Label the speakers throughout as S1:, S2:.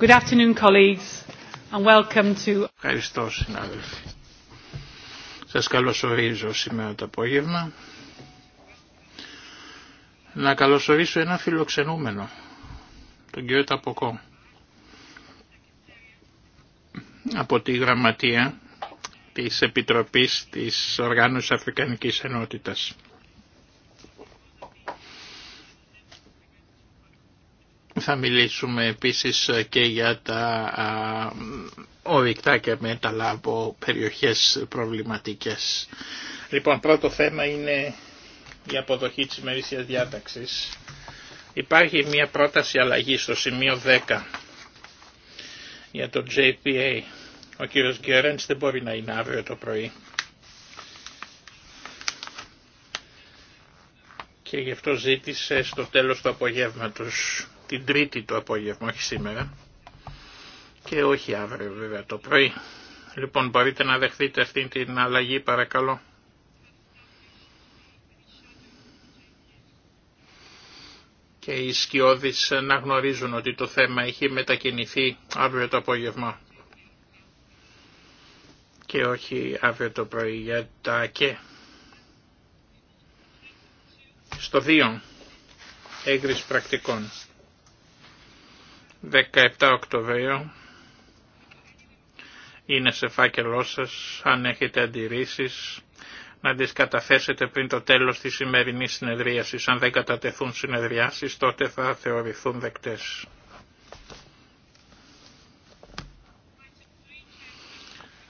S1: Good afternoon,
S2: colleagues, and welcome to... Ευχαριστώ, συνάδελφοι. Σας καλωσορίζω σήμερα το απόγευμα. Να καλωσορίσω ένα φιλοξενούμενο, τον κύριο Ταποκό, από τη γραμματεία της Επιτροπής της Οργάνωσης Αφρικανικής Ενότητας. Θα μιλήσουμε επίσης και για τα ορυκτά και μέταλλα από περιοχές προβληματικές. Λοιπόν, πρώτο θέμα είναι η αποδοχή της μερίσιας διάταξης. Υπάρχει μια πρόταση αλλαγή στο σημείο 10 για το JPA. Ο κύριος Γκέρεντς δεν μπορεί να είναι αύριο το πρωί. Και γι' αυτό ζήτησε στο τέλος του απογεύματος την Τρίτη το απόγευμα, όχι σήμερα και όχι αύριο βέβαια το πρωί. Λοιπόν, μπορείτε να δεχτείτε αυτήν την αλλαγή παρακαλώ. Και οι σκιώδεις να γνωρίζουν ότι το θέμα έχει μετακινηθεί αύριο το απόγευμα. Και όχι αύριο το πρωί για τα και. Στο 2. Έγκριση πρακτικών. 17 Οκτωβρίου είναι σε φάκελό σας, αν έχετε αντιρρήσεις, να τις καταθέσετε πριν το τέλος της σημερινής συνεδρίασης. Αν δεν κατατεθούν συνεδριάσεις, τότε θα θεωρηθούν δεκτές.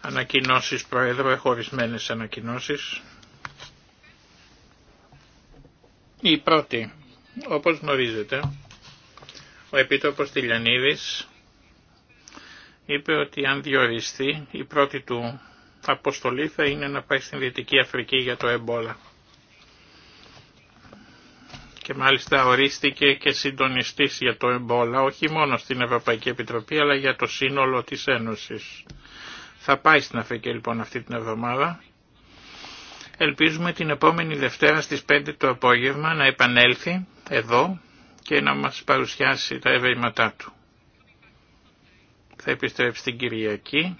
S2: Ανακοινώσεις Πρόεδρο, έχω ορισμένες ανακοινώσεις. Η πρώτη, όπως γνωρίζετε, ο Επίτροπος Τηλιανίδης είπε ότι αν διοριστεί η πρώτη του αποστολή θα είναι να πάει στην Δυτική Αφρική για το εμπόλα. Και μάλιστα ορίστηκε και συντονιστής για το εμπόλα, όχι μόνο στην Ευρωπαϊκή Επιτροπή αλλά για το σύνολο της Ένωσης. Θα πάει στην Αφρική λοιπόν αυτή την εβδομάδα. Ελπίζουμε την επόμενη Δευτέρα στις 5 το απόγευμα να επανέλθει εδώ και να μας παρουσιάσει τα ευρήματά του. Θα επιστρέψει την Κυριακή,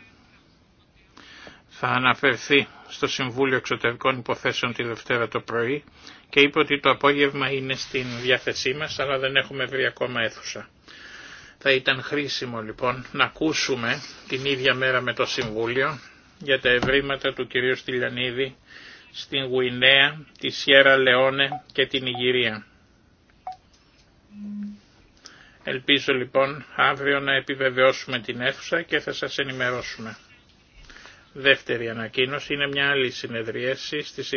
S2: θα αναφερθεί στο Συμβούλιο Εξωτερικών Υποθέσεων τη Δευτέρα το πρωί και είπε ότι το απόγευμα είναι στην διάθεσή μας, αλλά δεν έχουμε βρει ακόμα αίθουσα. Θα ήταν χρήσιμο λοιπόν να ακούσουμε την ίδια μέρα με το Συμβούλιο για τα ευρήματα του κυρίου Στυλιανίδη στην Γουινέα, τη Σιέρα Λεόνε και την Ιγυρία. Ελπίζω λοιπόν αύριο να επιβεβαιώσουμε την αίθουσα και θα σας ενημερώσουμε. Δεύτερη ανακοίνωση είναι μια άλλη συνεδρίαση στις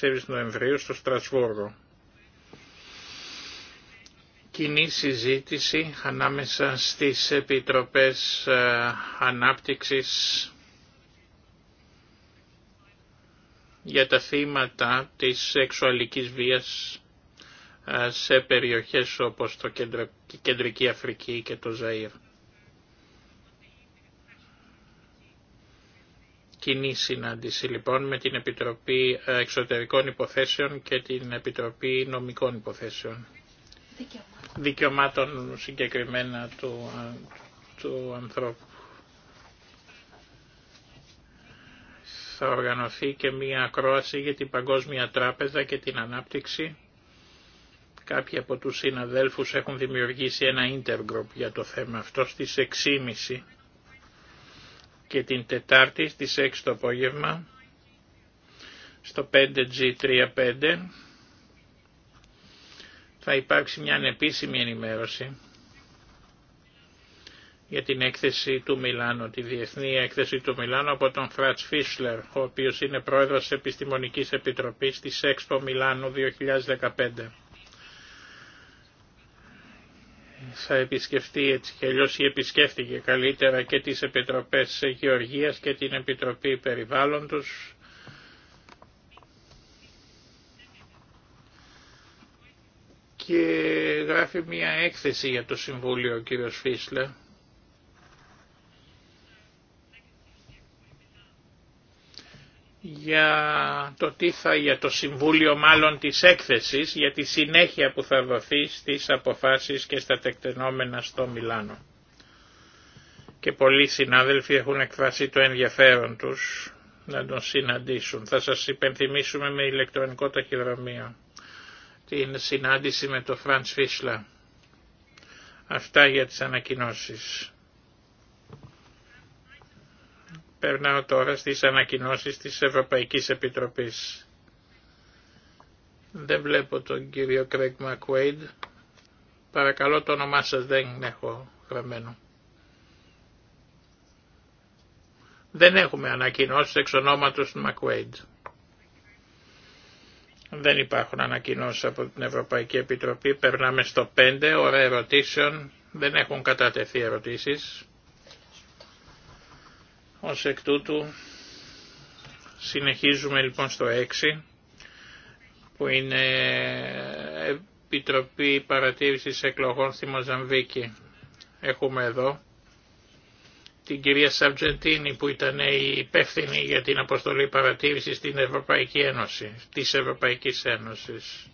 S2: 24 Νοεμβρίου στο Στρασβούργο. Κοινή συζήτηση ανάμεσα στις Επιτροπές ε, Ανάπτυξης για τα θύματα της σεξουαλικής βίας ε, σε περιοχές όπως το η Κεντρική Αφρική και το Ζαΐρ. Κοινή συνάντηση λοιπόν με την Επιτροπή Εξωτερικών Υποθέσεων και την Επιτροπή Νομικών Υποθέσεων. Δικαιωμάτων, συγκεκριμένα του, του ανθρώπου. Θα οργανωθεί και μία ακρόαση για την Παγκόσμια Τράπεζα και την Ανάπτυξη Κάποιοι από τους συναδέλφους έχουν δημιουργήσει ένα intergroup για το θέμα αυτό στις 6.30 και την Τετάρτη στις 6 το απόγευμα στο 5G35 θα υπάρξει μια ανεπίσημη ενημέρωση για την έκθεση του Μιλάνου, τη διεθνή έκθεση του Μιλάνου από τον Φράτς Φίσλερ, ο οποίος είναι πρόεδρος της Επιστημονικής Επιτροπής της ΕΞΠΟ Μιλάνου 2015 θα επισκεφτεί έτσι και αλλιώς ή επισκέφτηκε καλύτερα και τις Επιτροπές Γεωργίας και την Επιτροπή Περιβάλλοντος. Και γράφει μια έκθεση για το Συμβούλιο ο κύριος Φίσλε για το τι θα, για το Συμβούλιο μάλλον της έκθεσης, για τη συνέχεια που θα δοθεί στις αποφάσεις και στα τεκτενόμενα στο Μιλάνο. Και πολλοί συνάδελφοι έχουν εκφράσει το ενδιαφέρον τους να τον συναντήσουν. Θα σας υπενθυμίσουμε με ηλεκτρονικό ταχυδρομείο την συνάντηση με τον Φραντς Φίσλα. Αυτά για τις ανακοινώσεις. Περνάω τώρα στις ανακοινώσεις της Ευρωπαϊκής Επιτροπής. Δεν βλέπω τον κύριο Κρέγκ Μακουέιντ. Παρακαλώ το όνομά σας δεν έχω γραμμένο. Δεν έχουμε ανακοινώσεις εξ ονόματος του Μακουέιντ. Δεν υπάρχουν ανακοινώσεις από την Ευρωπαϊκή Επιτροπή. Περνάμε στο 5, ώρα ερωτήσεων. Δεν έχουν κατατεθεί ερωτήσεις. Ως εκ τούτου συνεχίζουμε λοιπόν στο 6 που είναι Επιτροπή Παρατήρησης Εκλογών στη Μοζαμβίκη. Έχουμε εδώ την κυρία Σαρτζεντίνη που ήταν η υπεύθυνη για την αποστολή παρατήρησης στην Ευρωπαϊκή Ένωση, της Ευρωπαϊκής Ένωσης.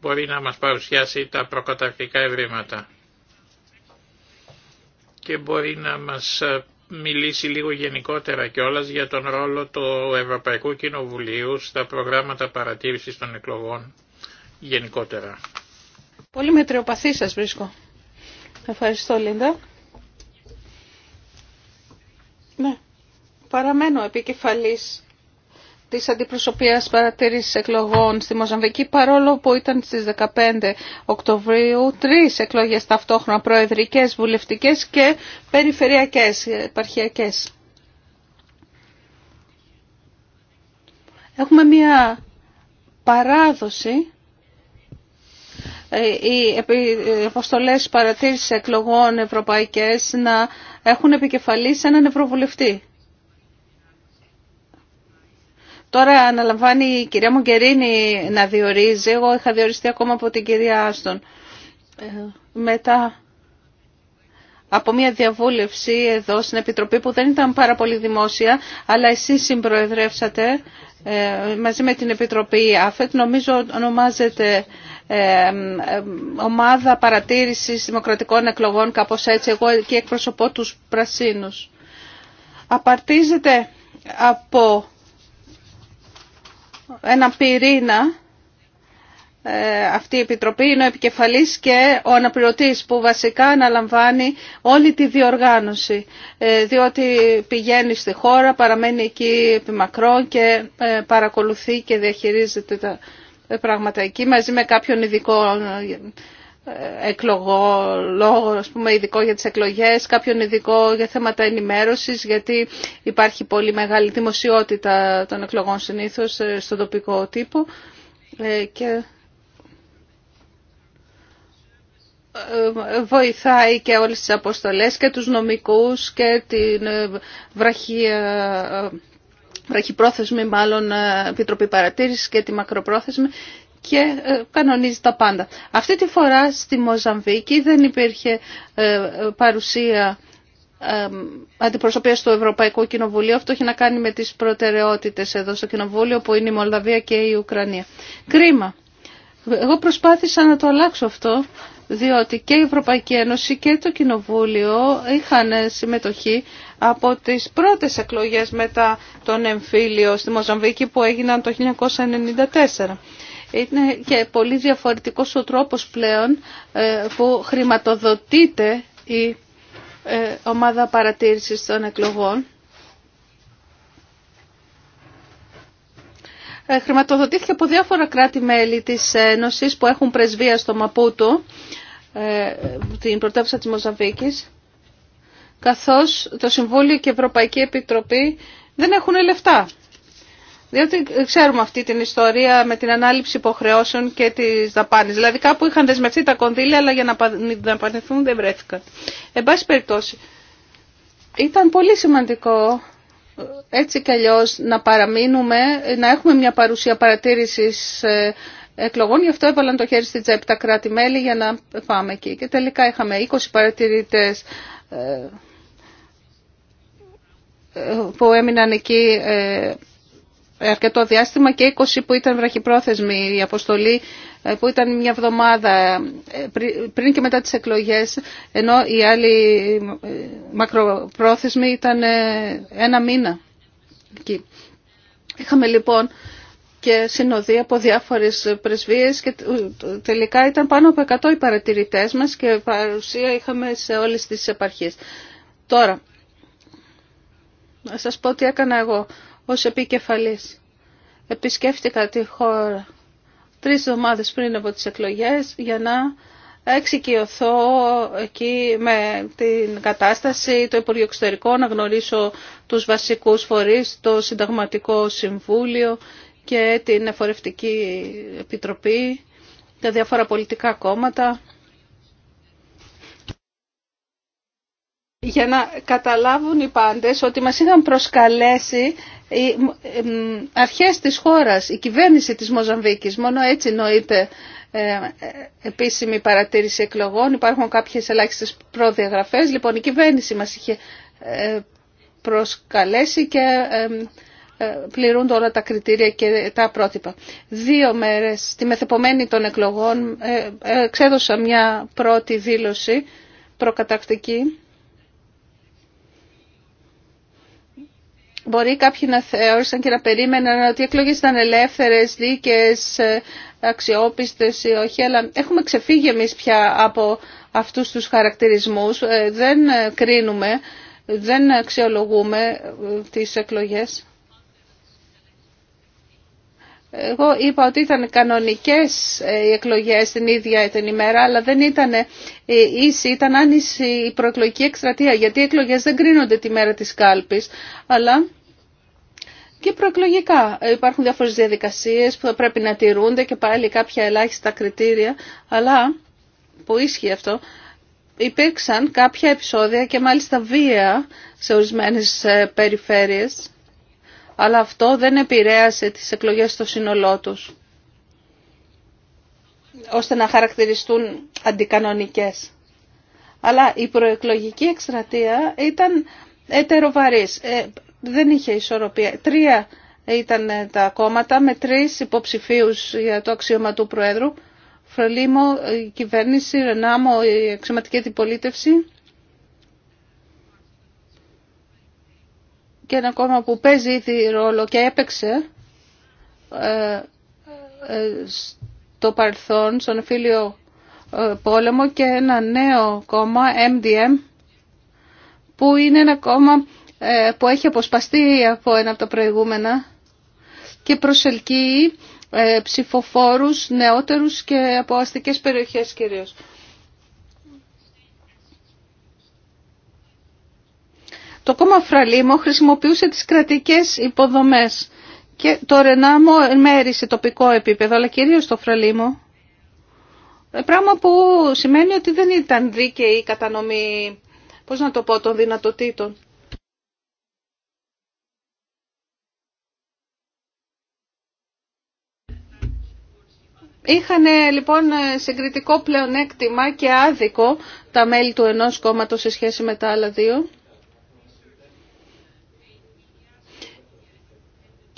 S2: Μπορεί να μας παρουσιάσει τα προκαταρκτικά ευρήματα και μπορεί να μας μιλήσει λίγο γενικότερα όλας για τον ρόλο του Ευρωπαϊκού Κοινοβουλίου στα προγράμματα παρατήρησης των εκλογών γενικότερα.
S3: Πολύ μετριοπαθή σας βρίσκω. Ευχαριστώ Λίντα. Ναι. Παραμένω επικεφαλής Τη αντιπροσωπείας παρατήρησης εκλογών στη Μοζαμβική παρόλο που ήταν στις 15 Οκτωβρίου τρεις εκλογές ταυτόχρονα προεδρικές, βουλευτικές και περιφερειακές, επαρχιακές. Έχουμε μία παράδοση ε, οι ε, αποστολές παρατήρησης εκλογών ευρωπαϊκές να έχουν επικεφαλής έναν ευρωβουλευτή. Τώρα αναλαμβάνει η κυρία Μογκερίνη να διορίζει. Εγώ είχα διοριστεί ακόμα από την κυρία Άστον. Ε, μετά από μια διαβούλευση εδώ στην Επιτροπή που δεν ήταν πάρα πολύ δημόσια, αλλά εσείς συμπροεδρεύσατε ε, μαζί με την Επιτροπή ΑΦΕΤ, νομίζω ονομάζεται ε, Ομάδα Παρατήρησης Δημοκρατικών Εκλογών, κάπως έτσι, εγώ εκεί εκπροσωπώ τους Πρασίνους. Απαρτίζεται από ένα πυρήνα ε, αυτή η Επιτροπή είναι ο επικεφαλής και ο αναπληρωτής που βασικά αναλαμβάνει όλη τη διοργάνωση ε, διότι πηγαίνει στη χώρα, παραμένει εκεί επί και ε, παρακολουθεί και διαχειρίζεται τα πράγματα εκεί μαζί με κάποιον ειδικό εκλογό, λόγο, ας πούμε, ειδικό για τις εκλογές, κάποιον ειδικό για θέματα ενημέρωσης, γιατί υπάρχει πολύ μεγάλη δημοσιότητα των εκλογών συνήθως ε, στον τοπικό τύπο. Ε, και ε, βοηθάει και όλες τις αποστολές και τους νομικούς και την βραχία βραχυπρόθεσμη μάλλον επιτροπή παρατήρησης και τη μακροπρόθεσμη και ε, κανονίζει τα πάντα. Αυτή τη φορά στη Μοζαμβίκη δεν υπήρχε ε, παρουσία ε, αντιπροσωπεία του Ευρωπαϊκού Κοινοβουλίου. Αυτό έχει να κάνει με τις προτεραιότητες εδώ στο Κοινοβούλιο που είναι η Μολδαβία και η Ουκρανία. Κρίμα. Εγώ προσπάθησα να το αλλάξω αυτό διότι και η Ευρωπαϊκή Ένωση και το Κοινοβούλιο είχαν συμμετοχή από τις πρώτες εκλογές μετά τον εμφύλιο στη Μοζαμβίκη που έγιναν το 1994 είναι και πολύ διαφορετικός ο τρόπος πλέον ε, που χρηματοδοτείται η ε, ομάδα παρατήρησης των εκλογών. Ε, χρηματοδοτήθηκε από διάφορα κράτη-μέλη της Ένωσης που έχουν πρεσβεία στο Μαπούτο, την πρωτεύουσα της Μοζαβίκης, καθώς το Συμβούλιο και η Ευρωπαϊκή Επιτροπή δεν έχουν λεφτά. Διότι ξέρουμε αυτή την ιστορία με την ανάληψη υποχρεώσεων και τι δαπάνε. Δηλαδή κάπου είχαν δεσμευτεί τα κονδύλια, αλλά για να δαπανηθούν δεν βρέθηκαν. Εν πάση περιπτώσει, ήταν πολύ σημαντικό έτσι κι αλλιώ να παραμείνουμε, να έχουμε μια παρουσία παρατήρηση ε, εκλογών. Γι' αυτό έβαλαν το χέρι στην τσέπη τα κράτη-μέλη για να πάμε εκεί. Και τελικά είχαμε 20 παρατηρητέ ε, ε, που έμειναν εκεί αρκετό διάστημα και 20 που ήταν βραχυπρόθεσμη η αποστολή ε, που ήταν μια εβδομάδα ε, πριν και μετά τις εκλογές ενώ οι άλλοι ε, μακροπρόθεσμοι ήταν ένα μήνα εκεί. Είχαμε λοιπόν και συνοδοί από διάφορες πρεσβείες και τελικά ήταν πάνω από 100 οι παρατηρητές μας και παρουσία είχαμε σε όλες τις επαρχίες. Τώρα, να σας πω τι έκανα εγώ ως επικεφαλής. Επισκέφτηκα τη χώρα τρεις εβδομάδες πριν από τις εκλογές για να εξοικειωθώ εκεί με την κατάσταση, το Υπουργείο να γνωρίσω τους βασικούς φορείς, το Συνταγματικό Συμβούλιο και την Εφορευτική Επιτροπή, τα διάφορα πολιτικά κόμματα. για να καταλάβουν οι πάντες ότι μας είχαν προσκαλέσει οι αρχές της χώρας, η κυβέρνηση της Μοζαμβίκης. Μόνο έτσι εννοείται ε, επίσημη παρατήρηση εκλογών. Υπάρχουν κάποιες ελάχιστες προδιαγραφές. Λοιπόν, η κυβέρνηση μας είχε ε, προσκαλέσει και ε, πληρούνται όλα τα κριτήρια και τα πρότυπα. Δύο μέρες, στη μεθεπομένη των εκλογών, εξέδωσα μια πρώτη δήλωση προκατακτική Μπορεί κάποιοι να θεώρησαν και να περίμεναν ότι οι εκλογές ήταν ελεύθερες, δίκαιες, αξιόπιστες ή όχι, αλλά έχουμε ξεφύγει εμείς πια από αυτούς τους χαρακτηρισμούς. Ε, δεν κρίνουμε, δεν αξιολογούμε τις εκλογές. Εγώ είπα ότι ήταν κανονικές ε, οι εκλογές την ίδια την ημέρα, αλλά δεν ήταν ε, ίση, ήταν άνιση η προεκλογική εκστρατεία, γιατί οι εκλογές δεν κρίνονται τη μέρα της κάλπης, αλλά και προεκλογικά. Ε, υπάρχουν διάφορες διαδικασίες που θα πρέπει να τηρούνται και πάλι κάποια ελάχιστα κριτήρια, αλλά που ίσχυε αυτό, υπήρξαν κάποια επεισόδια και μάλιστα βία σε ορισμένες περιφέρειες αλλά αυτό δεν επηρέασε τις εκλογές στο σύνολό τους, ώστε να χαρακτηριστούν αντικανονικές. Αλλά η προεκλογική εκστρατεία ήταν ετεροβαρής, ε, δεν είχε ισορροπία. Τρία ήταν τα κόμματα με τρεις υποψηφίους για το αξίωμα του Προέδρου. Φρολίμο, η κυβέρνηση, Ρενάμο, η αξιωματική αντιπολίτευση και ένα κόμμα που παίζει ήδη ρόλο και έπαιξε ε, ε, στο παρελθόν, στον φίλιο ε, πόλεμο και ένα νέο κόμμα, MDM, που είναι ένα κόμμα που έχει αποσπαστεί από ένα από τα προηγούμενα και προσελκύει ψηφοφόρους νεότερους και από αστικές περιοχές κυρίως. Το κόμμα Φραλίμο χρησιμοποιούσε τις κρατικές υποδομές και το Ρενάμο τοπικό επίπεδο, αλλά κυρίως το Φραλίμο. Ε, πράγμα που σημαίνει ότι δεν ήταν δίκαιη η κατανομή, πώς να το πω, των δυνατοτήτων. Είχαν λοιπόν συγκριτικό πλεονέκτημα και άδικο τα μέλη του ενός κόμματος σε σχέση με τα άλλα δύο.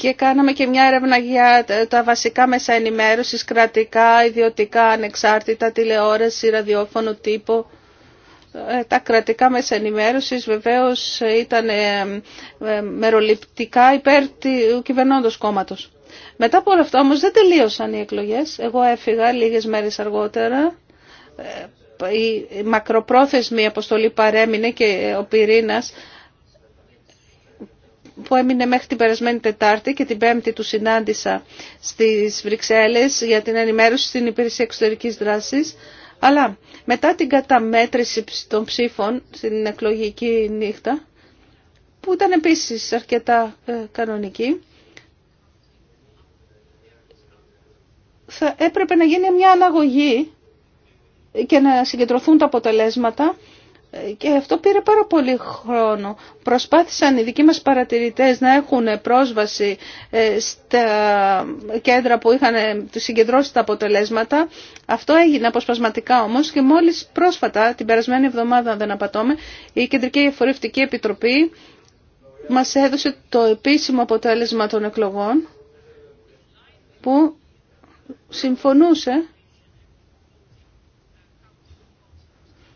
S3: και κάναμε και μια έρευνα για τα βασικά μέσα ενημέρωσης, κρατικά, ιδιωτικά, ανεξάρτητα, τηλεόραση, ραδιόφωνο, τύπο. Ε, τα κρατικά μέσα ενημέρωσης βεβαίως ήταν ε, ε, μεροληπτικά υπέρ του κυβερνώντος κόμματος. Μετά από όλα αυτά όμως δεν τελείωσαν οι εκλογές. Εγώ έφυγα λίγες μέρες αργότερα. Η μακροπρόθεσμη αποστολή παρέμεινε και ο πυρήνας που έμεινε μέχρι την περασμένη Τετάρτη και την Πέμπτη του συνάντησα στις Βρυξέλλες για την ενημέρωση στην Υπηρεσία Εξωτερικής Δράσης. Αλλά μετά την καταμέτρηση των ψήφων στην εκλογική νύχτα, που ήταν επίσης αρκετά ε, κανονική, θα έπρεπε να γίνει μια αναγωγή και να συγκεντρωθούν τα αποτελέσματα και αυτό πήρε πάρα πολύ χρόνο. Προσπάθησαν οι δικοί μας παρατηρητές να έχουν πρόσβαση ε, στα κέντρα που είχαν ε, συγκεντρώσει τα αποτελέσματα. Αυτό έγινε αποσπασματικά όμως και μόλις πρόσφατα, την περασμένη εβδομάδα αν δεν απατώμε, η Κεντρική Εφορευτική Επιτροπή μας έδωσε το επίσημο αποτέλεσμα των εκλογών που συμφωνούσε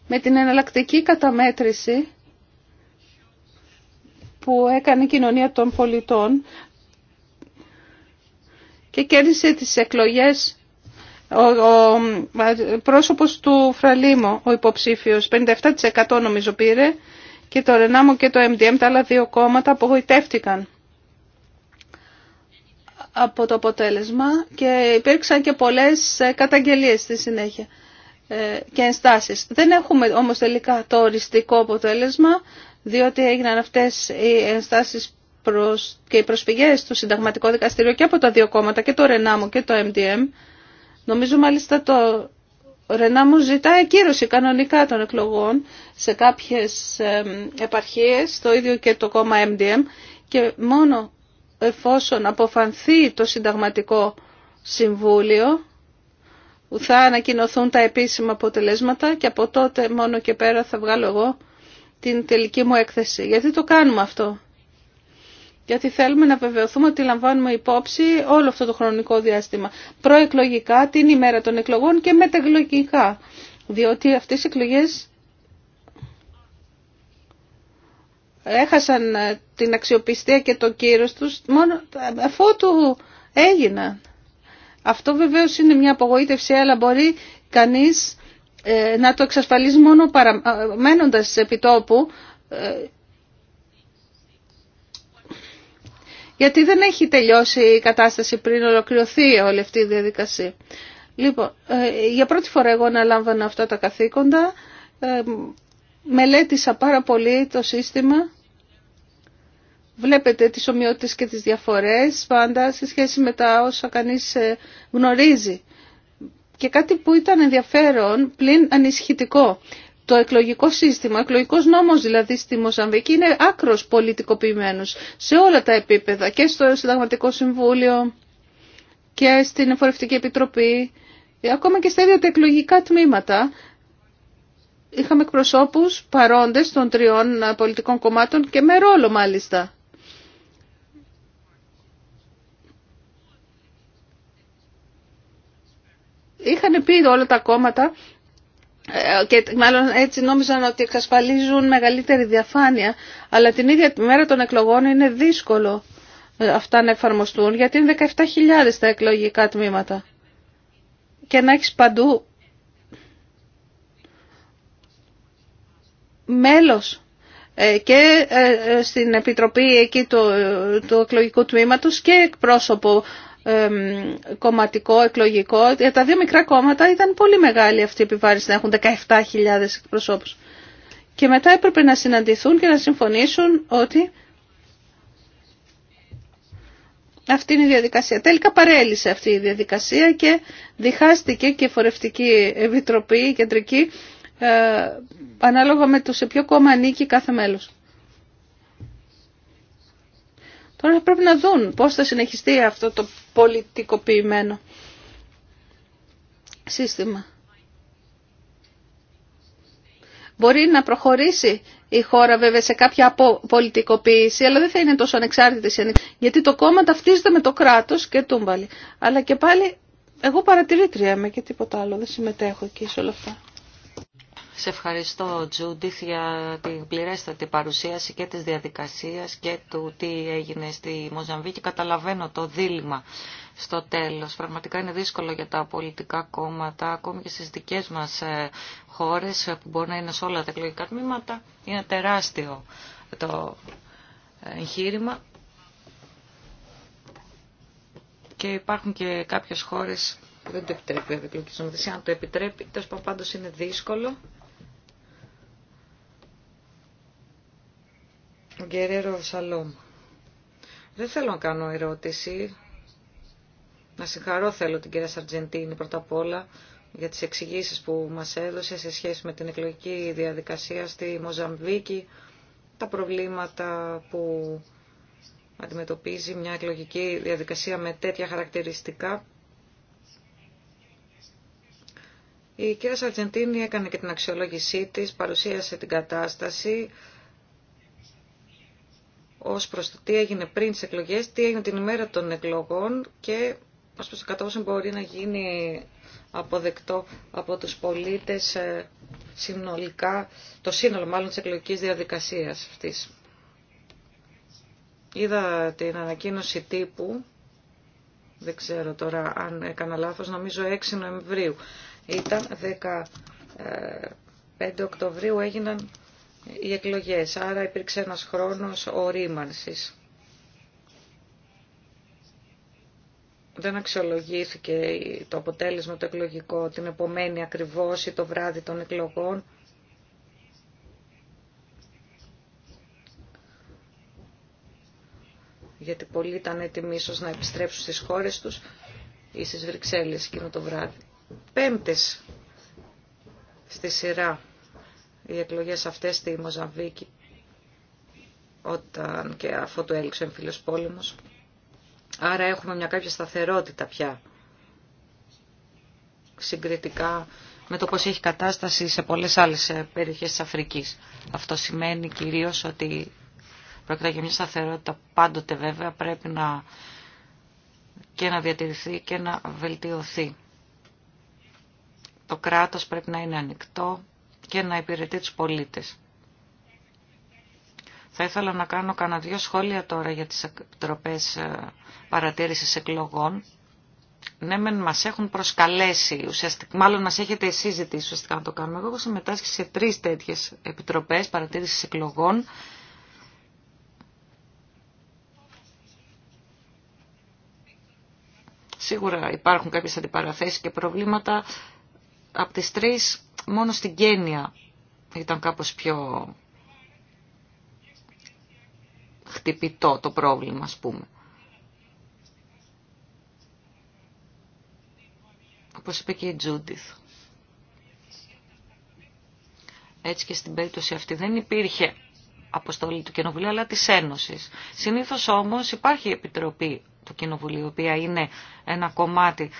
S3: με την εναλλακτική καταμέτρηση που έκανε η κοινωνία των πολιτών και κέρδισε τις εκλογές ο, ο πρόσωπος του Φραλίμου, ο υποψήφιος, 57% νομίζω πήρε και το Ρενάμο και το MDM, τα άλλα δύο κόμματα απογοητεύτηκαν από το αποτέλεσμα και υπήρξαν και πολλές καταγγελίες στη συνέχεια. Ε, και ενστάσεις. Δεν έχουμε όμως τελικά το οριστικό αποτέλεσμα, διότι έγιναν αυτές οι ενστάσεις προς και οι προσφυγές του Συνταγματικό Δικαστήριο και από τα δύο κόμματα, και το Ρενάμο και το MDM. Νομίζω μάλιστα το Ρενάμο ζητάει ακύρωση κανονικά των εκλογών σε κάποιες επαρχίες, το ίδιο και το κόμμα MDM, και μόνο εφόσον αποφανθεί το Συνταγματικό Συμβούλιο, που θα ανακοινωθούν τα επίσημα αποτελέσματα και από τότε μόνο και πέρα θα βγάλω εγώ την τελική μου έκθεση. Γιατί το κάνουμε αυτό. Γιατί θέλουμε να βεβαιωθούμε ότι λαμβάνουμε υπόψη όλο αυτό το χρονικό διάστημα. Προεκλογικά, την ημέρα των εκλογών και μετεκλογικά. Διότι αυτές οι εκλογές έχασαν την αξιοπιστία και το κύρος τους μόνο αφού του έγιναν. Αυτό βεβαίως είναι μια απογοήτευση, αλλά μπορεί κανείς ε, να το εξασφαλίζει μόνο παραμένοντας ε, επί τόπου, ε, γιατί δεν έχει τελειώσει η κατάσταση πριν ολοκληρωθεί όλη αυτή η διαδικασία. Λοιπόν, για πρώτη φορά εγώ να αναλάμβανα αυτά τα καθήκοντα, μελέτησα πάρα πολύ το σύστημα Βλέπετε τις ομοιότητες και τις διαφορές πάντα σε σχέση με τα όσα κανείς ε, γνωρίζει. Και κάτι που ήταν ενδιαφέρον πλην ανησυχητικό. Το εκλογικό σύστημα, ο εκλογικός νόμος δηλαδή στη Μοζαμβική είναι άκρος πολιτικοποιημένος σε όλα τα επίπεδα και στο Συνταγματικό Συμβούλιο και στην Εφορευτική Επιτροπή ε, ακόμα και στα ίδια τα εκλογικά τμήματα είχαμε εκπροσώπους παρόντες των τριών πολιτικών κομμάτων και με ρόλο μάλιστα. Είχαν πει όλα τα κόμματα ε, και μάλλον έτσι νόμιζαν ότι εξασφαλίζουν μεγαλύτερη διαφάνεια, αλλά την ίδια τη μέρα των εκλογών είναι δύσκολο ε, αυτά να εφαρμοστούν, γιατί είναι 17.000 τα εκλογικά τμήματα. Και να έχεις παντού μέλος ε, και στην Επιτροπή εκεί του, του εκλογικού τμήματος και εκπρόσωπο κομματικό, εκλογικό. Για τα δύο μικρά κόμματα ήταν πολύ μεγάλη αυτή η επιβάρηση να έχουν 17.000 εκπροσώπους. Και μετά έπρεπε να συναντηθούν και να συμφωνήσουν ότι αυτή είναι η διαδικασία. Τελικά παρέλυσε αυτή η διαδικασία και διχάστηκε και η Φορευτική Επιτροπή, η Κεντρική, ε, ανάλογα με το σε ποιο κόμμα ανήκει κάθε μέλος. Τώρα πρέπει να δουν πώς θα συνεχιστεί αυτό το πολιτικοποιημένο σύστημα. Μπορεί να προχωρήσει η χώρα βέβαια σε κάποια πολιτικοποίηση, αλλά δεν θα είναι τόσο ανεξάρτητη, γιατί το κόμμα ταυτίζεται με το κράτος και τούμπαλι. Αλλά και πάλι εγώ παρατηρήτρια είμαι και τίποτα άλλο, δεν συμμετέχω εκεί σε όλα αυτά.
S1: Σε ευχαριστώ, Τζούντιθ, για την πληρέστατη παρουσίαση και της διαδικασίας και του τι έγινε στη Μοζαμβίκη. Καταλαβαίνω το δίλημα στο τέλος. Πραγματικά είναι δύσκολο για τα πολιτικά κόμματα, ακόμη και στις δικές μας ε, χώρες που μπορεί να είναι σε όλα τα εκλογικά τμήματα. Είναι τεράστιο το ε, εγχείρημα. Και υπάρχουν και κάποιες χώρες που δεν το επιτρέπει η το επιτρέπει, τέλο πάντων είναι δύσκολο. Γκερέρο Σαλόμ. Δεν θέλω να κάνω ερώτηση. Να συγχαρώ θέλω την κυρία Σαρτζεντίνη πρώτα απ' όλα για τις εξηγήσεις που μας έδωσε σε σχέση με την εκλογική διαδικασία στη Μοζαμβίκη, τα προβλήματα που αντιμετωπίζει μια εκλογική διαδικασία με τέτοια χαρακτηριστικά. Η κυρία Σαρτζεντίνη έκανε και την αξιολόγησή της, παρουσίασε την κατάσταση ως προς το τι έγινε πριν τις εκλογές, τι έγινε την ημέρα των εκλογών και ως προς το κατά όσο μπορεί να γίνει αποδεκτό από τους πολίτες ε, συνολικά, το σύνολο μάλλον της εκλογικής διαδικασίας αυτής. Είδα την ανακοίνωση τύπου, δεν ξέρω τώρα αν έκανα λάθος, νομίζω 6 Νοεμβρίου. Ήταν 15 ε, Οκτωβρίου έγιναν οι εκλογές. Άρα υπήρξε ένας χρόνος ορίμανσης. Δεν αξιολογήθηκε το αποτέλεσμα το εκλογικό την επομένη ακριβώς ή το βράδυ των εκλογών. Γιατί πολλοί ήταν έτοιμοι ίσως να επιστρέψουν στις χώρες τους ή στις Βρυξέλλες εκείνο το βράδυ. Πέμπτες στη σειρά οι εκλογές αυτές στη Μοζαμβίκη όταν και αφού το έληξε ο εμφύλιος πόλεμος. Άρα έχουμε μια κάποια σταθερότητα πια συγκριτικά με το πώς έχει κατάσταση σε πολλές άλλες ε, περιοχές της Αφρικής. Αυτό σημαίνει κυρίως ότι πρόκειται για μια σταθερότητα πάντοτε βέβαια πρέπει να και να διατηρηθεί και να βελτιωθεί. Το κράτος πρέπει να είναι ανοιχτό, και να υπηρετεί τους πολίτες. Θα ήθελα να κάνω κανένα δύο σχόλια τώρα για τις επιτροπές ε, παρατήρησης εκλογών. Ναι, μεν μας έχουν προσκαλέσει, ουσιαστικά, μάλλον μας έχετε εσείς ζητήσει ουσιαστικά να το κάνουμε. Εγώ έχω συμμετάσχει σε τρεις τέτοιες επιτροπές παρατήρησης εκλογών. Σίγουρα υπάρχουν κάποιες αντιπαραθέσεις και προβλήματα. Από τις τρεις Μόνο στην Κένια ήταν κάπως πιο χτυπητό το πρόβλημα, ας πούμε. Όπως είπε και η Τζούντιθ. Έτσι και στην περίπτωση αυτή δεν υπήρχε αποστολή του Κοινοβουλίου, αλλά της Ένωσης. Συνήθως όμως υπάρχει η Επιτροπή του Κοινοβουλίου, η οποία είναι ένα κομμάτι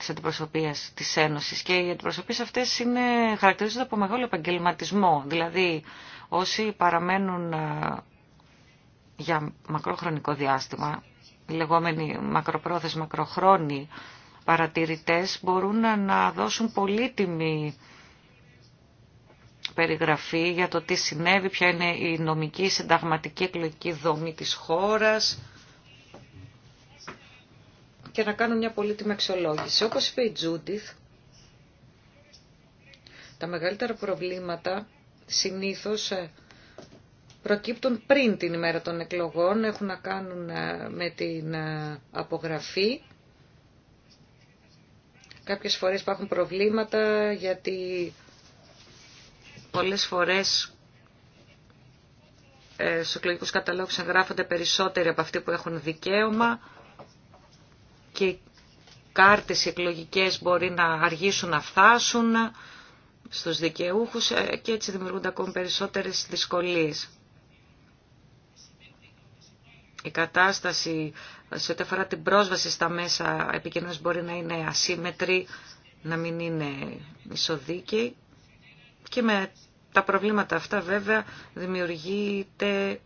S1: της αντιπροσωπείας της Ένωσης και οι προσωπίες αυτές είναι, χαρακτηρίζονται από μεγάλο επαγγελματισμό. Δηλαδή όσοι παραμένουν ε, για μακρόχρονικό διάστημα, οι λεγόμενοι μακροπρόθεσμοι, μακροχρόνοι παρατηρητές μπορούν να δώσουν πολύτιμη περιγραφή για το τι συνέβη, ποια είναι η νομική συνταγματική εκλογική δομή της χώρας, και να κάνουν μια πολύτιμη αξιολόγηση. Όπως είπε η Τζούντιθ, τα μεγαλύτερα προβλήματα συνήθως ε, προκύπτουν πριν την ημέρα των εκλογών, έχουν να κάνουν ε, με την ε, απογραφή. Κάποιες φορές υπάρχουν προβλήματα γιατί πολλές φορές στους εκλογικούς καταλόγους εγγράφονται περισσότεροι από αυτοί που έχουν δικαίωμα και οι κάρτες εκλογικές μπορεί να αργήσουν να φτάσουν στους δικαιούχους ε, και έτσι δημιουργούνται ακόμη περισσότερες δυσκολίες. Η κατάσταση σε ό,τι αφορά την πρόσβαση στα μέσα επικοινωνίας μπορεί να είναι ασύμετρη, να μην είναι ισοδίκαιη και με τα προβλήματα αυτά βέβαια δημιουργείται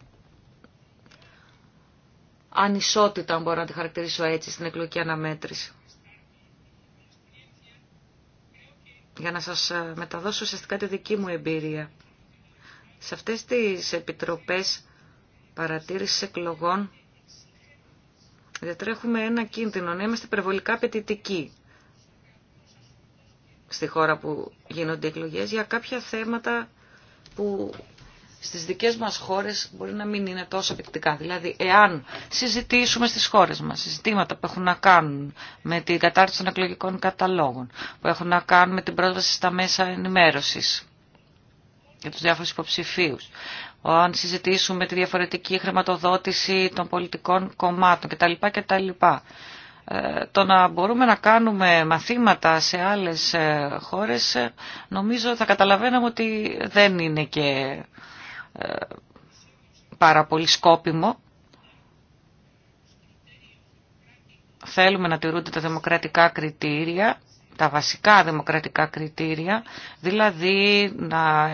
S1: ανισότητα, αν μπορώ να τη χαρακτηρίσω έτσι, στην εκλογική αναμέτρηση. Για να σας ε, μεταδώσω ουσιαστικά τη δική μου εμπειρία. Σε αυτές τις επιτροπές παρατήρησης εκλογών διατρέχουμε ένα κίνδυνο να είμαστε υπερβολικά απαιτητικοί στη χώρα που γίνονται εκλογές για κάποια θέματα που στις δικές μας χώρες μπορεί να μην είναι τόσο επεκτικά. Δηλαδή, εάν συζητήσουμε στις χώρες μας συζητήματα που έχουν να κάνουν με την κατάρτιση των εκλογικών καταλόγων, που έχουν να κάνουν με την πρόσβαση στα μέσα ενημέρωσης για τους διάφορους υποψηφίου. αν συζητήσουμε τη διαφορετική χρηματοδότηση των πολιτικών κομμάτων κτλ. κτλ. Ε, το να μπορούμε να κάνουμε μαθήματα σε άλλες ε, χώρες ε, νομίζω θα καταλαβαίναμε ότι δεν είναι και πάρα πολύ σκόπιμο. Θέλουμε να τηρούνται τα δημοκρατικά κριτήρια, τα βασικά δημοκρατικά κριτήρια, δηλαδή να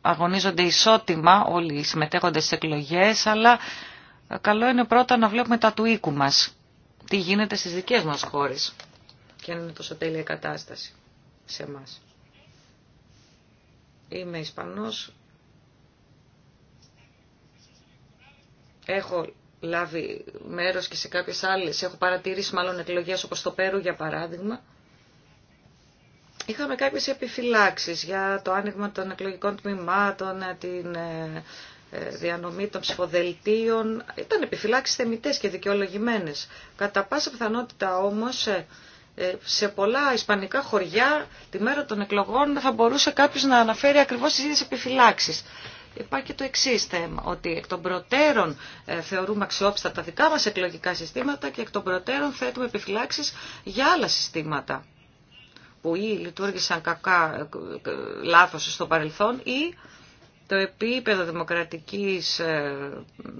S1: αγωνίζονται ισότιμα όλοι οι συμμετέχοντες στις εκλογές, αλλά καλό είναι πρώτα να βλέπουμε τα του οίκου μας, τι γίνεται στις δικές μας χώρες και αν είναι τόσο τέλεια κατάσταση σε εμάς. Είμαι Ισπανός, Έχω λάβει μέρος και σε κάποιες άλλες, έχω παρατηρήσει μάλλον εκλογές όπως το Πέρου για παράδειγμα. Είχαμε κάποιες επιφυλάξεις για το άνοιγμα των εκλογικών τμήματων, την ε, ε, διανομή των ψηφοδελτίων. Ήταν επιφυλάξεις θεμητές και δικαιολογημένες. Κατά πάσα πιθανότητα όμως ε, σε πολλά ισπανικά χωριά τη μέρα των εκλογών θα μπορούσε κάποιος να αναφέρει ακριβώς τις ίδιες επιφυλάξεις. Υπάρχει και το εξή θέμα, ότι εκ των προτέρων ε, θεωρούμε αξιόπιστα τα δικά μας εκλογικά συστήματα και εκ των προτέρων θέτουμε επιφυλάξεις για άλλα συστήματα που ή λειτουργήσαν κακά ε, ε, λάθος στο παρελθόν ή το επίπεδο δημοκρατικής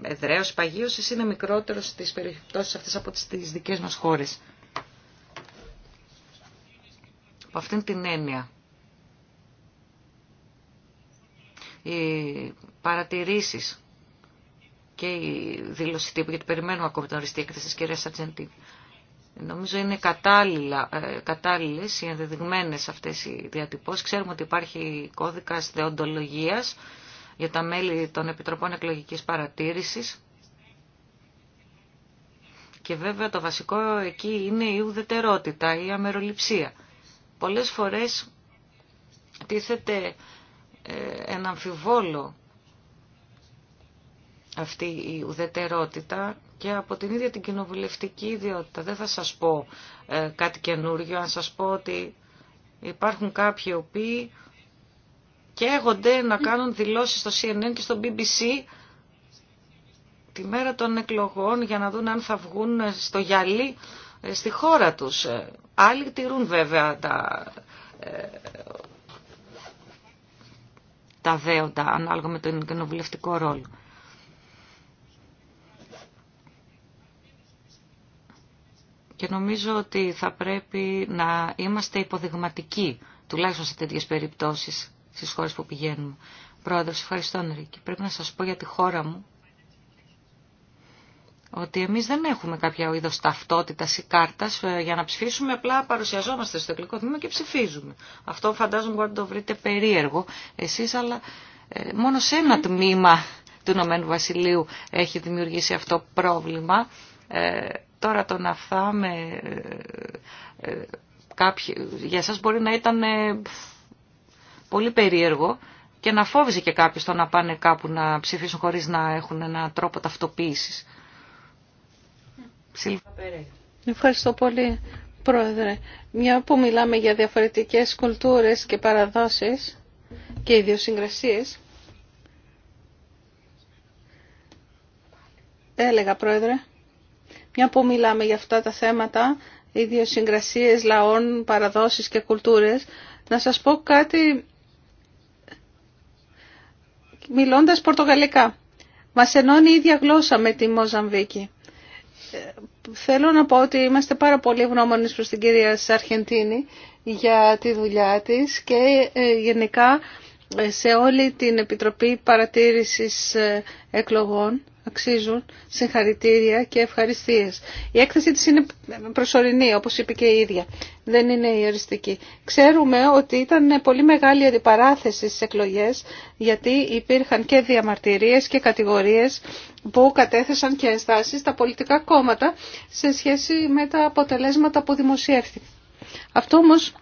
S1: εδραίωσης, παγίωσης είναι μικρότερο στις περιπτώσεις αυτές από τις δικές μας χώρες. Από αυτήν την έννοια οι παρατηρήσεις και η δήλωση τύπου, γιατί περιμένουμε ακόμη την οριστή έκθεση της κυρίας Νομίζω είναι κατάλληλα, ε, κατάλληλες οι ενδεδειγμένες αυτές οι διατυπώσεις. Ξέρουμε ότι υπάρχει κώδικας δεοντολογίας για τα μέλη των Επιτροπών Εκλογικής Παρατήρησης. Και βέβαια το βασικό εκεί είναι η ουδετερότητα, η αμεροληψία. Πολλές φορές τίθεται ε, να αυτή η ουδετερότητα και από την ίδια την κοινοβουλευτική ιδιότητα. Δεν θα σας πω ε, κάτι καινούργιο, αν σας πω ότι υπάρχουν κάποιοι οποίοι καίγονται να κάνουν δηλώσεις στο CNN και στο BBC τη μέρα των εκλογών για να δουν αν θα βγουν ε, στο γυαλί ε, στη χώρα τους. Άλλοι τηρούν βέβαια τα τα δέοντα ανάλογα με τον κοινοβουλευτικό ρόλο. Και νομίζω ότι θα πρέπει να είμαστε υποδειγματικοί, τουλάχιστον σε τέτοιες περιπτώσεις, στις χώρες που πηγαίνουμε. Πρόεδρος, ευχαριστώ Νρίκη. Πρέπει να σας πω για τη χώρα μου ότι εμείς δεν έχουμε κάποια είδος ταυτότητας ή κάρτας ε, για να ψηφίσουμε, απλά παρουσιαζόμαστε στο εκλογικό τμήμα και ψηφίζουμε. Αυτό φαντάζομαι ότι το βρείτε περίεργο εσείς, αλλά ε, μόνο σε ένα τμήμα του Ηνωμένου Βασιλείου έχει δημιουργήσει αυτό πρόβλημα. Ε, τώρα το να φάμε ε, ε κάποιοι, για σας μπορεί να ήταν πολύ περίεργο και να φόβησε και κάποιος το να πάνε κάπου να ψηφίσουν χωρίς να έχουν ένα τρόπο ταυτοποίησης. Ευχαριστώ
S3: πολύ, Πρόεδρε. Μια που μιλάμε για διαφορετικές κουλτούρες και παραδόσεις και ιδιοσυγκρασίες, έλεγα, Πρόεδρε, μια που μιλάμε για αυτά τα θέματα, ιδιοσυγκρασίες λαών, παραδόσεις και κουλτούρες, να σας πω κάτι μιλώντας πορτογαλικά. Μας ενώνει η ίδια γλώσσα με τη Μοζαμβίκη. Θέλω να πω ότι είμαστε πάρα πολύ ευγνώμονες προς την κυρία Σαρχεντίνη για τη δουλειά της και ε, γενικά ε, σε όλη την Επιτροπή Παρατήρησης ε, Εκλογών αξίζουν συγχαρητήρια και ευχαριστίες. Η έκθεση της είναι προσωρινή, όπως είπε και η ίδια. Δεν είναι η οριστική. Ξέρουμε ότι ήταν πολύ μεγάλη αντιπαράθεση στις εκλογές, γιατί υπήρχαν και διαμαρτυρίες και κατηγορίες που κατέθεσαν και ενστάσεις τα πολιτικά κόμματα σε σχέση με τα αποτελέσματα που δημοσιεύθηκαν. Αυτό όμως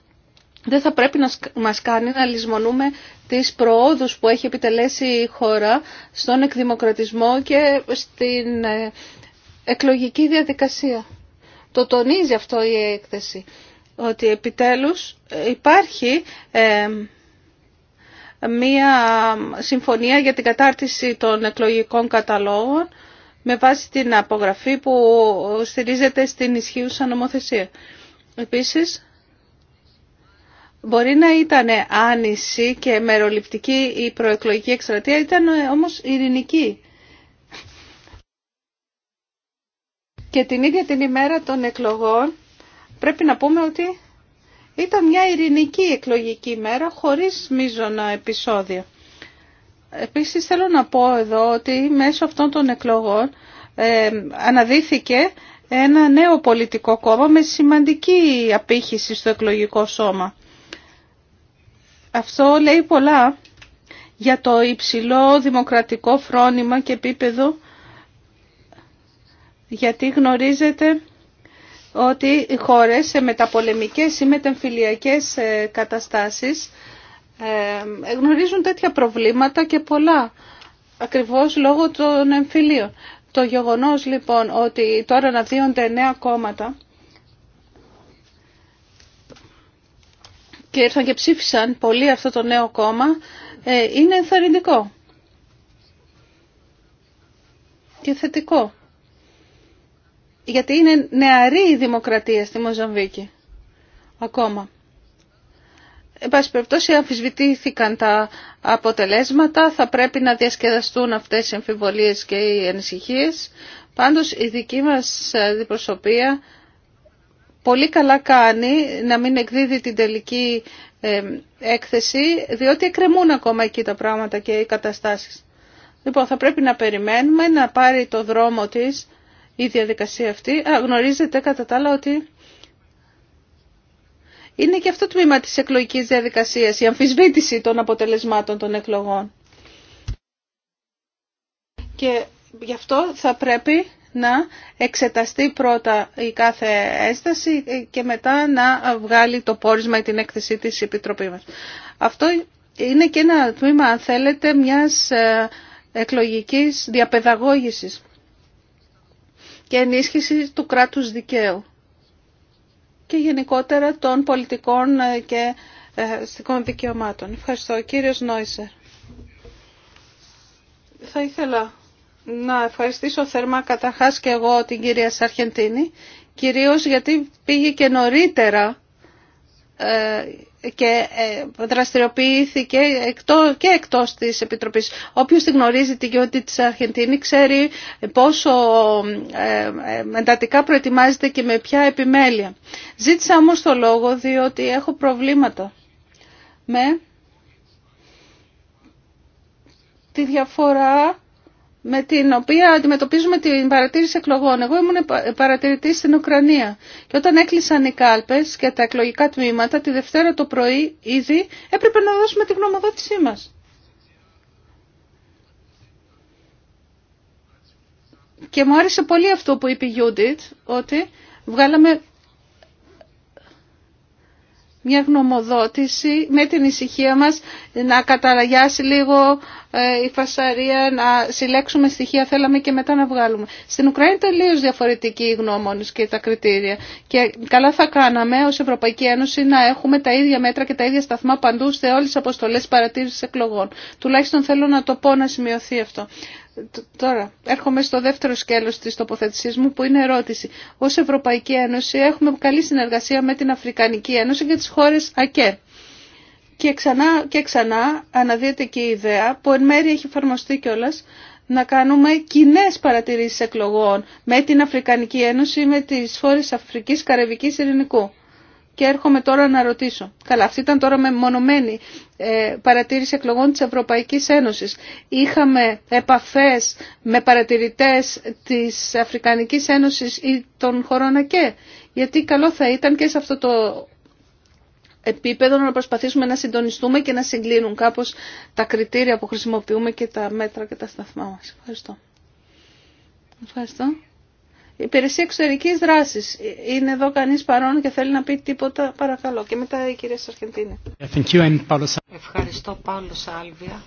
S3: δεν θα πρέπει να μας κάνει να λησμονούμε τις προόδους που έχει επιτελέσει η χώρα στον εκδημοκρατισμό και στην ε, εκλογική διαδικασία. Το τονίζει αυτό η έκθεση, ότι επιτέλους ε, υπάρχει ε, μία συμφωνία για την κατάρτιση των εκλογικών καταλόγων με βάση την απογραφή που στηρίζεται στην ισχύουσα νομοθεσία. Επίσης, Μπορεί να ήταν άνηση και μεροληπτική η προεκλογική εκστρατεία, ήταν ε, όμως ειρηνική. Και την ίδια την ημέρα των εκλογών πρέπει να πούμε ότι ήταν μια ειρηνική εκλογική ημέρα χωρίς μείζωνα επεισόδια. Επίσης θέλω να πω εδώ ότι μέσω αυτών των εκλογών ε, αναδύθηκε ένα νέο πολιτικό κόμμα με σημαντική απήχηση στο εκλογικό σώμα. Αυτό λέει πολλά για το υψηλό δημοκρατικό φρόνημα και επίπεδο γιατί γνωρίζετε ότι οι χώρες σε μεταπολεμικές ή μετεμφυλιακές ε, καταστάσεις ε, γνωρίζουν τέτοια προβλήματα και πολλά ακριβώς λόγω των εμφυλίων. Το γεγονός λοιπόν ότι τώρα αναδύονται νέα κόμματα και ήρθαν και ψήφισαν πολύ αυτό το νέο κόμμα, ε, είναι ενθαρρυντικό και θετικό. Γιατί είναι νεαρή η δημοκρατία στη Μοζαμβίκη ακόμα. Εν πάση περιπτώσει αμφισβητήθηκαν τα αποτελέσματα, θα πρέπει να διασκεδαστούν αυτές οι αμφιβολίες και οι ανησυχίες. Πάντως η δική μας αντιπροσωπεία πολύ καλά κάνει να μην εκδίδει την τελική ε, έκθεση, διότι εκκρεμούν ακόμα εκεί τα πράγματα και οι καταστάσεις. Λοιπόν, θα πρέπει να περιμένουμε να πάρει το δρόμο της η διαδικασία αυτή. Α, γνωρίζετε κατά τα άλλα ότι είναι και αυτό το τμήμα της εκλογικής διαδικασίας, η αμφισβήτηση των αποτελεσμάτων των εκλογών. Και γι' αυτό θα πρέπει να εξεταστεί πρώτα η κάθε έσταση και μετά να βγάλει το πόρισμα ή την έκθεσή της η Επιτροπή μας. Αυτό είναι και ένα τμήμα, αν θέλετε, μιας ε, εκλογικής διαπαιδαγώγησης και ενίσχυση του κράτους δικαίου και γενικότερα των πολιτικών ε, και ε, αστικών δικαιωμάτων. Ευχαριστώ. Κύριος Νόησερ. Θα ήθελα να ευχαριστήσω θερμά καταρχάς και εγώ την κυρία Σαρχεντίνη, κυρίως γιατί πήγε και νωρίτερα ε, και ε, δραστηριοποιήθηκε και εκτός της Επιτροπής. Όποιος τη γνωρίζει την κοινότητα της Αρχεντίνη ξέρει πόσο ε, εντατικά προετοιμάζεται και με ποια επιμέλεια. Ζήτησα όμως το λόγο διότι έχω προβλήματα με τη διαφορά με την οποία αντιμετωπίζουμε την παρατήρηση εκλογών. Εγώ ήμουν παρατηρητής στην Ουκρανία και όταν έκλεισαν οι κάλπες και τα εκλογικά τμήματα τη Δευτέρα το πρωί ήδη έπρεπε να δώσουμε τη γνωμοδότησή μας. Και μου άρεσε πολύ αυτό που είπε η Γιούντιτ, ότι βγάλαμε μια γνωμοδότηση με την ησυχία μας να καταραγιάσει λίγο ε, η φασαρία, να συλλέξουμε στοιχεία θέλαμε και μετά να βγάλουμε. Στην Ουκρανία τελείω διαφορετική η γνώμονε και τα κριτήρια. Και καλά θα κάναμε ω Ευρωπαϊκή Ένωση να έχουμε τα ίδια μέτρα και τα ίδια σταθμά παντού σε όλε τι αποστολέ παρατήρηση εκλογών. Τουλάχιστον θέλω να το πω να σημειωθεί αυτό. Τώρα, έρχομαι στο δεύτερο σκέλος της τοποθέτησής μου που είναι ερώτηση. Ως Ευρωπαϊκή Ένωση έχουμε καλή συνεργασία με την Αφρικανική Ένωση και τις χώρες ΑΚΕ. Και ξανά και ξανά αναδύεται και η ιδέα που εν μέρει έχει εφαρμοστεί κιόλα να κάνουμε κοινέ παρατηρήσεις εκλογών με την Αφρικανική Ένωση, με τις χώρες Αφρικής, Καραβικής, Ειρηνικού. Και έρχομαι τώρα να ρωτήσω. Καλά, αυτή ήταν τώρα μονομένη ε, παρατήρηση εκλογών της Ευρωπαϊκής Ένωσης. Είχαμε επαφές με παρατηρητές της Αφρικανικής Ένωσης ή των χωρών ΑΚΕ. Γιατί καλό θα ήταν και σε αυτό το επίπεδο να προσπαθήσουμε να συντονιστούμε και να συγκλίνουν κάπως τα κριτήρια που χρησιμοποιούμε και τα μέτρα και τα σταθμά μας. Ευχαριστώ. Ευχαριστώ. Η υπηρεσία εξωτερική δράση Είναι εδώ κανεί παρόν και θέλει να πει τίποτα. Παρακαλώ. Και μετά η κυρία Σαρχεντίνη.
S1: Ευχαριστώ Πάολο Σάλβια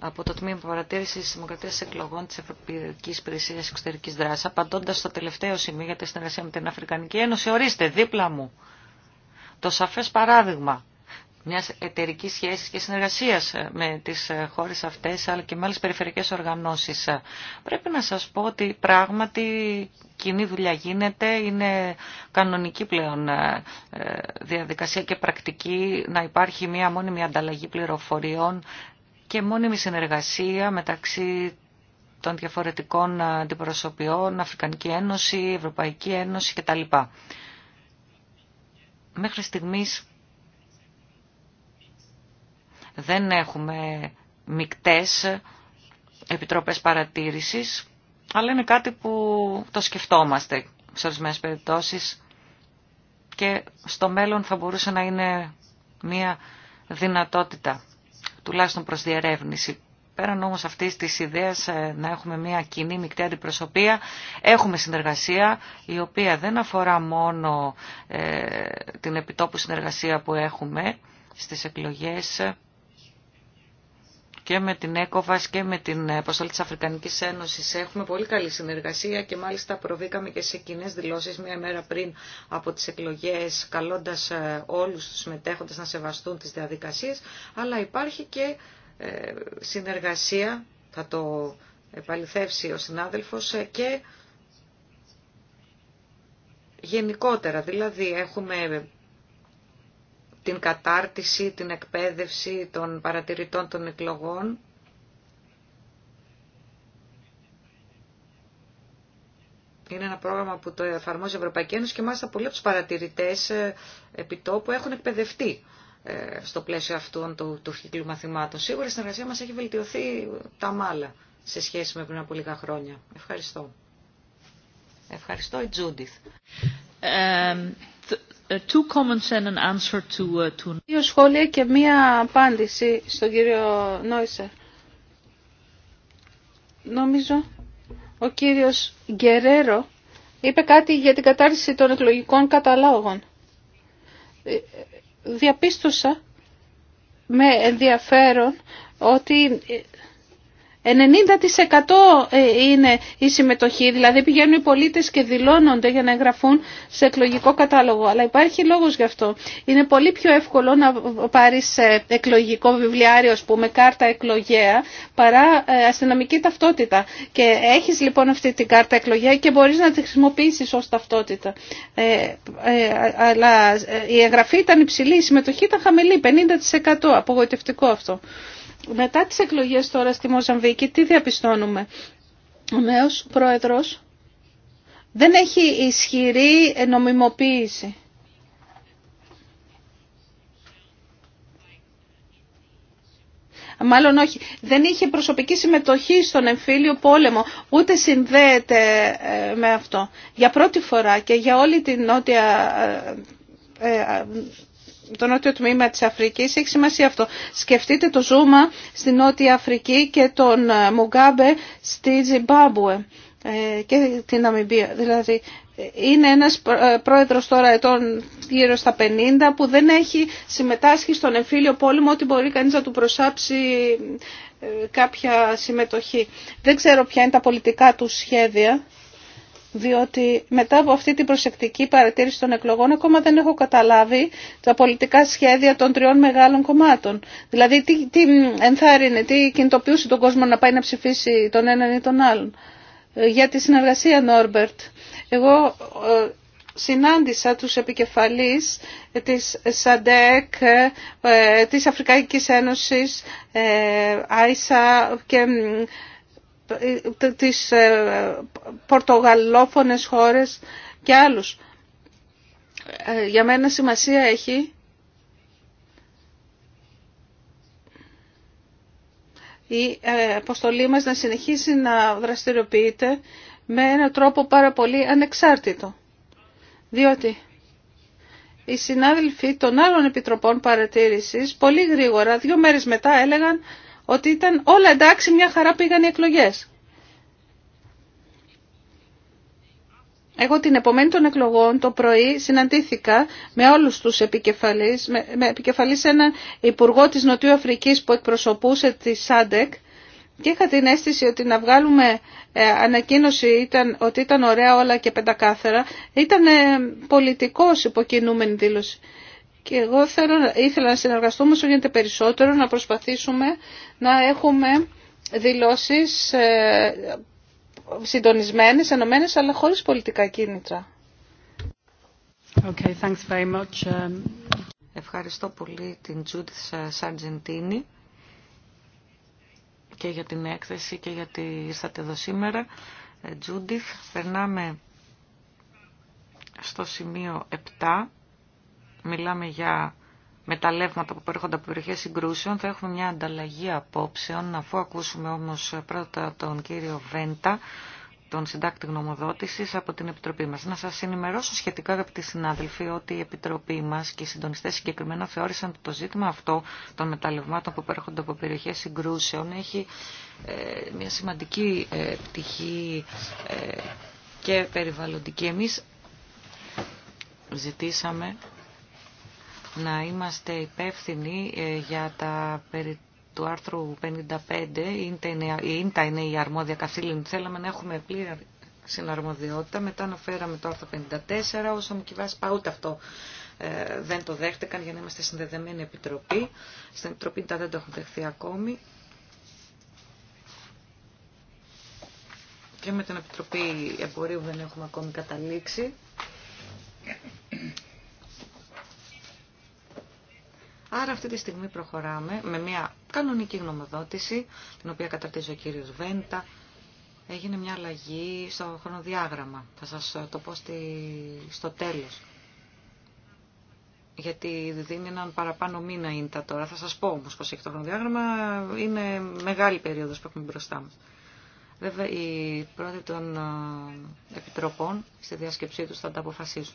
S1: από το Τμήμα Παρατήρηση τη Δημοκρατία Εκλογών τη Ευρωπαϊκή Υπηρεσία Εξωτερική Δράση, απαντώντα στο τελευταίο σημείο για τη συνεργασία με την Αφρικανική Ένωση, ορίστε δίπλα μου το σαφέ παράδειγμα μιας εταιρική σχέσης και συνεργασίας ε, με τις ε, χώρες αυτές, αλλά και με άλλε περιφερειακές οργανώσεις. Ε, πρέπει να σα πω ότι πράγματι κοινή δουλειά γίνεται, είναι κανονική πλέον διαδικασία και πρακτική να υπάρχει μια μόνιμη ανταλλαγή πληροφοριών και μόνιμη συνεργασία μεταξύ των διαφορετικών αντιπροσωπιών, Αφρικανική Ένωση, Ευρωπαϊκή Ένωση κτλ. Μέχρι στιγμής δεν έχουμε μικτές επιτροπές παρατήρησης, αλλά είναι κάτι που το σκεφτόμαστε σε ορισμένε περιπτώσεις και στο μέλλον θα μπορούσε να είναι μια δυνατότητα, τουλάχιστον προς διερεύνηση. Πέραν όμως αυτής της ιδέας ε, να έχουμε μια κοινή μεικτή αντιπροσωπεία, έχουμε συνεργασία η οποία δεν αφορά μόνο ε, την επιτόπου συνεργασία που έχουμε στις εκλογές, και με την ΕΚΟΒΑΣ και με την Αποστολή της Αφρικανικής Ένωσης έχουμε πολύ καλή συνεργασία και μάλιστα προβήκαμε και σε κοινέ δηλώσεις μία μέρα πριν από τις εκλογές καλώντας ε, όλους τους μετέχοντες να σεβαστούν τις διαδικασίες αλλά υπάρχει και ε, συνεργασία, θα το επαληθεύσει ο συνάδελφος ε, και γενικότερα δηλαδή έχουμε την κατάρτιση, την εκπαίδευση των παρατηρητών των εκλογών. Είναι ένα πρόγραμμα που το εφαρμόζει η Ευρωπαϊκή Ένωση και μάλιστα πολλοί από τους παρατηρητές ε, επιτόπου έχουν εκπαιδευτεί ε, στο πλαίσιο αυτού του, του κύκλου μαθημάτων. Σίγουρα η συνεργασία μας έχει βελτιωθεί τα μάλα σε σχέση με πριν από λίγα χρόνια. Ευχαριστώ. Ευχαριστώ η Τζούντιθ. Ε, ε, uh,
S3: Δύο σχόλια και μία απάντηση στον κύριο Νόισερ. Νομίζω ο κύριος Γκερέρο είπε κάτι για την κατάρτιση των εκλογικών καταλόγων. Ε, διαπίστωσα με ενδιαφέρον ότι 90% ε, είναι η συμμετοχή, δηλαδή πηγαίνουν οι πολίτες και δηλώνονται για να εγγραφούν σε εκλογικό κατάλογο. Αλλά υπάρχει λόγος γι' αυτό. Είναι πολύ πιο εύκολο να πάρεις ε, εκλογικό βιβλιάριο, ας πούμε, κάρτα εκλογέα, παρά ε, αστυνομική ταυτότητα. Και έχεις λοιπόν αυτή την κάρτα εκλογέα και μπορείς να τη χρησιμοποιήσεις ως ταυτότητα. Ε, ε, αλλά η εγγραφή ήταν υψηλή, η συμμετοχή ήταν χαμηλή, 50%. Απογοητευτικό αυτό. Μετά τις εκλογές τώρα στη Μοζαμβίκη, τι διαπιστώνουμε. Ο νέος πρόεδρος δεν έχει ισχυρή νομιμοποίηση. Μάλλον όχι. Δεν είχε προσωπική συμμετοχή στον εμφύλιο πόλεμο, ούτε συνδέεται ε, με αυτό. Για πρώτη φορά και για όλη την Νότια ε, ε, το νότιο τμήμα της Αφρικής. Έχει σημασία αυτό. Σκεφτείτε το Ζούμα στη Νότια Αφρική και τον ε, Μουγκάμπε στη Ζιμπάμπουε ε, και την Αμιμπία. Δηλαδή είναι ένας ε, πρόεδρος τώρα ετών γύρω στα 50 που δεν έχει συμμετάσχει στον εμφύλιο πόλεμο ότι μπορεί κανείς να του προσάψει κάποια συμμετοχή. Δεν ξέρω ποια είναι τα πολιτικά του σχέδια διότι μετά από αυτή την προσεκτική παρατήρηση των εκλογών ακόμα δεν έχω καταλάβει τα πολιτικά σχέδια των τριών μεγάλων κομμάτων. Δηλαδή τι, τι ενθάρρυνε, τι κινητοποιούσε τον κόσμο να πάει να ψηφίσει τον έναν ή τον άλλον. Ε, για τη συνεργασία Νόρμπερτ, εγώ ε, συνάντησα τους επικεφαλείς της ΣΑΝΤΕΚ, ε, της Αφρικανικής Ένωσης, ΆΙΣΑ και ε, τις ε, πορτογαλόφωνες χώρες και άλλους. Ε, για μένα σημασία έχει η αποστολή μας να συνεχίσει να δραστηριοποιείται με έναν τρόπο πάρα πολύ ανεξάρτητο. Διότι οι συνάδελφοι των άλλων επιτροπών παρατήρησης πολύ γρήγορα, δύο μέρες μετά έλεγαν ότι ήταν όλα εντάξει, μια χαρά πήγαν οι εκλογές. Εγώ την επομένη των εκλογών το πρωί συναντήθηκα με όλους τους επικεφαλείς, με, με επικεφαλής έναν υπουργό της Νοτιού Αφρικής που εκπροσωπούσε τη ΣΑΝΤΕΚ και είχα την αίσθηση ότι να βγάλουμε ε, ανακοίνωση ήταν, ότι ήταν ωραία όλα και πεντακάθαρα. Ήταν πολιτικό ε, πολιτικός υποκινούμενη δήλωση. Και εγώ θέλω, ήθελα να συνεργαστούμε όσο γίνεται περισσότερο, να προσπαθήσουμε να έχουμε δηλώσεις ε, συντονισμένες, ενωμένες, αλλά χωρίς πολιτικά κίνητρα.
S1: Okay, thanks very much. Um, Ευχαριστώ πολύ την Τζούντιθ Σαρτζεντίνη και για την έκθεση και γιατί ήρθατε εδώ σήμερα. Ε, Τζούντιθ, περνάμε στο σημείο 7 μιλάμε για μεταλλεύματα που προέρχονται από περιοχέ συγκρούσεων. Θα έχουμε μια ανταλλαγή απόψεων, αφού ακούσουμε όμω πρώτα τον κύριο Βέντα, τον συντάκτη Γνωμοδότηση από την Επιτροπή μα. Να σα ενημερώσω σχετικά, αγαπητοί συνάδελφοι, ότι η Επιτροπή μα και οι συντονιστέ συγκεκριμένα θεώρησαν ότι το ζήτημα αυτό των μεταλλευμάτων που προέρχονται από περιοχέ συγκρούσεων έχει ε, μια σημαντική ε, πτυχή ε, και περιβαλλοντική. Εμείς ζητήσαμε να είμαστε υπεύθυνοι ε, για τα περί του άρθρου 55, η τα είναι η αρμόδια καθήλυνη. Θέλαμε να έχουμε πλήρη συναρμοδιότητα. Μετά αναφέραμε το άρθρο 54, όσο μου κυβάσει πάω ούτε αυτό ε, δεν το δέχτηκαν για να είμαστε συνδεδεμένη επιτροπή. Στην επιτροπή τα δεν το έχουν δεχθεί ακόμη. Και με την Επιτροπή Εμπορίου δεν έχουμε ακόμη καταλήξει. Άρα αυτή τη στιγμή προχωράμε με μια κανονική γνωμοδότηση, την οποία καταρτίζει ο κύριος Βέντα. Έγινε μια αλλαγή στο χρονοδιάγραμμα. Θα σας το πω στη... στο τέλος. Γιατί δίνει έναν παραπάνω μήνα ίντα τώρα. Θα σας πω όμως πως έχει το χρονοδιάγραμμα. Είναι μεγάλη περίοδος που έχουμε μπροστά μας. Βέβαια, οι πρόεδροι των ε, επιτροπών στη διάσκεψή τους θα τα αποφασίσουν.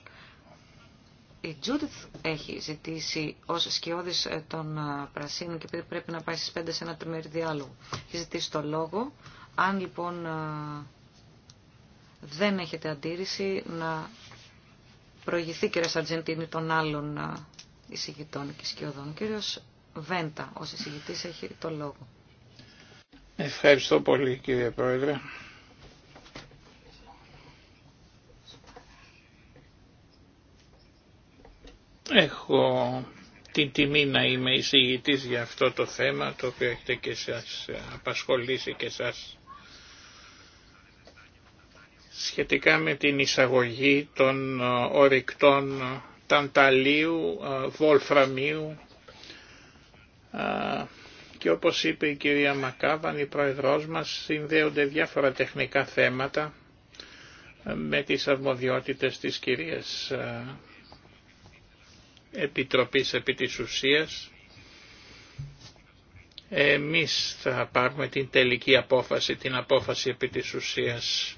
S1: Η Τζούντιθ έχει ζητήσει ω σκιώδη ε, των ε, Πρασίνων και επειδή πρέπει να πάει στι 5 σε ένα τριμερή διάλογο, έχει ζητήσει το λόγο. Αν λοιπόν ε, δεν έχετε αντίρρηση, να προηγηθεί κυρία Σαρτζεντίνη των άλλων εισηγητών και σκιωδών. Ο κύριος Βέντα ως εισηγητής έχει το λόγο.
S2: Ευχαριστώ πολύ κύριε Πρόεδρε. Έχω την τιμή να είμαι εισηγητής για αυτό το θέμα, το οποίο έχετε και σας απασχολήσει και σας σχετικά με την εισαγωγή των ορυκτών τανταλίου, βολφραμίου και όπως είπε η κυρία Μακάβαν, η πρόεδρός μας, συνδέονται διάφορα τεχνικά θέματα με τις αρμοδιότητες της κυρίας Επιτροπής επί της ουσίας. Εμείς θα πάρουμε την τελική απόφαση, την απόφαση επί της ουσίας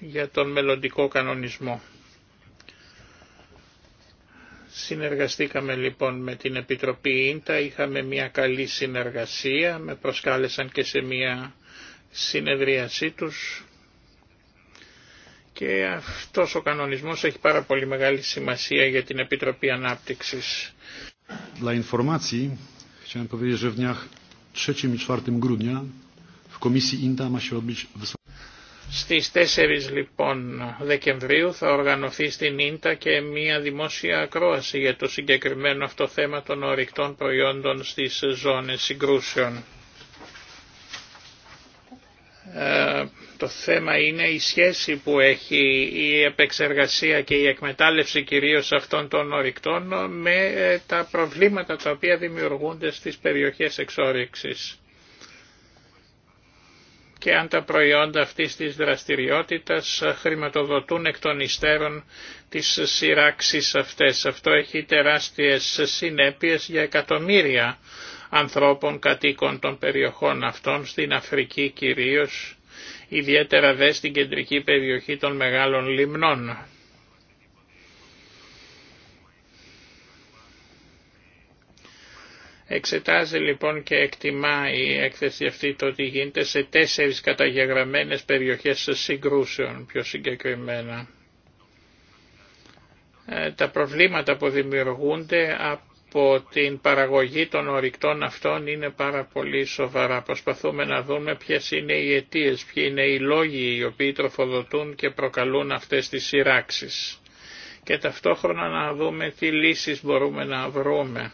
S2: για τον μελλοντικό κανονισμό. Συνεργαστήκαμε λοιπόν με την Επιτροπή Ίντα, είχαμε μια καλή συνεργασία, με προσκάλεσαν και σε μια συνεδρίασή τους και αυτός ο κανονισμός έχει πάρα πολύ μεγάλη σημασία για την Επιτροπή Ανάπτυξης.
S3: Dla chciałem powiedzieć, że w dniach 3 i 4 grudnia w Komisji INTA ma się odbyć
S2: Στις 4 λοιπόν Δεκεμβρίου θα οργανωθεί στην ΙΝΤΑ και μια δημόσια ακρόαση για το συγκεκριμένο αυτό θέμα των ορυκτών προϊόντων στις ζώνες συγκρούσεων ε, το θέμα είναι η σχέση που έχει η επεξεργασία και η εκμετάλλευση κυρίως αυτών των ορυκτών με ε, τα προβλήματα τα οποία δημιουργούνται στις περιοχές εξόρυξης. Και αν τα προϊόντα αυτής της δραστηριότητας χρηματοδοτούν εκ των υστέρων της σειράξεις αυτές. Αυτό έχει τεράστιες συνέπειες για εκατομμύρια ανθρώπων κατοίκων των περιοχών αυτών, στην Αφρική κυρίως ιδιαίτερα δε στην κεντρική περιοχή των μεγάλων λιμνών. Εξετάζει λοιπόν και εκτιμά η έκθεση αυτή το ότι γίνεται σε τέσσερις καταγεγραμμένες περιοχές συγκρούσεων πιο συγκεκριμένα. Ε, τα προβλήματα που δημιουργούνται από την παραγωγή των ορυκτών αυτών είναι πάρα πολύ σοβαρά. Προσπαθούμε να δούμε ποιες είναι οι αιτίες, ποιοι είναι οι λόγοι οι οποίοι τροφοδοτούν και προκαλούν αυτές τις σειράξεις. Και ταυτόχρονα να δούμε τι λύσεις μπορούμε να βρούμε.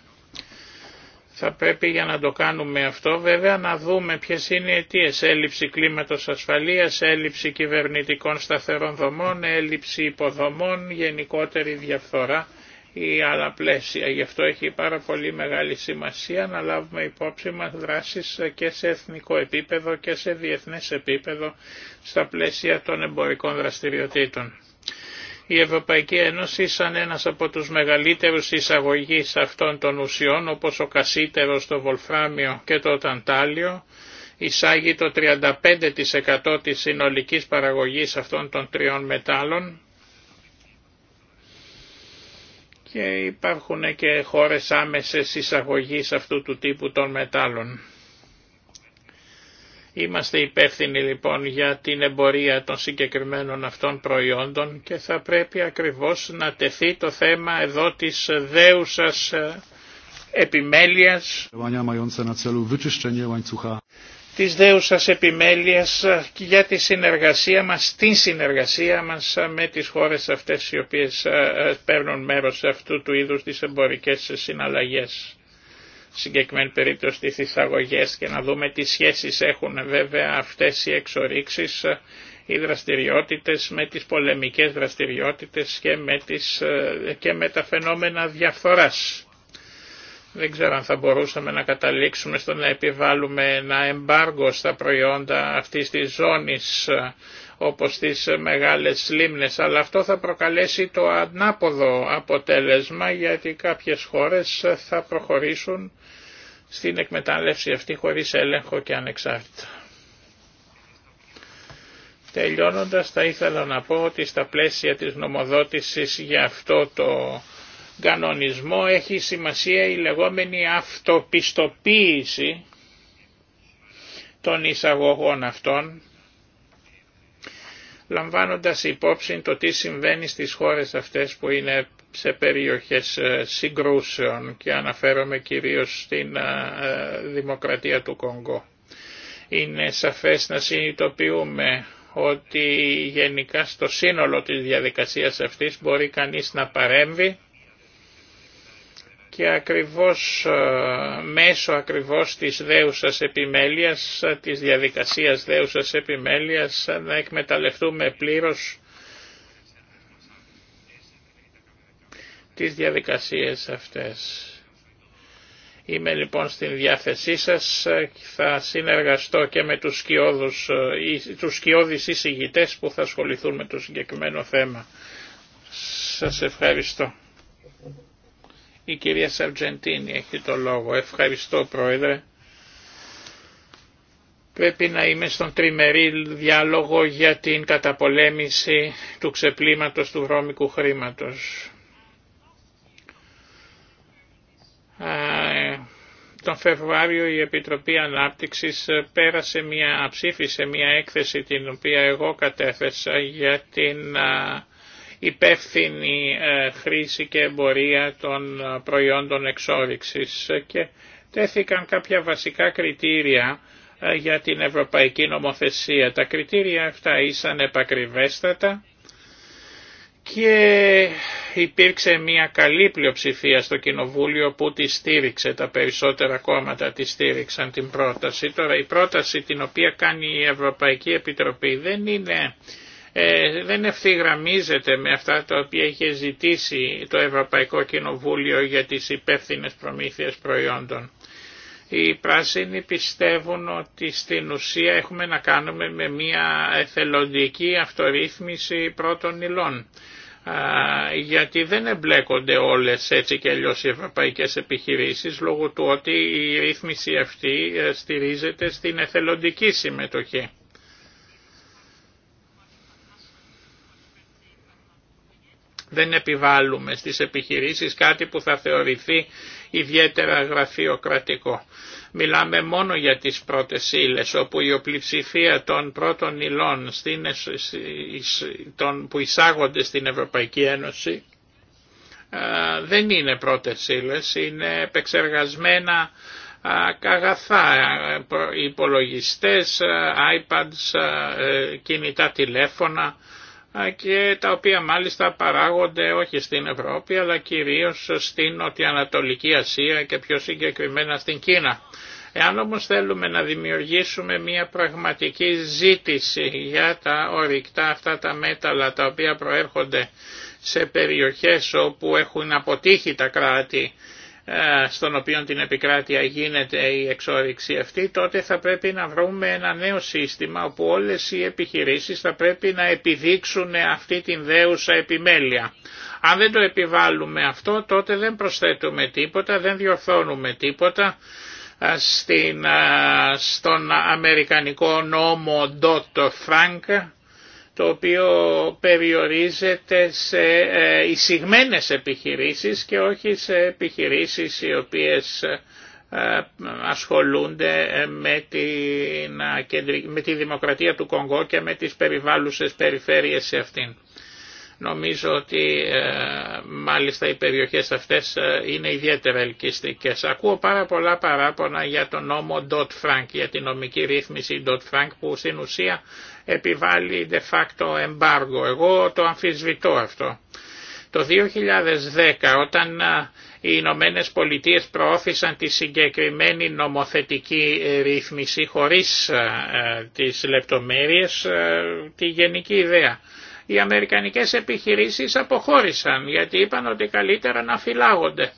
S2: Θα πρέπει για να το κάνουμε αυτό βέβαια να δούμε ποιες είναι οι αιτίες. Έλλειψη κλίματος ασφαλείας, έλλειψη κυβερνητικών σταθερών δομών, έλλειψη υποδομών, γενικότερη διαφθορά ή άλλα πλαίσια. Γι' αυτό έχει πάρα πολύ μεγάλη σημασία να λάβουμε υπόψη μας δράσεις και σε εθνικό επίπεδο και σε διεθνές επίπεδο στα πλαίσια των εμπορικών δραστηριοτήτων. Η Ευρωπαϊκή Ένωση σαν ένας από τους μεγαλύτερους εισαγωγείς αυτών των ουσιών όπως ο κασίτερος, το βολφράμιο και το ταντάλιο εισάγει το 35% της συνολικής παραγωγής αυτών των τριών μετάλλων και υπάρχουν και χώρες άμεσες εισαγωγής αυτού του τύπου των μετάλλων. Είμαστε υπεύθυνοι λοιπόν για την εμπορία των συγκεκριμένων αυτών προϊόντων και θα πρέπει ακριβώς να τεθεί το θέμα εδώ της δέουσας ε, επιμέλειας της δέουσας επιμέλειας και για τη συνεργασία μας, την συνεργασία μας με τις χώρες αυτές οι οποίες ε, ε, παίρνουν μέρος σε αυτού του είδους τις εμπορικές συναλλαγές. Συγκεκριμένη περίπτωση τις εισαγωγές και να δούμε τι σχέσεις έχουν βέβαια αυτές οι εξορίξεις, οι δραστηριότητες με τις πολεμικές δραστηριότητες και με, ε, και με τα φαινόμενα διαφθοράς. Δεν ξέρω αν θα μπορούσαμε να καταλήξουμε στο να επιβάλλουμε ένα εμπάργο στα προϊόντα αυτής της ζώνης όπως τις μεγάλες λίμνες, αλλά αυτό θα προκαλέσει το ανάποδο αποτέλεσμα γιατί κάποιες χώρες θα προχωρήσουν στην εκμετάλλευση αυτή χωρίς έλεγχο και ανεξάρτητα. Τελειώνοντας θα ήθελα να πω ότι στα πλαίσια της νομοδότησης για αυτό το κανονισμό έχει σημασία η λεγόμενη αυτοπιστοποίηση των εισαγωγών αυτών, λαμβάνοντας υπόψη το τι συμβαίνει στις χώρες αυτές που είναι σε περιοχές ε, συγκρούσεων και αναφέρομαι κυρίως στην ε, ε, δημοκρατία του Κονγκό. Είναι σαφές να συνειδητοποιούμε ότι γενικά στο σύνολο της διαδικασίας αυτής μπορεί κανείς να παρέμβει και ακριβώς ε, μέσω ακριβώς της δέουσας επιμέλειας, ε, της διαδικασίας δέουσας επιμέλειας ε, να εκμεταλλευτούμε πλήρως τις διαδικασίες αυτές. Είμαι λοιπόν στην διάθεσή σας και θα συνεργαστώ και με τους, σκιώδους, τους σκιώδεις εισηγητές που θα ασχοληθούν με το συγκεκριμένο θέμα. Σας ευχαριστώ. Η κυρία Σαρτζεντίνη έχει το λόγο. Ευχαριστώ πρόεδρε. Πρέπει να είμαι στον τριμερή διάλογο για την καταπολέμηση του ξεπλήματος του βρώμικου χρήματος. Τον Φεβρουάριο η Επιτροπή Ανάπτυξης πέρασε μια, ψήφισε μια έκθεση την οποία εγώ κατέθεσα για την υπεύθυνη ε, χρήση και εμπορία των ε, προϊόντων εξόριξης και τέθηκαν κάποια βασικά κριτήρια ε, για την ευρωπαϊκή νομοθεσία. Τα κριτήρια αυτά ήσαν επακριβέστατα και υπήρξε μια καλή πλειοψηφία στο Κοινοβούλιο που τη στήριξε, τα περισσότερα κόμματα τη στήριξαν την πρόταση. Τώρα η πρόταση την οποία κάνει η Ευρωπαϊκή Επιτροπή δεν είναι ε, δεν ευθυγραμμίζεται με αυτά τα οποία είχε ζητήσει το Ευρωπαϊκό Κοινοβούλιο για τις υπεύθυνε προμήθειες προϊόντων. Οι πράσινοι πιστεύουν ότι στην ουσία έχουμε να κάνουμε με μια εθελοντική αυτορύθμιση πρώτων υλών γιατί δεν εμπλέκονται όλες έτσι και αλλιώ οι ευρωπαϊκές επιχειρήσεις λόγω του ότι η ρύθμιση αυτή ε, στηρίζεται στην εθελοντική συμμετοχή. Δεν επιβάλλουμε στις επιχειρήσεις κάτι που θα θεωρηθεί ιδιαίτερα γραφειοκρατικό. Μιλάμε μόνο για τις πρώτες ύλε, όπου η οπληψηφία των πρώτων υλών που εισάγονται στην Ευρωπαϊκή Ένωση δεν είναι πρώτες ύλε, είναι επεξεργασμένα καγαθά, υπολογιστές, iPads, ε, κινητά τηλέφωνα και τα οποία μάλιστα παράγονται όχι στην Ευρώπη αλλά κυρίως στην Νοτιοανατολική Ασία και πιο συγκεκριμένα στην Κίνα. Εάν όμως θέλουμε να δημιουργήσουμε μια πραγματική ζήτηση για τα ορυκτά αυτά τα μέταλλα τα οποία προέρχονται σε περιοχές όπου έχουν αποτύχει τα κράτη ε, στον οποίο την επικράτεια γίνεται η εξόριξη αυτή, τότε θα πρέπει να βρούμε ένα νέο σύστημα όπου όλες οι επιχειρήσεις θα πρέπει να επιδείξουν αυτή την δέουσα επιμέλεια. Αν δεν το επιβάλλουμε αυτό τότε δεν προσθέτουμε τίποτα, δεν διορθώνουμε τίποτα ε, στην, ε, στον Αμερικανικό νόμο Dot Frank το οποίο περιορίζεται σε ε, εισηγμένες επιχειρήσεις και όχι σε επιχειρήσεις οι οποίες ε, ασχολούνται ε, με, με τη δημοκρατία του Κονγκό και με τις περιβάλλουσες περιφέρειες σε αυτήν. Νομίζω ότι μάλιστα οι περιοχές αυτές είναι ιδιαίτερα ελκυστικές. Ακούω πάρα πολλά παράπονα για τον νόμο Dodd Frank, για τη νομική ρύθμιση Dodd Frank που στην ουσία επιβάλλει de facto embargo. Εγώ το αμφισβητώ αυτό. Το 2010 όταν οι Ηνωμένε Πολιτείες προώθησαν τη συγκεκριμένη νομοθετική ε, ρύθμιση χωρίς τις λεπτομέρειες, τη γενική ιδέα. Οι Αμερικανικές επιχειρήσεις αποχώρησαν γιατί είπαν ότι καλύτερα να φυλάγονται.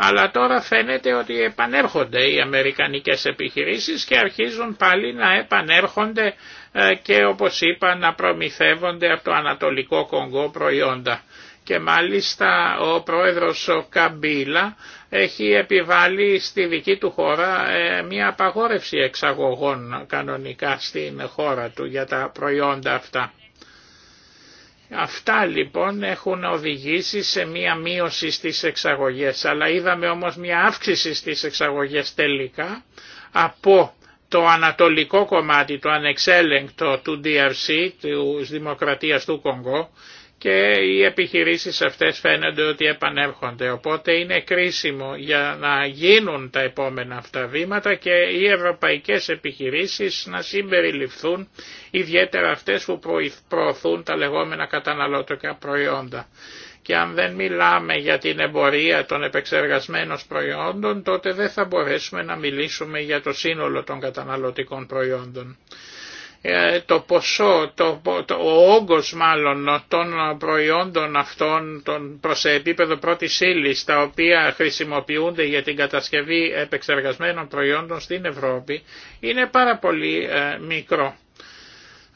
S2: Αλλά τώρα φαίνεται ότι επανέρχονται οι Αμερικανικές επιχειρήσεις και αρχίζουν πάλι να επανέρχονται ε, και όπως είπα να προμηθεύονται από το Ανατολικό Κονγκό προϊόντα. Και μάλιστα ο πρόεδρος ο Καμπίλα έχει επιβάλει στη δική του χώρα ε, μια απαγόρευση εξαγωγών κανονικά στην χώρα του για τα προϊόντα αυτά. Αυτά λοιπόν έχουν οδηγήσει σε μία μείωση στις εξαγωγές, αλλά είδαμε όμως μία αύξηση στις εξαγωγές τελικά από το ανατολικό κομμάτι, το ανεξέλεγκτο του DRC, της Δημοκρατίας του Κονγκό και οι επιχειρήσεις αυτές φαίνονται ότι επανέρχονται. Οπότε είναι κρίσιμο για να γίνουν τα επόμενα αυτά βήματα και οι ευρωπαϊκές επιχειρήσεις να συμπεριληφθούν, ιδιαίτερα αυτές που προωθούν τα λεγόμενα καταναλωτικά προϊόντα και αν δεν μιλάμε για την εμπορία των επεξεργασμένων προϊόντων, τότε δεν θα μπορέσουμε να μιλήσουμε για το σύνολο των καταναλωτικών προϊόντων. Ε, το ποσό, το, το, ο όγκος μάλλον των προϊόντων αυτών των προς επίπεδο πρώτης ύλη, τα οποία χρησιμοποιούνται για την κατασκευή επεξεργασμένων προϊόντων στην Ευρώπη, είναι πάρα πολύ ε, μικρό.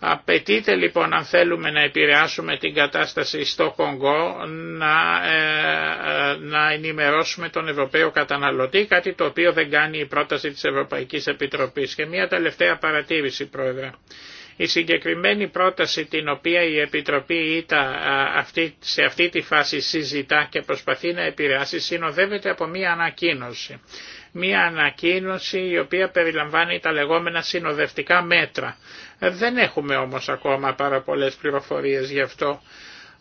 S2: Απαιτείται λοιπόν αν θέλουμε να επηρεάσουμε την κατάσταση στο Κονγκό να, ε, ε, να ενημερώσουμε τον Ευρωπαίο καταναλωτή, κάτι το οποίο δεν κάνει η πρόταση της Ευρωπαϊκής Επιτροπής. Και μια τελευταία παρατήρηση Πρόεδρε. Η συγκεκριμένη πρόταση την οποία η Επιτροπή ΙΤΑ σε αυτή τη φάση συζητά και προσπαθεί να επηρεάσει συνοδεύεται από μια ανακοίνωση. Μια ανακοίνωση η οποία περιλαμβάνει τα λεγόμενα συνοδευτικά μέτρα. Δεν έχουμε όμως ακόμα πάρα πολλές πληροφορίες γι' αυτό.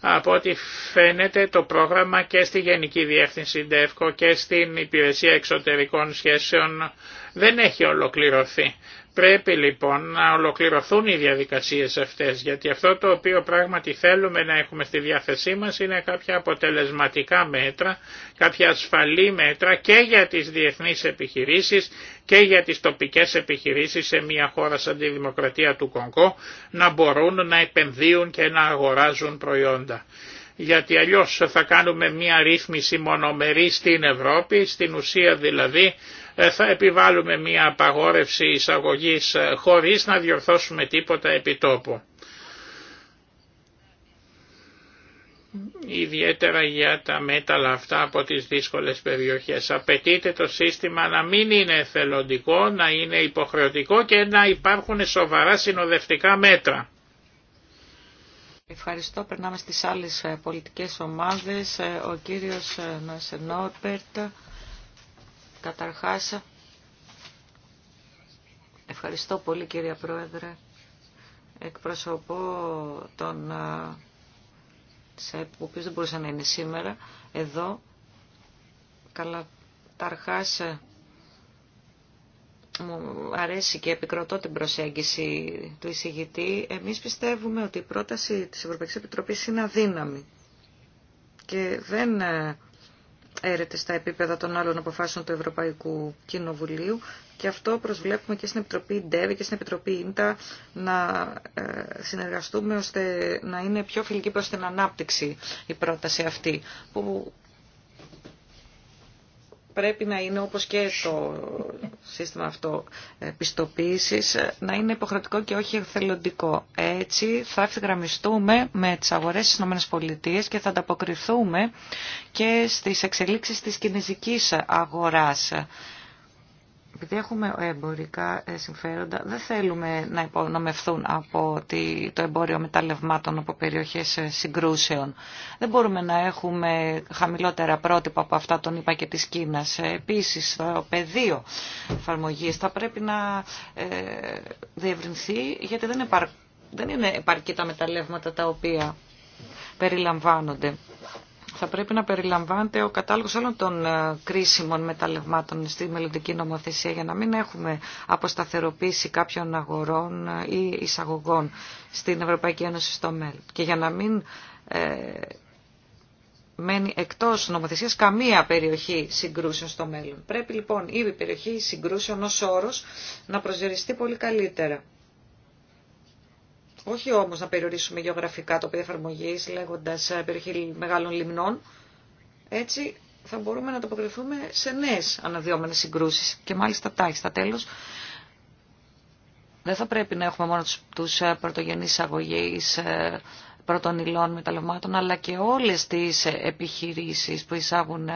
S2: Από ό,τι φαίνεται το πρόγραμμα και στη Γενική Διεύθυνση ΔΕΦΚΟ και στην Υπηρεσία Εξωτερικών Σχέσεων δεν έχει ολοκληρωθεί. Πρέπει λοιπόν να ολοκληρωθούν οι διαδικασίες αυτές, γιατί αυτό το οποίο πράγματι θέλουμε να έχουμε στη διάθεσή μας είναι κάποια αποτελεσματικά μέτρα, κάποια ασφαλή μέτρα και για τις διεθνείς επιχειρήσεις και για τις τοπικές επιχειρήσεις σε μια χώρα σαν τη Δημοκρατία του Κονκό να μπορούν να επενδύουν και να αγοράζουν προϊόντα γιατί αλλιώς θα κάνουμε μια ρύθμιση μονομερή στην Ευρώπη, στην ουσία δηλαδή ε, θα επιβάλλουμε μια απαγόρευση εισαγωγής ε, χωρίς να διορθώσουμε τίποτα επιτόπου. ιδιαίτερα για τα μέταλλα αυτά από τις δύσκολες περιοχές. Απαιτείται το σύστημα να μην είναι εθελοντικό, να είναι υποχρεωτικό και να υπάρχουν σοβαρά συνοδευτικά μέτρα.
S1: Ευχαριστώ. Περνάμε στις άλλες ε, πολιτικές ομάδες. Ο κύριος Νόρπερτ. Καταρχάς, ευχαριστώ πολύ κύριε Πρόεδρε. Εκπροσωπώ τον ΣΕΠ, ο οποίος δεν μπορούσε να είναι σήμερα, εδώ. Καλά, μου αρέσει και επικροτώ την προσέγγιση του εισηγητή. Εμείς πιστεύουμε ότι η πρόταση της Ευρωπαϊκής Επιτροπής είναι αδύναμη και δεν έρεται στα επίπεδα των άλλων αποφάσεων του Ευρωπαϊκού Κοινοβουλίου και αυτό προσβλέπουμε και στην Επιτροπή ΝΤΕΒ και στην Επιτροπή ΙΝΤΑ να ε, συνεργαστούμε ώστε να είναι πιο φιλική προς την ανάπτυξη η πρόταση αυτή που πρέπει να είναι όπως και το σύστημα αυτό ε, πιστοποίησης ε, να είναι υποχρεωτικό και όχι εθελοντικό. Έτσι θα ευθυγραμμιστούμε με τις αγορές στις ΗΠΑ και θα ανταποκριθούμε και στις εξελίξεις της κινέζικης αγοράς επειδή έχουμε εμπορικά ε, συμφέροντα, δεν θέλουμε να υπονομευθούν από το εμπόριο μεταλλευμάτων από περιοχές ε, συγκρούσεων. Δεν μπορούμε να έχουμε χαμηλότερα πρότυπα από αυτά των ΙΠΑ και της Κίνας. Ε, επίσης, το πεδίο εφαρμογή θα πρέπει να διευρυνθεί, γιατί δεν είναι επαρκή τα μεταλλεύματα τα οποία περιλαμβάνονται θα πρέπει να περιλαμβάνεται ο κατάλογος όλων των ε, κρίσιμων μεταλλευμάτων στη μελλοντική νομοθεσία για να μην έχουμε αποσταθεροποίηση κάποιων αγορών ε, ή εισαγωγών στην Ευρωπαϊκή Ένωση στο μέλλον και για να μην ε, μένει εκτός νομοθεσίας καμία περιοχή συγκρούσεων στο μέλλον. Πρέπει λοιπόν η περιοχή συγκρούσεων ως όρος να προσδιοριστεί πολύ καλύτερα όχι όμω να περιορίσουμε γεωγραφικά το πεδίο εφαρμογή λέγοντα ε, περιοχή μεγάλων λιμνών. Έτσι θα μπορούμε να τοποκριθούμε σε νέε αναδιόμενες συγκρούσει Και μάλιστα τάχιστα τέλος. Δεν θα πρέπει να έχουμε μόνο τους, πρωτογενεί πρωτογενείς αγωγείς ε, πρώτων αλλά και όλες τις ε, επιχειρήσεις που εισάγουν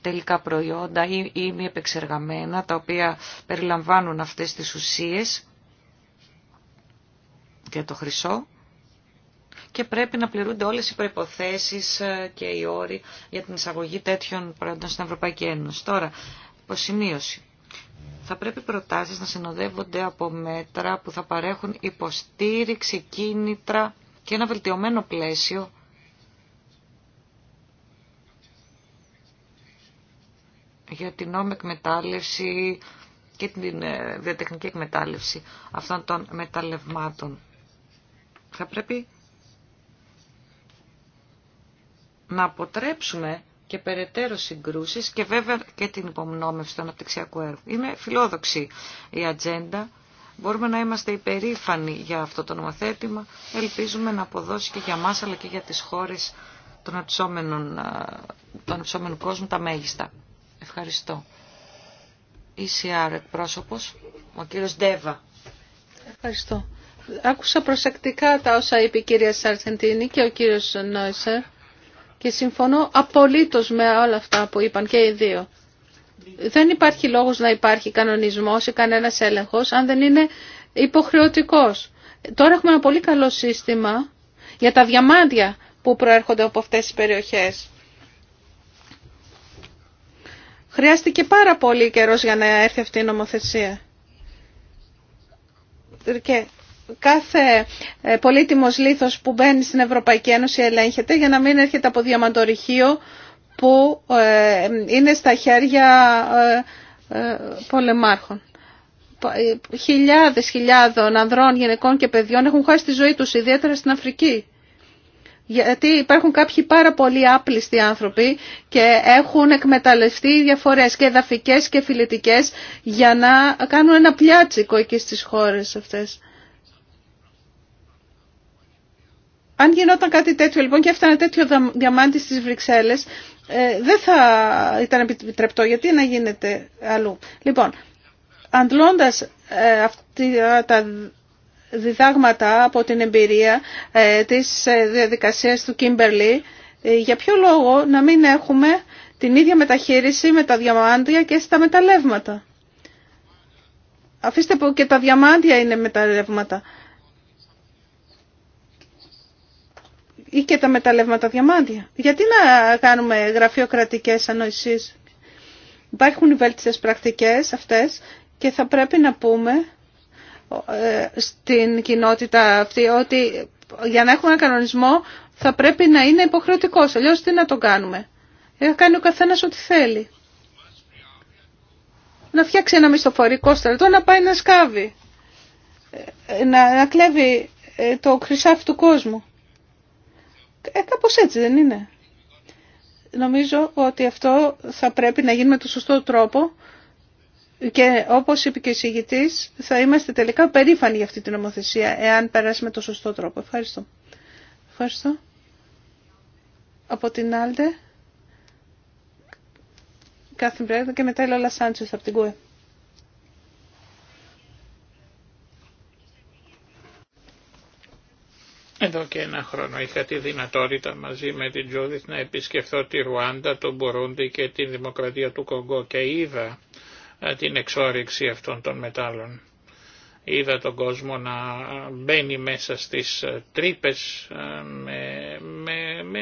S1: τελικά προϊόντα ή, ή μη επεξεργαμένα, τα οποία περιλαμβάνουν αυτές τις ουσίες για το χρυσό και πρέπει να πληρούνται όλες οι προϋποθέσεις ε, και οι όροι για την εισαγωγή τέτοιων προϊόντων στην Ευρωπαϊκή Ένωση. Τώρα, υποσημείωση. Θα πρέπει προτάσεις να συνοδεύονται από μέτρα που θα παρέχουν υποστήριξη, κίνητρα και ένα βελτιωμένο πλαίσιο για την νόμη εκμετάλλευση και την διατεχνική ε, εκμετάλλευση αυτών των μεταλλευμάτων θα πρέπει να αποτρέψουμε και περαιτέρω συγκρούσεις και βέβαια και την υπομνόμευση του αναπτυξιακού έργου. Είναι φιλόδοξη η ατζέντα. Μπορούμε να είμαστε υπερήφανοι για αυτό το νομοθέτημα. Ελπίζουμε να αποδώσει και για μας αλλά και για τις χώρες των αψόμενων, των κόσμου τα μέγιστα. Ευχαριστώ. ECR εκπρόσωπος, ο κύριος Ντέβα.
S3: Ευχαριστώ. Άκουσα προσεκτικά τα όσα είπε η κυρία Σαρσεντίνη και ο κύριος Νόισερ και συμφωνώ απολύτως με όλα αυτά που είπαν και οι δύο. Δεν υπάρχει λόγος να υπάρχει κανονισμός ή κανένας έλεγχος αν δεν είναι υποχρεωτικός. Τώρα έχουμε ένα πολύ καλό σύστημα για τα διαμάντια που προέρχονται από αυτές τις περιοχές. Χρειάστηκε πάρα πολύ καιρός για να έρθει αυτή η νομοθεσία κάθε ε, πολύτιμος λίθος που μπαίνει στην Ευρωπαϊκή Ένωση ελέγχεται για να μην έρχεται από διαμαντορυχείο που ε, είναι στα χέρια ε, πολεμάρχων. Χιλιάδες χιλιάδων ανδρών, γυναικών και παιδιών έχουν χάσει τη ζωή τους, ιδιαίτερα στην Αφρική. Γιατί υπάρχουν κάποιοι πάρα πολύ άπλιστοι άνθρωποι και έχουν εκμεταλλευτεί διαφορές και εδαφικές και φιλετικές για να κάνουν ένα πιάτσικο εκεί στις χώρες αυτές. Αν γινόταν κάτι τέτοιο λοιπόν και έφτανε τέτοιο διαμάντι στις Βρυξέλλες, ε, δεν θα ήταν επιτρεπτό. Γιατί να γίνεται αλλού. Λοιπόν, αντλώντας ε, αυτά τα διδάγματα από την εμπειρία ε, της διαδικασίας του Κίμπερλι, για ποιο λόγο να μην έχουμε την ίδια μεταχείριση με τα διαμάντια και στα μεταλλεύματα. Αφήστε που και τα διαμάντια είναι μεταλλεύματα. ή και τα μεταλλεύματα διαμάντια. Γιατί να κάνουμε γραφειοκρατικές ανοησίες. Υπάρχουν οι βέλτιστες πρακτικές αυτές και θα πρέπει να πούμε ε, στην κοινότητα αυτή ότι για να έχουμε ένα κανονισμό θα πρέπει να είναι υποχρεωτικός, αλλιώς τι να το κάνουμε. Θα ε, κάνει ο καθένας ό,τι θέλει. Να φτιάξει ένα μισθοφορικό στρατό, να πάει να σκάβει, ε, να, να κλέβει το χρυσάφι του κόσμου. Ε, κάπως έτσι δεν είναι. Νομίζω ότι αυτό θα πρέπει να γίνει με το σωστό τρόπο και όπως είπε και ο συγητής, θα είμαστε τελικά περήφανοι για αυτή την νομοθεσία, εάν περάσει με το σωστό τρόπο. Ευχαριστώ. Ευχαριστώ. Από την Άλντε, Κάθε και μετά η Λόλα από την ΚΟΕ.
S2: Εδώ και ένα χρόνο είχα τη δυνατότητα μαζί με την Τζούδιθ να επισκεφθώ τη Ρουάντα, τον Μπουρούντι και τη Δημοκρατία του Κογο και είδα ε, την εξόριξη αυτών των μετάλλων. Είδα τον κόσμο να ε, μπαίνει μέσα στις ε, τρύπες με, με, με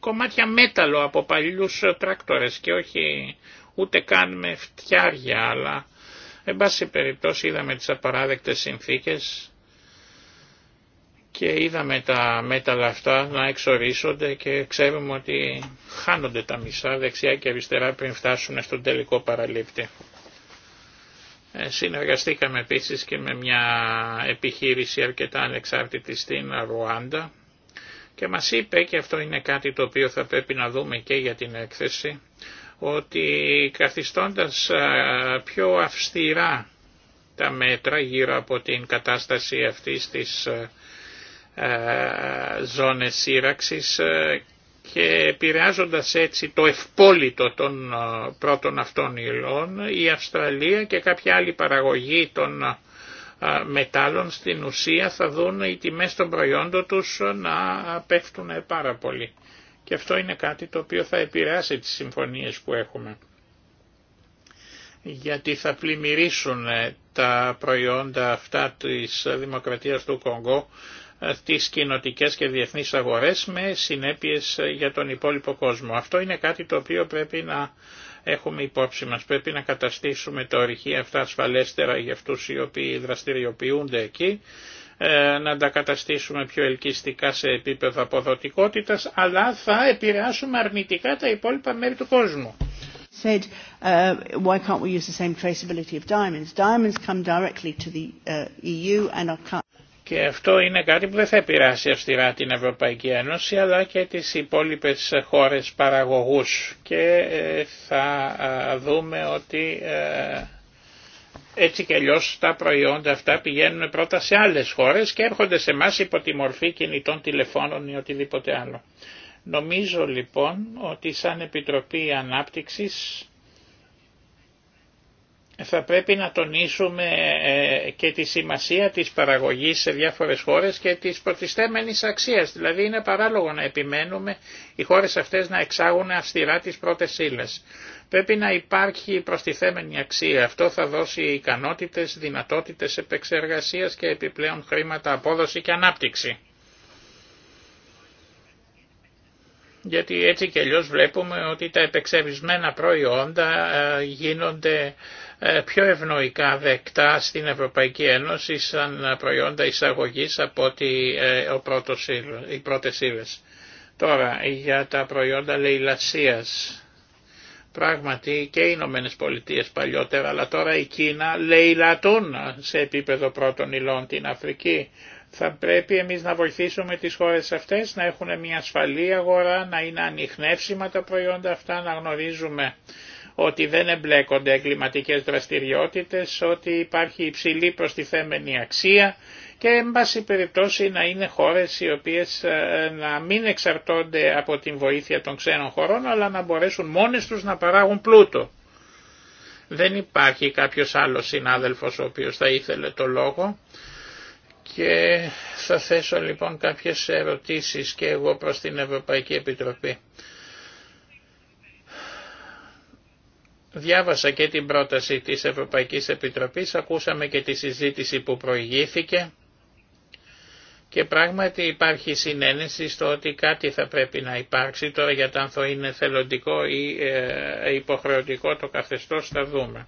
S2: κομμάτια μέταλλο από παλιούς τράκτορες και όχι ούτε καν με φτιάρια αλλά εν πάση περιπτώσει είδαμε τις απαράδεκτες συνθήκες και είδαμε τα μέταλλα αυτά να εξορίσονται και ξέρουμε ότι χάνονται τα μισά δεξιά και αριστερά πριν φτάσουν στον τελικό παραλήπτη. Ε, συνεργαστήκαμε επίσης και με μια επιχείρηση αρκετά ανεξάρτητη στην Ρουάντα και μας είπε και αυτό είναι κάτι το οποίο θα πρέπει να δούμε και για την έκθεση ότι καθιστώντας πιο αυστηρά τα μέτρα γύρω από την κατάσταση αυτής της ε, ζώνες σύραξης ε, και επηρεάζοντα έτσι το ευπόλυτο των ε, πρώτων αυτών υλών η Αυστραλία και κάποια άλλη παραγωγή των μετάλλων στην ουσία θα δουν οι τιμές των προϊόντων τους να πέφτουν πάρα πολύ. Και αυτό είναι κάτι το οποίο θα επηρεάσει τις συμφωνίες που έχουμε. Γιατί θα πλημμυρίσουν τα προϊόντα αυτά της Δημοκρατίας του Κονγκό ε, τις κοινοτικές και διεθνείς αγορές με συνέπειες ε, για τον υπόλοιπο κόσμο. Αυτό είναι κάτι το οποίο πρέπει να έχουμε υπόψη μας. Πρέπει να καταστήσουμε τα ορυχεία αυτά ασφαλέστερα για αυτούς οι οποίοι δραστηριοποιούνται εκεί, ε, να τα καταστήσουμε πιο ελκυστικά σε επίπεδο αποδοτικότητας, αλλά θα επηρεάσουμε αρνητικά τα υπόλοιπα μέρη του κόσμου. Said, uh,
S3: why can't we use the same traceability of diamonds? Diamonds come directly to the uh, EU and are cut.
S2: Και αυτό είναι κάτι που δεν θα επηρεάσει αυστηρά την Ευρωπαϊκή Ένωση αλλά και τις υπόλοιπες χώρες παραγωγούς. Και ε, θα δούμε ότι ε, έτσι και αλλιώ τα προϊόντα αυτά πηγαίνουν πρώτα σε άλλες χώρες και έρχονται σε εμά υπό τη μορφή κινητών τηλεφώνων ή οτιδήποτε άλλο. Νομίζω λοιπόν ότι σαν Επιτροπή Ανάπτυξης θα πρέπει να τονίσουμε ε, και τη σημασία της παραγωγής σε διάφορες χώρες και της προτιστέμενης αξίας. Δηλαδή είναι παράλογο να επιμένουμε οι χώρες αυτές να εξάγουν αυστηρά τις πρώτες ύλες. Πρέπει να υπάρχει προστιθέμενη αξία. Αυτό θα δώσει ικανότητες, δυνατότητες επεξεργασίας και επιπλέον χρήματα απόδοση και ανάπτυξη. Γιατί έτσι και αλλιώς βλέπουμε ότι τα επεξεργασμένα προϊόντα ε, γίνονται ε, πιο ευνοϊκά δεκτά στην Ευρωπαϊκή Ένωση σαν προϊόντα εισαγωγής από ότι ε, ο πρώτος, οι πρώτες ύλες. Τώρα για τα προϊόντα λαιλασίας. Πράγματι και οι Ηνωμένε Πολιτείε παλιότερα, αλλά τώρα η Κίνα λαιλατούν σε επίπεδο πρώτων υλών την Αφρική. Θα πρέπει εμείς να βοηθήσουμε τις χώρες αυτές να έχουν μια ασφαλή αγορά, να είναι ανοιχνεύσιμα τα προϊόντα αυτά, να γνωρίζουμε ότι δεν εμπλέκονται εγκληματικές δραστηριότητες, ότι υπάρχει υψηλή προστιθέμενη αξία και εν πάση περιπτώσει να είναι χώρες οι οποίες ε, να μην εξαρτώνται από την βοήθεια των ξένων χωρών αλλά να μπορέσουν μόνες τους να παράγουν πλούτο. Δεν υπάρχει κάποιος άλλος συνάδελφος ο οποίος θα ήθελε το λόγο και θα θέσω λοιπόν κάποιες ερωτήσεις και εγώ προς την Ευρωπαϊκή Επιτροπή. Διάβασα και την πρόταση της Ευρωπαϊκής Επιτροπής, ακούσαμε και τη συζήτηση που προηγήθηκε και πράγματι υπάρχει συνένεση στο ότι κάτι θα πρέπει να υπάρξει τώρα για το αν θα είναι θελοντικό ή ε, υποχρεωτικό το καθεστώς θα δούμε.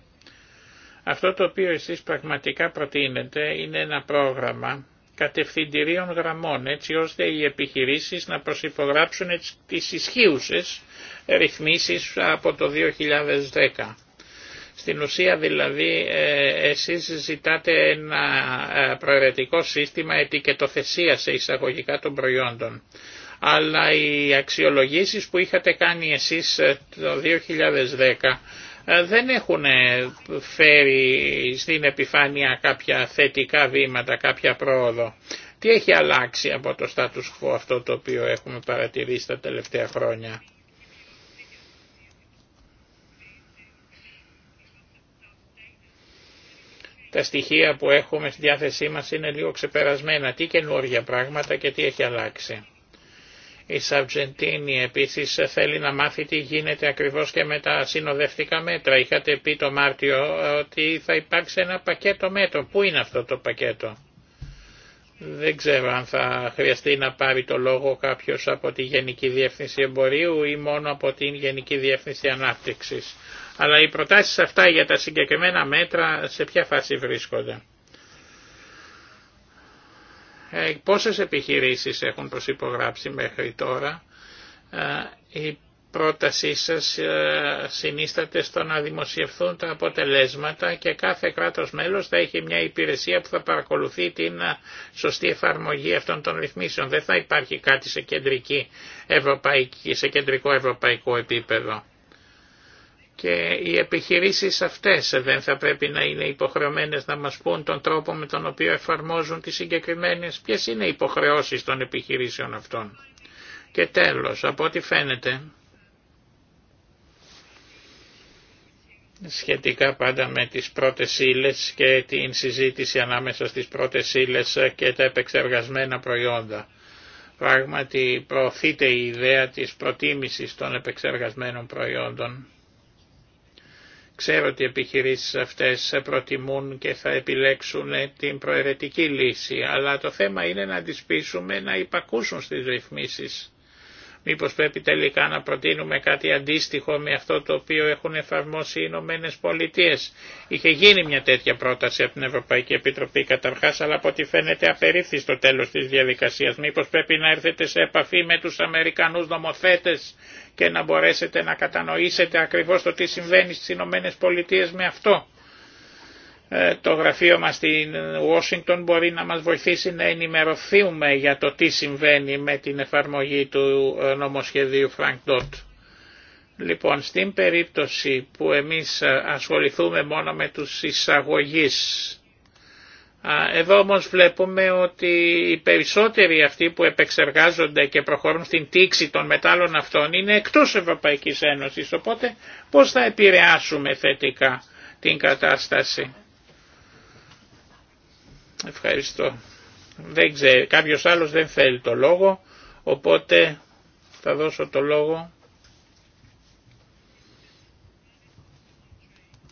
S2: Αυτό το οποίο εσείς πραγματικά προτείνετε είναι ένα πρόγραμμα κατευθυντηρίων γραμμών έτσι ώστε οι επιχειρήσεις να προσυπογράψουν τις ισχύουσες ρυθμίσεις από το 2010. Στην ουσία δηλαδή ε, εσείς ζητάτε ένα ε, προαιρετικό σύστημα ετικετοθεσίας σε εισαγωγικά των προϊόντων. Αλλά οι αξιολογήσεις που είχατε κάνει εσείς ε, το 2010 ε, δεν έχουν ε, φέρει στην επιφάνεια κάποια θετικά βήματα, κάποια πρόοδο. Τι έχει αλλάξει από το status quo αυτό το οποίο έχουμε παρατηρήσει τα τελευταία χρόνια. Τα στοιχεία που έχουμε στη διάθεσή μας είναι λίγο ξεπερασμένα. Τι καινούργια πράγματα και τι έχει αλλάξει. Η Σαρτζεντίνη επίση θέλει να μάθει τι γίνεται ακριβώς και με τα συνοδευτικά μέτρα. Είχατε πει το Μάρτιο ότι θα υπάρξει ένα πακέτο μέτρων. Πού είναι αυτό το πακέτο. Δεν ξέρω αν θα χρειαστεί να πάρει το λόγο κάποιος από τη Γενική Διεύθυνση Εμπορίου ή μόνο από την Γενική Διεύθυνση Ανάπτυξης. Αλλά οι προτάσεις αυτά για τα συγκεκριμένα μέτρα σε ποια φάση βρίσκονται. Ε, πόσες επιχειρήσεις έχουν προσυπογράψει μέχρι τώρα. Ε, η πρότασή σας ε, συνίσταται στο να δημοσιευθούν τα αποτελέσματα και κάθε κράτος μέλος θα έχει μια υπηρεσία που θα παρακολουθεί την σωστή εφαρμογή αυτών των ρυθμίσεων. Δεν θα υπάρχει κάτι σε, σε κεντρικό ευρωπαϊκό επίπεδο και οι επιχειρήσεις αυτές δεν θα πρέπει να είναι υποχρεωμένες να μας πούν τον τρόπο με τον οποίο εφαρμόζουν τις συγκεκριμένες, ποιες είναι οι υποχρεώσεις των επιχειρήσεων αυτών. Και τέλος, από ό,τι φαίνεται, σχετικά πάντα με τις πρώτες ύλε και την συζήτηση ανάμεσα στις πρώτες ύλε και τα επεξεργασμένα προϊόντα. Πράγματι προωθείται η ιδέα της προτίμησης των επεξεργασμένων προϊόντων Ξέρω ότι οι επιχειρήσεις αυτές προτιμούν και θα επιλέξουν την προαιρετική λύση, αλλά το θέμα είναι να τις πείσουμε να υπακούσουν στις ρυθμίσεις. Μήπως πρέπει τελικά να προτείνουμε κάτι αντίστοιχο με αυτό το οποίο έχουν εφαρμόσει οι Ηνωμένε Πολιτείε. Είχε γίνει μια τέτοια πρόταση από την Ευρωπαϊκή Επιτροπή καταρχάς, αλλά από ό,τι φαίνεται απερίφθη στο τέλος της διαδικασίας. Μήπως πρέπει να έρθετε σε επαφή με τους Αμερικανούς νομοθέτες και να μπορέσετε να κατανοήσετε ακριβώς το τι συμβαίνει στις Ηνωμένε Πολιτείε με αυτό. Ε, το γραφείο μας στην Ουάσιγκτον μπορεί να μας βοηθήσει να ενημερωθούμε για το τι συμβαίνει με την εφαρμογή του ε, νομοσχεδίου Frank Dot. Λοιπόν, στην περίπτωση που εμείς ε, ασχοληθούμε μόνο με τους εισαγωγείς, εδώ όμως βλέπουμε ότι οι περισσότεροι αυτοί που επεξεργάζονται και προχωρούν στην τήξη των μετάλλων αυτών είναι εκτός Ευρωπαϊκής Ένωσης, οπότε πώς θα επηρεάσουμε θετικά την κατάσταση. Ευχαριστώ. Δεν ξέρω, κάποιος άλλος δεν θέλει το λόγο, οπότε θα δώσω το λόγο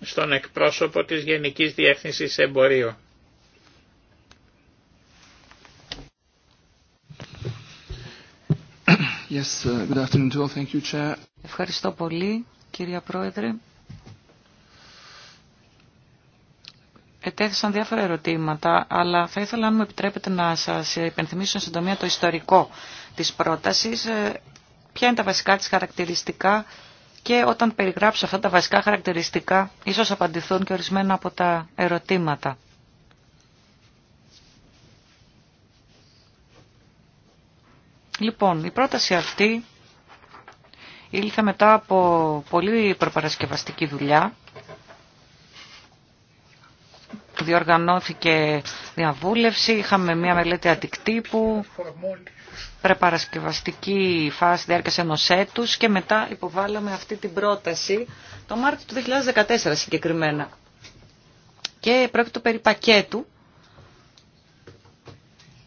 S2: στον εκπρόσωπο της Γενικής Διεύθυνσης Εμπορίου.
S1: Yes, uh, good afternoon to all. Thank you, Chair. Ευχαριστώ πολύ, κύριε Πρόεδρε. ετέθησαν διάφορα ερωτήματα, αλλά θα ήθελα αν μου επιτρέπετε να σας υπενθυμίσω σε συντομία το ιστορικό της πρότασης, ε, ποια είναι τα βασικά της χαρακτηριστικά και όταν περιγράψω αυτά τα βασικά χαρακτηριστικά, ίσως απαντηθούν και ορισμένα από τα ερωτήματα. Λοιπόν, η πρόταση αυτή ήλθε μετά από πολύ προπαρασκευαστική δουλειά διοργανώθηκε διαβούλευση, είχαμε μια μελέτη αντικτύπου, προπαρασκευαστική φάση διάρκεια ενός έτους και μετά υποβάλαμε αυτή την πρόταση το Μάρτιο του 2014 συγκεκριμένα. Και πρόκειται περί πακέτου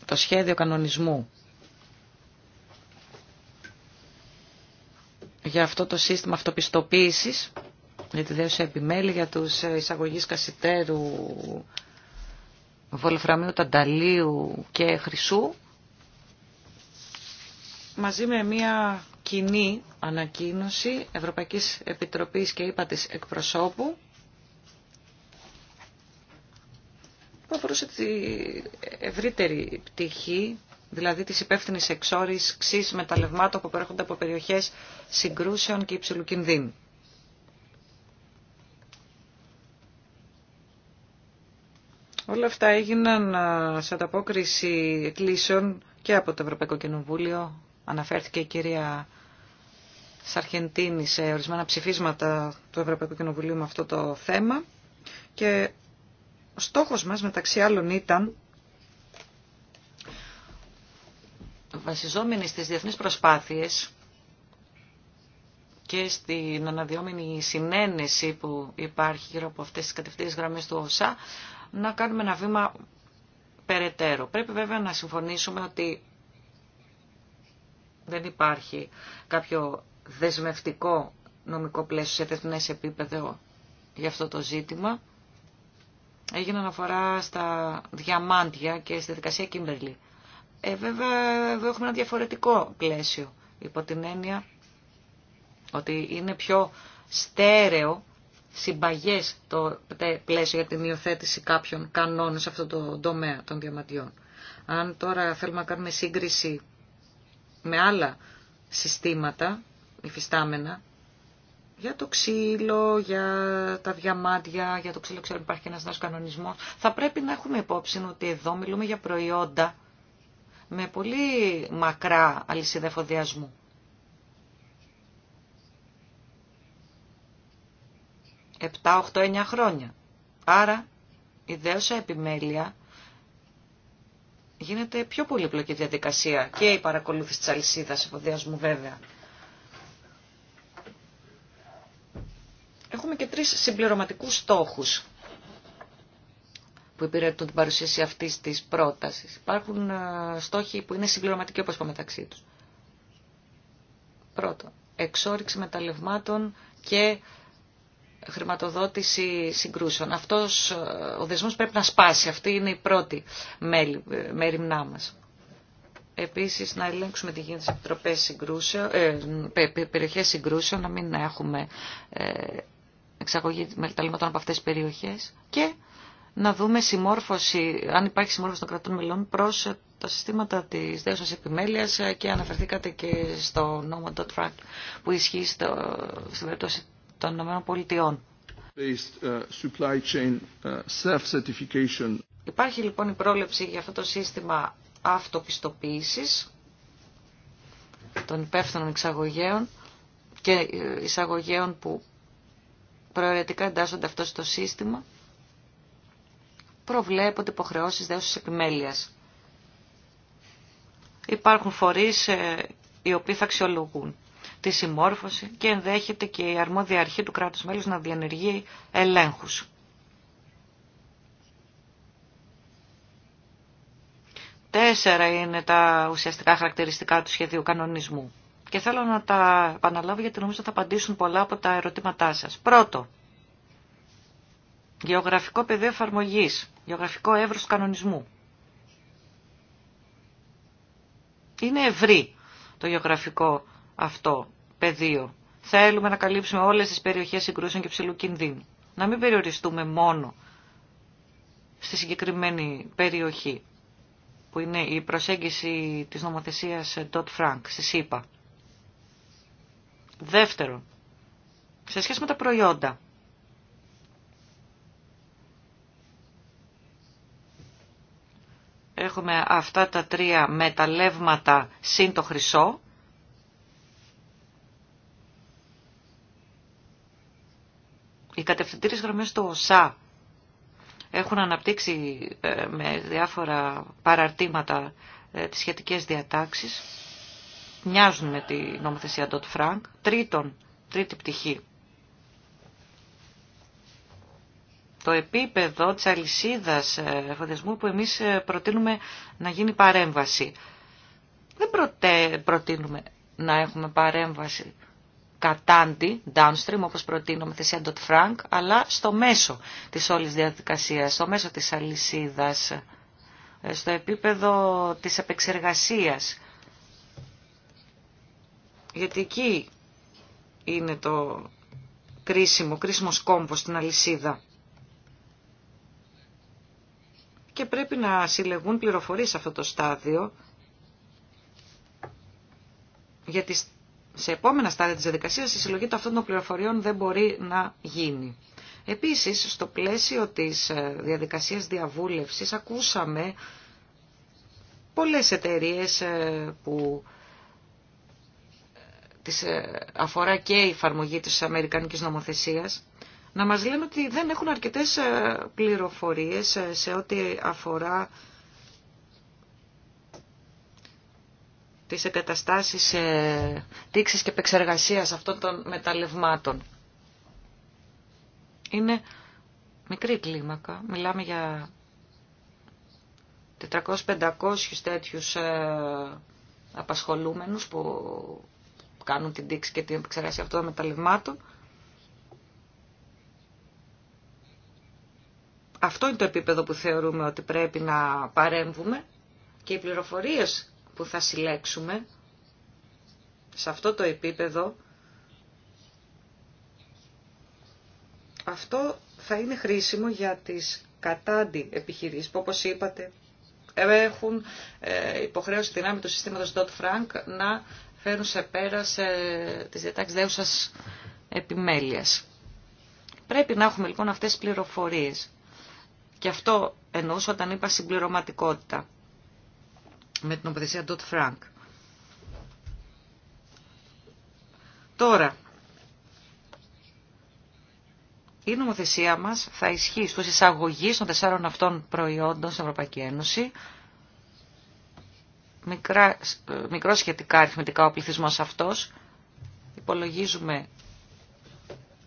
S1: το σχέδιο κανονισμού για αυτό το σύστημα αυτοπιστοποίησης για τη δέωση επιμέλεια για τους ε, εισαγωγείς κασιτέρου, Βολφραμίου, τανταλίου και χρυσού, μαζί με μια κοινή ανακοίνωση Ευρωπαϊκής Επιτροπής και είπα της εκπροσώπου, που αφορούσε τη ευρύτερη πτυχή, δηλαδή της υπεύθυνη εξόρισης μεταλλευμάτων που προέρχονται από περιοχές συγκρούσεων και υψηλού κινδύνου. Όλα αυτά έγιναν σε ανταπόκριση εκκλήσεων και από το Ευρωπαϊκό Κοινοβούλιο. Αναφέρθηκε η κυρία Σαρχεντίνη σε ορισμένα ψηφίσματα του Ευρωπαϊκού Κοινοβουλίου με αυτό το θέμα. Και ο στόχος μας μεταξύ άλλων ήταν βασιζόμενοι στις διεθνείς προσπάθειες και στην αναδυόμενη συνένεση που υπάρχει γύρω από αυτές τις γραμμές του ΩΣΑ να κάνουμε ένα βήμα περαιτέρω. Πρέπει βέβαια να συμφωνήσουμε ότι δεν υπάρχει κάποιο δεσμευτικό νομικό πλαίσιο σε διεθνές επίπεδο για αυτό το ζήτημα. Έγινε αναφορά στα διαμάντια και στη δικασία Κίμπερλι. Ε, βέβαια, εδώ έχουμε ένα διαφορετικό πλαίσιο, υπό την έννοια ότι είναι πιο στέρεο Συμπαγέ το πλαίσιο για την υιοθέτηση κάποιων κανόνων σε αυτό το τομέα των διαματιών. Αν τώρα θέλουμε να κάνουμε σύγκριση με άλλα συστήματα υφιστάμενα, για το ξύλο, για τα διαμάντια, για το ξύλο ξέρω υπάρχει ένας νέος κανονισμός, θα πρέπει να έχουμε υπόψη ότι εδώ μιλούμε για προϊόντα με πολύ μακρά αλυσίδα εφοδιασμού. 7, 8, 9 χρόνια. Άρα η δέωσα επιμέλεια γίνεται πιο πολύπλοκη διαδικασία και η παρακολούθηση της αλυσίδας εφοδιάς μου βέβαια. Έχουμε και τρεις συμπληρωματικούς στόχους που υπηρετούν την παρουσίαση αυτής της πρότασης. Υπάρχουν ε, στόχοι που είναι συμπληρωματικοί όπως είπαμε μεταξύ τους. Πρώτο, εξόριξη μεταλλευμάτων και χρηματοδότηση συγκρούσεων. Αυτός ε, ο δεσμός πρέπει να σπάσει. Αυτή είναι η πρώτη ε, μέρημνά μας. Επίσης να ελέγξουμε τι γίνεται επιτροπές συγκρούσεων, ε, περιοχές συγκρούσεων, να μην έχουμε εξαγωγή μεταλλήματων από αυτές τις περιοχές και να δούμε συμμόρφωση, αν υπάρχει συμμόρφωση των κρατών μελών προς τα συστήματα της δέωσας επιμέλειας και αναφερθήκατε και στο νόμο το ΤΡΑΚ που ισχύει στο, στην περίπτωση των Πολιτειών. Uh, uh, Υπάρχει λοιπόν η πρόλεψη για αυτό το σύστημα αυτοπιστοποίησης των υπεύθυνων εξαγωγέων και ε, εισαγωγέων που προαιρετικά εντάσσονται αυτό στο σύστημα προβλέπονται υποχρεώσει δέωσης επιμέλειας. Υπάρχουν φορείς ε, οι οποίοι θα αξιολογούν τη συμμόρφωση και ενδέχεται και η αρμόδια αρχή του κράτους μέλους να διενεργεί ελέγχους. Τέσσερα είναι τα ουσιαστικά χαρακτηριστικά του σχεδίου κανονισμού. Και θέλω να τα επαναλάβω γιατί νομίζω θα απαντήσουν πολλά από τα ερωτήματά σας. Πρώτο, γεωγραφικό πεδίο εφαρμογή, γεωγραφικό εύρος κανονισμού. Είναι ευρύ το γεωγραφικό αυτό πεδίο. Θέλουμε να καλύψουμε όλες τις περιοχές συγκρούσεων και ψηλού κινδύνου. Να μην περιοριστούμε μόνο στη συγκεκριμένη περιοχή που είναι η προσέγγιση της νομοθεσίας Dodd Frank στη ΣΥΠΑ. Δεύτερο, σε σχέση με τα προϊόντα. Έχουμε αυτά τα τρία μεταλλεύματα συν το χρυσό, Οι κατευθυντήριες γραμμές του ΟΣΑ έχουν αναπτύξει ε, με διάφορα παραρτήματα ε, τις σχετικές διατάξεις. Μοιάζουν με τη νομοθεσία Dodd Frank. Τρίτον, τρίτη πτυχή. Το επίπεδο της αλυσίδας ε, εφοδιασμού που εμείς προτείνουμε να γίνει παρέμβαση. Δεν προτείνουμε να έχουμε παρέμβαση κατάντι, downstream, όπως προτείνω με τη Dot Φρανκ, αλλά στο μέσο της όλης διαδικασίας, στο μέσο της αλυσίδας, ε, στο επίπεδο της επεξεργασίας. Γιατί εκεί είναι το κρίσιμο, κρίσιμο σκόμπο στην αλυσίδα. Και πρέπει να συλλεγούν πληροφορίες σε αυτό το στάδιο για σε επόμενα στάδια της διαδικασίας η συλλογή των αυτών των πληροφοριών δεν μπορεί να γίνει. Επίσης, στο πλαίσιο της ε, διαδικασίας διαβούλευσης ακούσαμε πολλές εταιρείε ε, που ε, αφορά και η εφαρμογή της Αμερικανικής νομοθεσίας να μας λένε ότι δεν έχουν αρκετές πληροφορίες σε ό,τι αφορά τις εγκαταστάσεις ε, και επεξεργασίας αυτών των μεταλλευμάτων. Είναι μικρή κλίμακα. Μιλάμε για 400-500 τέτοιους ε, απασχολούμενους που κάνουν την τήξη και την επεξεργασία αυτών των μεταλλευμάτων. Αυτό είναι το επίπεδο που θεωρούμε ότι πρέπει να παρέμβουμε και οι πληροφορίες που θα συλλέξουμε σε αυτό το επίπεδο, αυτό θα είναι χρήσιμο για τις κατάντι επιχειρήσεις που όπως είπατε έχουν ε, υποχρέωση δυνάμει του συστήματος Dot Frank να φέρουν σε πέρα σε τις διατάξεις δέουσας επιμέλειας. Πρέπει να έχουμε λοιπόν αυτές τις πληροφορίες. Και αυτό εννοούσα όταν είπα συμπληρωματικότητα με την νομοθεσία Dot Frank. Τώρα, η νομοθεσία μας θα ισχύει στους εισαγωγείς των τεσσάρων αυτών προϊόντων στην Ευρωπαϊκή Ένωση. Μικρά, μικρό σχετικά αριθμητικά ο πληθυσμός αυτός. Υπολογίζουμε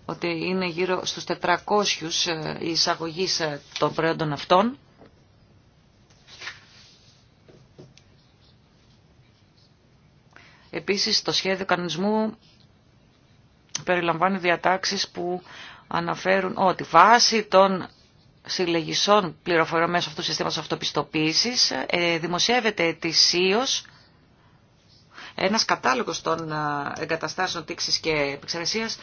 S1: ότι είναι γύρω στους 400 ε, οι εισαγωγείς ε, των προϊόντων αυτών. Επίσης, το σχέδιο κανονισμού περιλαμβάνει διατάξεις που αναφέρουν ότι βάσει των συλλεγισών πληροφοριών μέσω αυτού του συστήματος αυτοπιστοποίησης ε, δημοσιεύεται ετησίως ένας κατάλογος των ε, εγκαταστάσεων τήξης και επεξεργασίας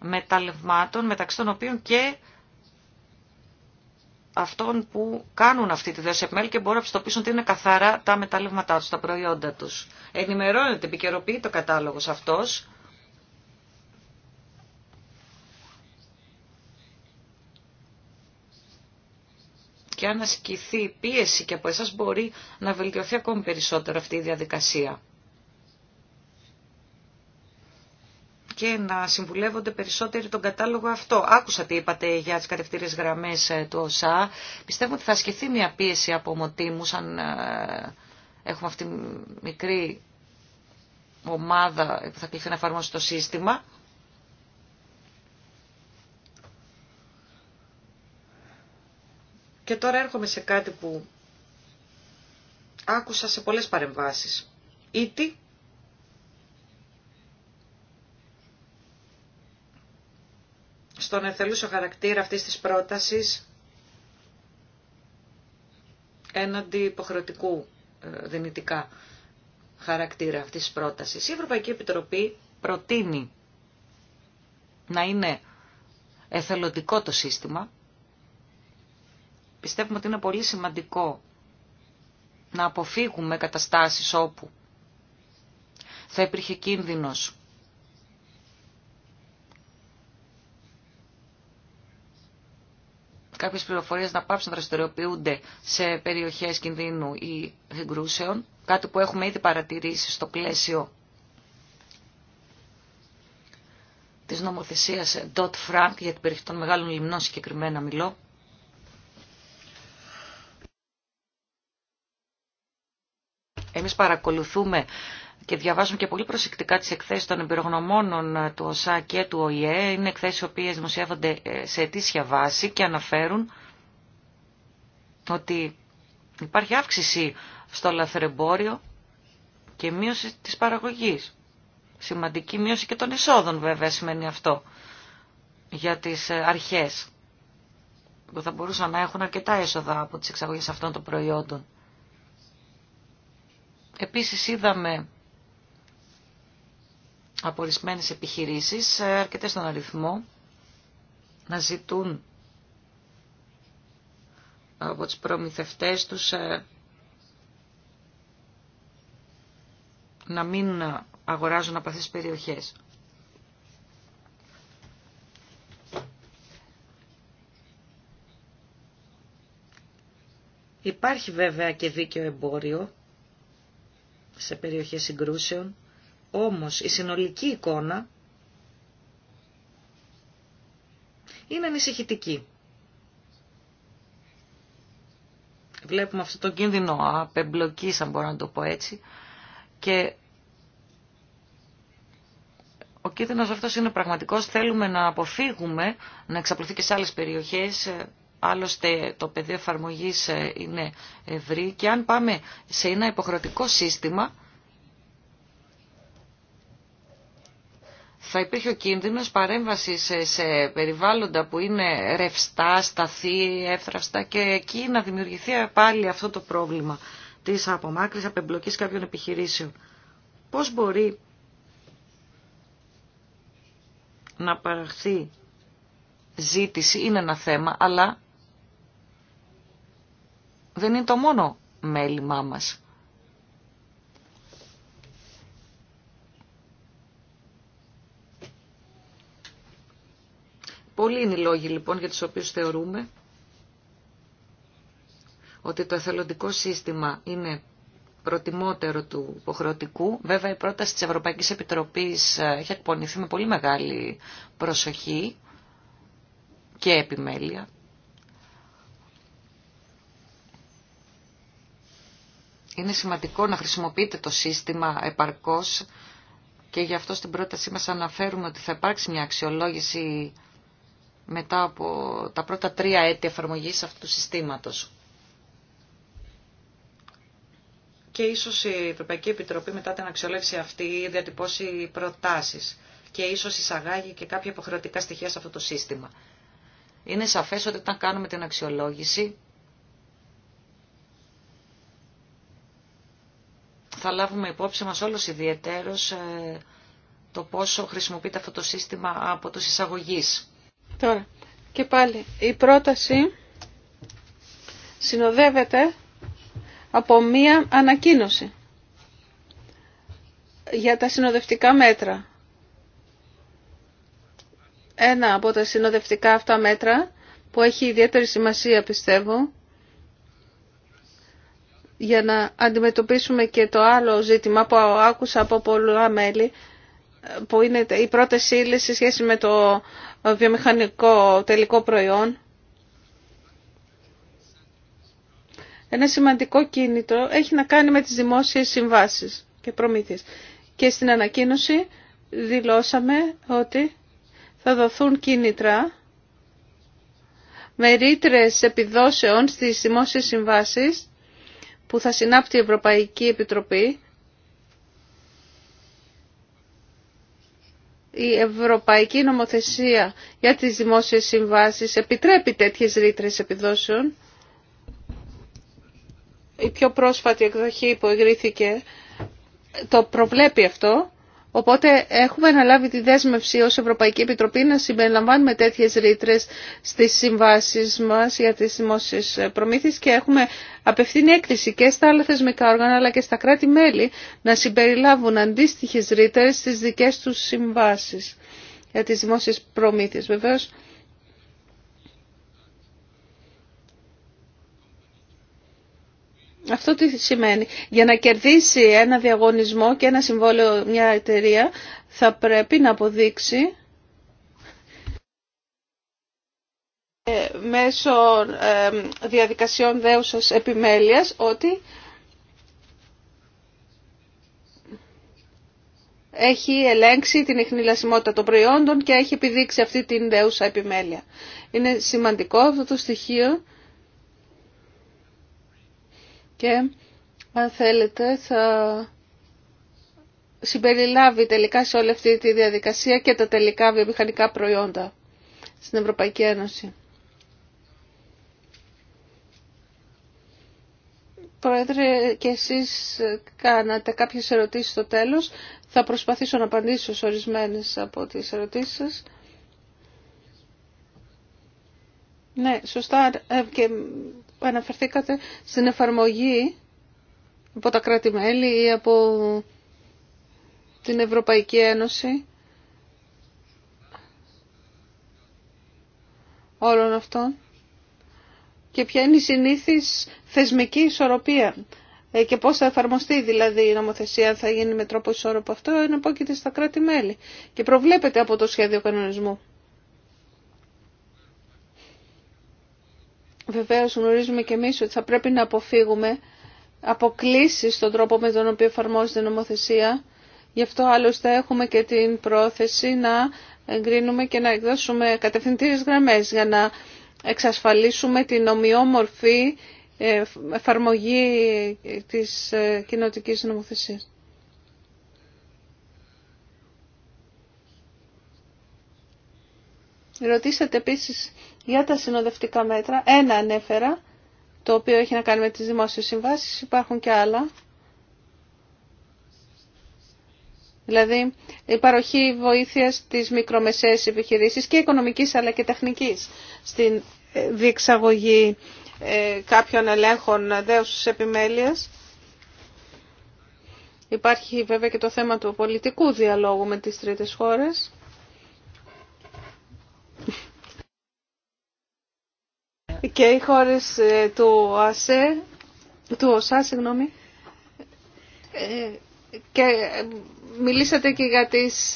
S1: μεταλλευμάτων μεταξύ των οποίων και αυτών που κάνουν αυτή τη δέωση και μπορούν να πιστοποιήσουν ότι είναι καθαρά τα μετάλλευματά του, τα προϊόντα του. Ενημερώνεται, επικαιροποιείται το κατάλογος αυτός. Και αν ασκηθεί πίεση και από εσά μπορεί να βελτιωθεί ακόμη περισσότερο αυτή η διαδικασία. και να συμβουλεύονται περισσότερο τον κατάλογο αυτό. Άκουσα τι είπατε για τις κατευθύνες γραμμές ε, του ΩΣΑ. Πιστεύω ότι θα ασκηθεί μια πίεση από μοτίμους αν ε, έχουμε αυτή μικρή ομάδα που θα κληθεί να εφαρμόσει το σύστημα. Και τώρα έρχομαι σε κάτι που άκουσα σε πολλές παρεμβάσεις. Ήτι στον εθελούσο χαρακτήρα αυτής της πρότασης έναντι υποχρεωτικού ε, δυνητικά χαρακτήρα αυτής της πρότασης. Η Ευρωπαϊκή Επιτροπή προτείνει να είναι εθελοντικό το σύστημα. Πιστεύουμε ότι είναι πολύ σημαντικό να αποφύγουμε καταστάσεις όπου θα υπήρχε κίνδυνος κάποιες πληροφορίες να πάψουν να δραστηριοποιούνται σε περιοχές κινδύνου ή συγκρούσεων, κάτι που έχουμε ήδη παρατηρήσει στο πλαίσιο της νομοθεσίας Dot Frank για την περιοχή των μεγάλων λιμνών συγκεκριμένα μιλώ. Εμείς παρακολουθούμε και διαβάζουμε και πολύ προσεκτικά τις εκθέσεις των εμπειρογνωμόνων ε, του ΟΣΑ και του ΟΗΕ. Είναι εκθέσεις οι οποίες δημοσιεύονται ε, σε αιτήσια βάση και αναφέρουν ότι υπάρχει αύξηση στο λαθρεμπόριο και μείωση της παραγωγής. Σημαντική μείωση και των εισόδων βέβαια σημαίνει αυτό για τις ε, αρχές που θα μπορούσαν να έχουν αρκετά έσοδα από τις εξαγωγές αυτών των προϊόντων. Επίσης είδαμε από ορισμένε επιχειρήσεις, ε, αρκετές στον αριθμό, να ζητούν από τις προμηθευτές τους ε, να μην αγοράζουν από αυτές τις περιοχές. Υπάρχει βέβαια και δίκαιο εμπόριο σε περιοχές συγκρούσεων όμως η συνολική εικόνα είναι ανησυχητική. Βλέπουμε αυτό το κίνδυνο απεμπλοκής, αν μπορώ να το πω έτσι, και ο κίνδυνος αυτός είναι πραγματικός. Θέλουμε να αποφύγουμε να εξαπλωθεί και σε άλλες περιοχές. Άλλωστε το πεδίο εφαρμογή ε, είναι ευρύ και αν πάμε σε ένα υποχρεωτικό σύστημα θα υπήρχε ο κίνδυνος παρέμβασης σε περιβάλλοντα που είναι ρευστά, σταθή, εύθραυστα και εκεί να δημιουργηθεί πάλι αυτό το πρόβλημα της απομάκρυσης, απεμπλοκής κάποιων επιχειρήσεων. Πώς μπορεί να παραχθεί ζήτηση είναι ένα θέμα, αλλά δεν είναι το μόνο μέλημά μας. Πολλοί είναι οι λόγοι λοιπόν για τους οποίους θεωρούμε ότι το εθελοντικό σύστημα είναι προτιμότερο του υποχρεωτικού. Βέβαια η πρόταση της Ευρωπαϊκής Επιτροπής ε, έχει εκπονηθεί με πολύ μεγάλη προσοχή και επιμέλεια. Είναι σημαντικό να χρησιμοποιείτε το σύστημα επαρκώς και γι' αυτό στην πρότασή μας αναφέρουμε ότι θα υπάρξει μια αξιολόγηση μετά από τα πρώτα τρία έτη εφαρμογής αυτού του συστήματος. Και ίσως η Ευρωπαϊκή Επιτροπή μετά την αξιολόγηση αυτή διατυπώσει προτάσεις και ίσως εισαγάγει και κάποια υποχρεωτικά στοιχεία σε αυτό το σύστημα. Είναι σαφές ότι όταν κάνουμε την αξιολόγηση θα λάβουμε υπόψη μας όλος ιδιαίτερος ε, το πόσο χρησιμοποιείται αυτό το σύστημα από τους εισαγωγείς.
S3: Τώρα, και πάλι, η πρόταση συνοδεύεται από μία ανακοίνωση για τα συνοδευτικά μέτρα. Ένα από τα συνοδευτικά αυτά μέτρα που έχει ιδιαίτερη σημασία πιστεύω για να αντιμετωπίσουμε και το άλλο ζήτημα που άκουσα από πολλά μέλη που είναι οι πρώτη ύλε σε σχέση με το βιομηχανικό τελικό προϊόν. Ένα σημαντικό κίνητρο έχει να κάνει με τις δημόσιες συμβάσεις και προμήθειες. Και στην ανακοίνωση δηλώσαμε ότι θα δοθούν κίνητρα με ρήτρες επιδόσεων στις δημόσιες συμβάσεις που θα συνάπτει η Ευρωπαϊκή Επιτροπή η ευρωπαϊκή νομοθεσία για τις δημόσιες συμβάσεις επιτρέπει τέτοιες ρήτρες επιδόσεων. Η πιο πρόσφατη εκδοχή που εγκρίθηκε το προβλέπει αυτό Οπότε έχουμε αναλάβει τη δέσμευση ως Ευρωπαϊκή Επιτροπή να συμπεριλαμβάνουμε τέτοιες ρήτρε στις συμβάσεις μας για τις δημόσιες προμήθειες και έχουμε απευθύνει έκκληση και στα άλλα θεσμικά όργανα αλλά και στα κράτη-μέλη να συμπεριλάβουν αντίστοιχες ρήτρε στις δικές τους συμβάσεις για τις δημόσιες προμήθειες. Αυτό τι σημαίνει. Για να κερδίσει ένα διαγωνισμό και ένα συμβόλαιο μια εταιρεία θα πρέπει να αποδείξει ε, μέσω ε, διαδικασιών δέουσας επιμέλειας ότι έχει ελέγξει την ειχνηλασιμότητα των προϊόντων και έχει επιδείξει αυτή την δέουσα επιμέλεια. Είναι σημαντικό αυτό το στοιχείο και αν θέλετε θα συμπεριλάβει τελικά σε όλη αυτή τη διαδικασία και τα τελικά βιομηχανικά προϊόντα στην Ευρωπαϊκή Ένωση. Πρόεδρε, και εσείς κάνατε κάποιες ερωτήσεις στο τέλος. Θα προσπαθήσω να απαντήσω σε ορισμένες από τις ερωτήσεις σας. Ναι, σωστά ε, και αναφερθήκατε στην εφαρμογή από τα κράτη-μέλη ή από την Ευρωπαϊκή Ένωση όλων αυτών και ποια είναι η συνήθις θεσμική ισορροπία ε, και πώς θα εφαρμοστεί δηλαδή η νομοθεσία θα γίνει με τρόπο ισόρροπο αυτό είναι απόκειται στα κράτη-μέλη και προβλέπεται από το σχέδιο κανονισμού. Βεβαίως γνωρίζουμε και εμείς ότι θα πρέπει να αποφύγουμε αποκλήσεις στον τρόπο με τον οποίο εφαρμόζεται η νομοθεσία. Γι' αυτό άλλωστε έχουμε και την πρόθεση να εγκρίνουμε και να εκδώσουμε κατευθυντήριες γραμμές για να εξασφαλίσουμε την ομοιόμορφη ε, εφαρμογή της ε, κοινοτικής νομοθεσίας. Ρωτήσατε επίσης για τα συνοδευτικά μέτρα, ένα ανέφερα, το οποίο έχει να κάνει με τις δημόσιες συμβάσεις, υπάρχουν και άλλα. Δηλαδή, η παροχή βοήθειας στις μικρομεσαίες επιχειρήσεις και οικονομικής αλλά και τεχνικής στην ε, διεξαγωγή ε, κάποιων ελέγχων δέους επιμέλειας. Υπάρχει βέβαια και το θέμα του πολιτικού διαλόγου με τις τρίτες χώρες. και οι χώρες ε, του ΑΣΕ, του ΟΣΑ, συγγνώμη, ε, και ε, μιλήσατε και για τις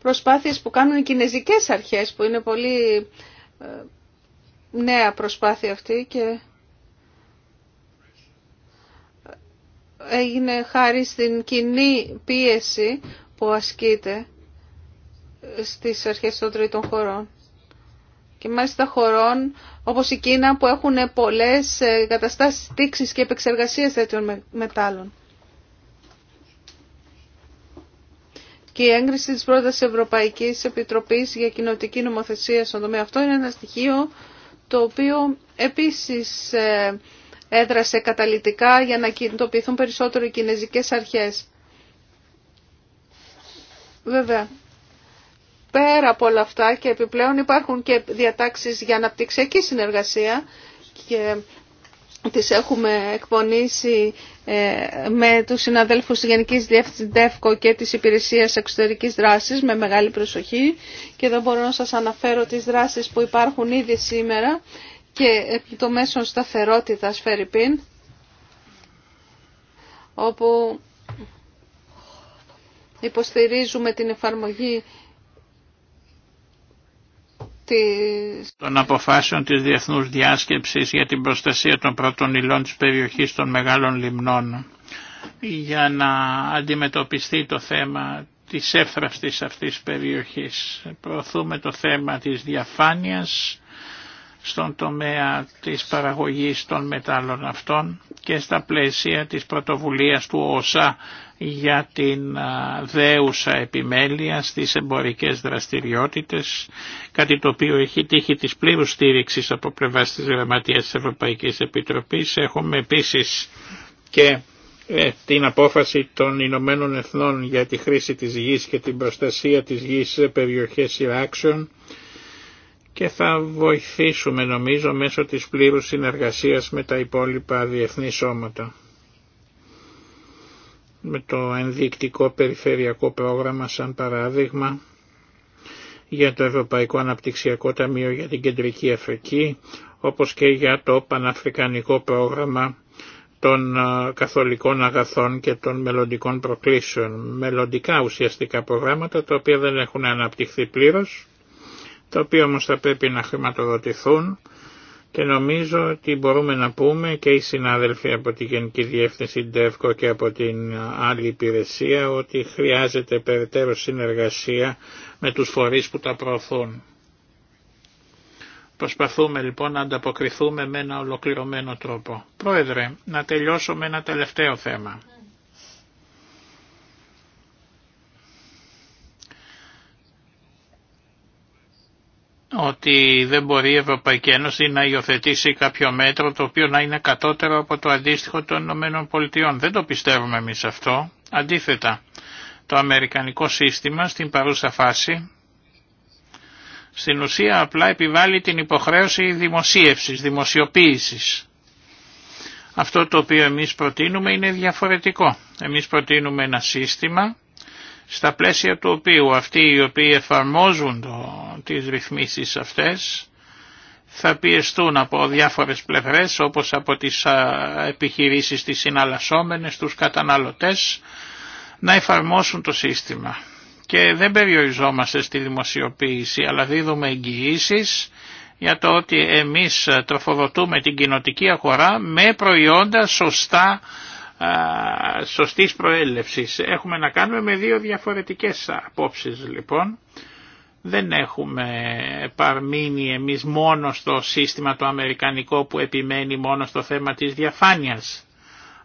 S3: προσπάθειες που κάνουν οι κινέζικες αρχές, που είναι πολύ νέα προσπάθεια αυτή και έγινε χάρη στην κοινή πίεση που ασκείται στις αρχές των τρίτων χωρών και μάλιστα χωρών όπως η Κίνα που έχουν πολλές ε, καταστάσεις στήξης και επεξεργασίας τέτοιων μετάλλων. Και η έγκριση της πρότασης Ευρωπαϊκής Επιτροπής για κοινοτική νομοθεσία στον τομέα αυτό είναι ένα στοιχείο το οποίο επίσης ε, έδρασε καταλητικά για να κινητοποιηθούν περισσότερο οι κινέζικες αρχές. Βέβαια, πέρα από όλα αυτά και επιπλέον υπάρχουν και διατάξεις για αναπτυξιακή συνεργασία και τις έχουμε εκπονήσει ε, με τους συναδέλφους της Γενικής Διεύθυνσης ΔΕΦΚΟ και της Υπηρεσίας Εξωτερικής Δράσης με μεγάλη προσοχή και εδώ μπορώ να σας αναφέρω τις δράσεις που υπάρχουν ήδη σήμερα και το μέσον σταθερότητας Φερρυπίν όπου υποστηρίζουμε την εφαρμογή της...
S2: των αποφάσεων της Διεθνούς Διάσκεψης για την προστασία των πρώτων υλών της περιοχής των μεγάλων λιμνών για να αντιμετωπιστεί το θέμα της έφθραυστης αυτής περιοχής. Προωθούμε το θέμα της διαφάνειας στον τομέα της παραγωγής των μετάλλων αυτών και στα πλαίσια της πρωτοβουλίας του ΟΣΑ για την δέουσα επιμέλεια στις εμπορικές δραστηριότητες, κάτι το οποίο έχει τύχει της πλήρου στήριξης από πλευρά της Γραμματείας της Ευρωπαϊκής Επιτροπής. Έχουμε επίσης και ε, την απόφαση των Ηνωμένων Εθνών για τη χρήση της γης και την προστασία της γης σε περιοχές σειράξεων και θα βοηθήσουμε νομίζω μέσω της πλήρους συνεργασίας με τα υπόλοιπα διεθνή σώματα με το ενδεικτικό περιφερειακό πρόγραμμα σαν παράδειγμα για το Ευρωπαϊκό Αναπτυξιακό Ταμείο για την Κεντρική Αφρική όπως και για το Παναφρικανικό Πρόγραμμα των ε, καθολικών αγαθών και των μελλοντικών προκλήσεων. Μελλοντικά ουσιαστικά προγράμματα τα οποία δεν έχουν αναπτυχθεί πλήρως τα οποία όμως θα πρέπει να χρηματοδοτηθούν και νομίζω ότι μπορούμε να πούμε και οι συνάδελφοι από τη Γενική Διεύθυνση και από την άλλη υπηρεσία ότι χρειάζεται περαιτέρω συνεργασία με τους φορείς που τα προωθούν. Προσπαθούμε λοιπόν να ανταποκριθούμε με ένα ολοκληρωμένο τρόπο. Πρόεδρε, να τελειώσω με ένα τελευταίο θέμα. ότι δεν μπορεί η Ευρωπαϊκή Ένωση να υιοθετήσει κάποιο μέτρο το οποίο να είναι κατώτερο από το αντίστοιχο των Ηνωμένων Πολιτειών. Δεν το πιστεύουμε εμείς αυτό. Αντίθετα, το αμερικανικό σύστημα στην παρούσα φάση στην ουσία απλά επιβάλλει την υποχρέωση δημοσίευσης, δημοσιοποίησης. Αυτό το οποίο εμείς προτείνουμε είναι διαφορετικό. Εμείς προτείνουμε ένα σύστημα στα πλαίσια του οποίου αυτοί οι οποίοι εφαρμόζουν το, τις ρυθμίσεις αυτές θα πιεστούν από διάφορες πλευρές όπως από τις επιχειρήσεις τις συναλλασσόμενες, τους καταναλωτές να εφαρμόσουν το σύστημα. Και δεν περιοριζόμαστε στη δημοσιοποίηση αλλά δίδουμε εγγυήσει για το ότι εμείς τροφοδοτούμε την κοινοτική αγορά με προϊόντα σωστά σωστής προέλευσης. Έχουμε να κάνουμε με δύο διαφορετικές απόψεις λοιπόν. Δεν έχουμε παρμείνει εμείς μόνο στο σύστημα το αμερικανικό που επιμένει μόνο στο θέμα της διαφάνειας.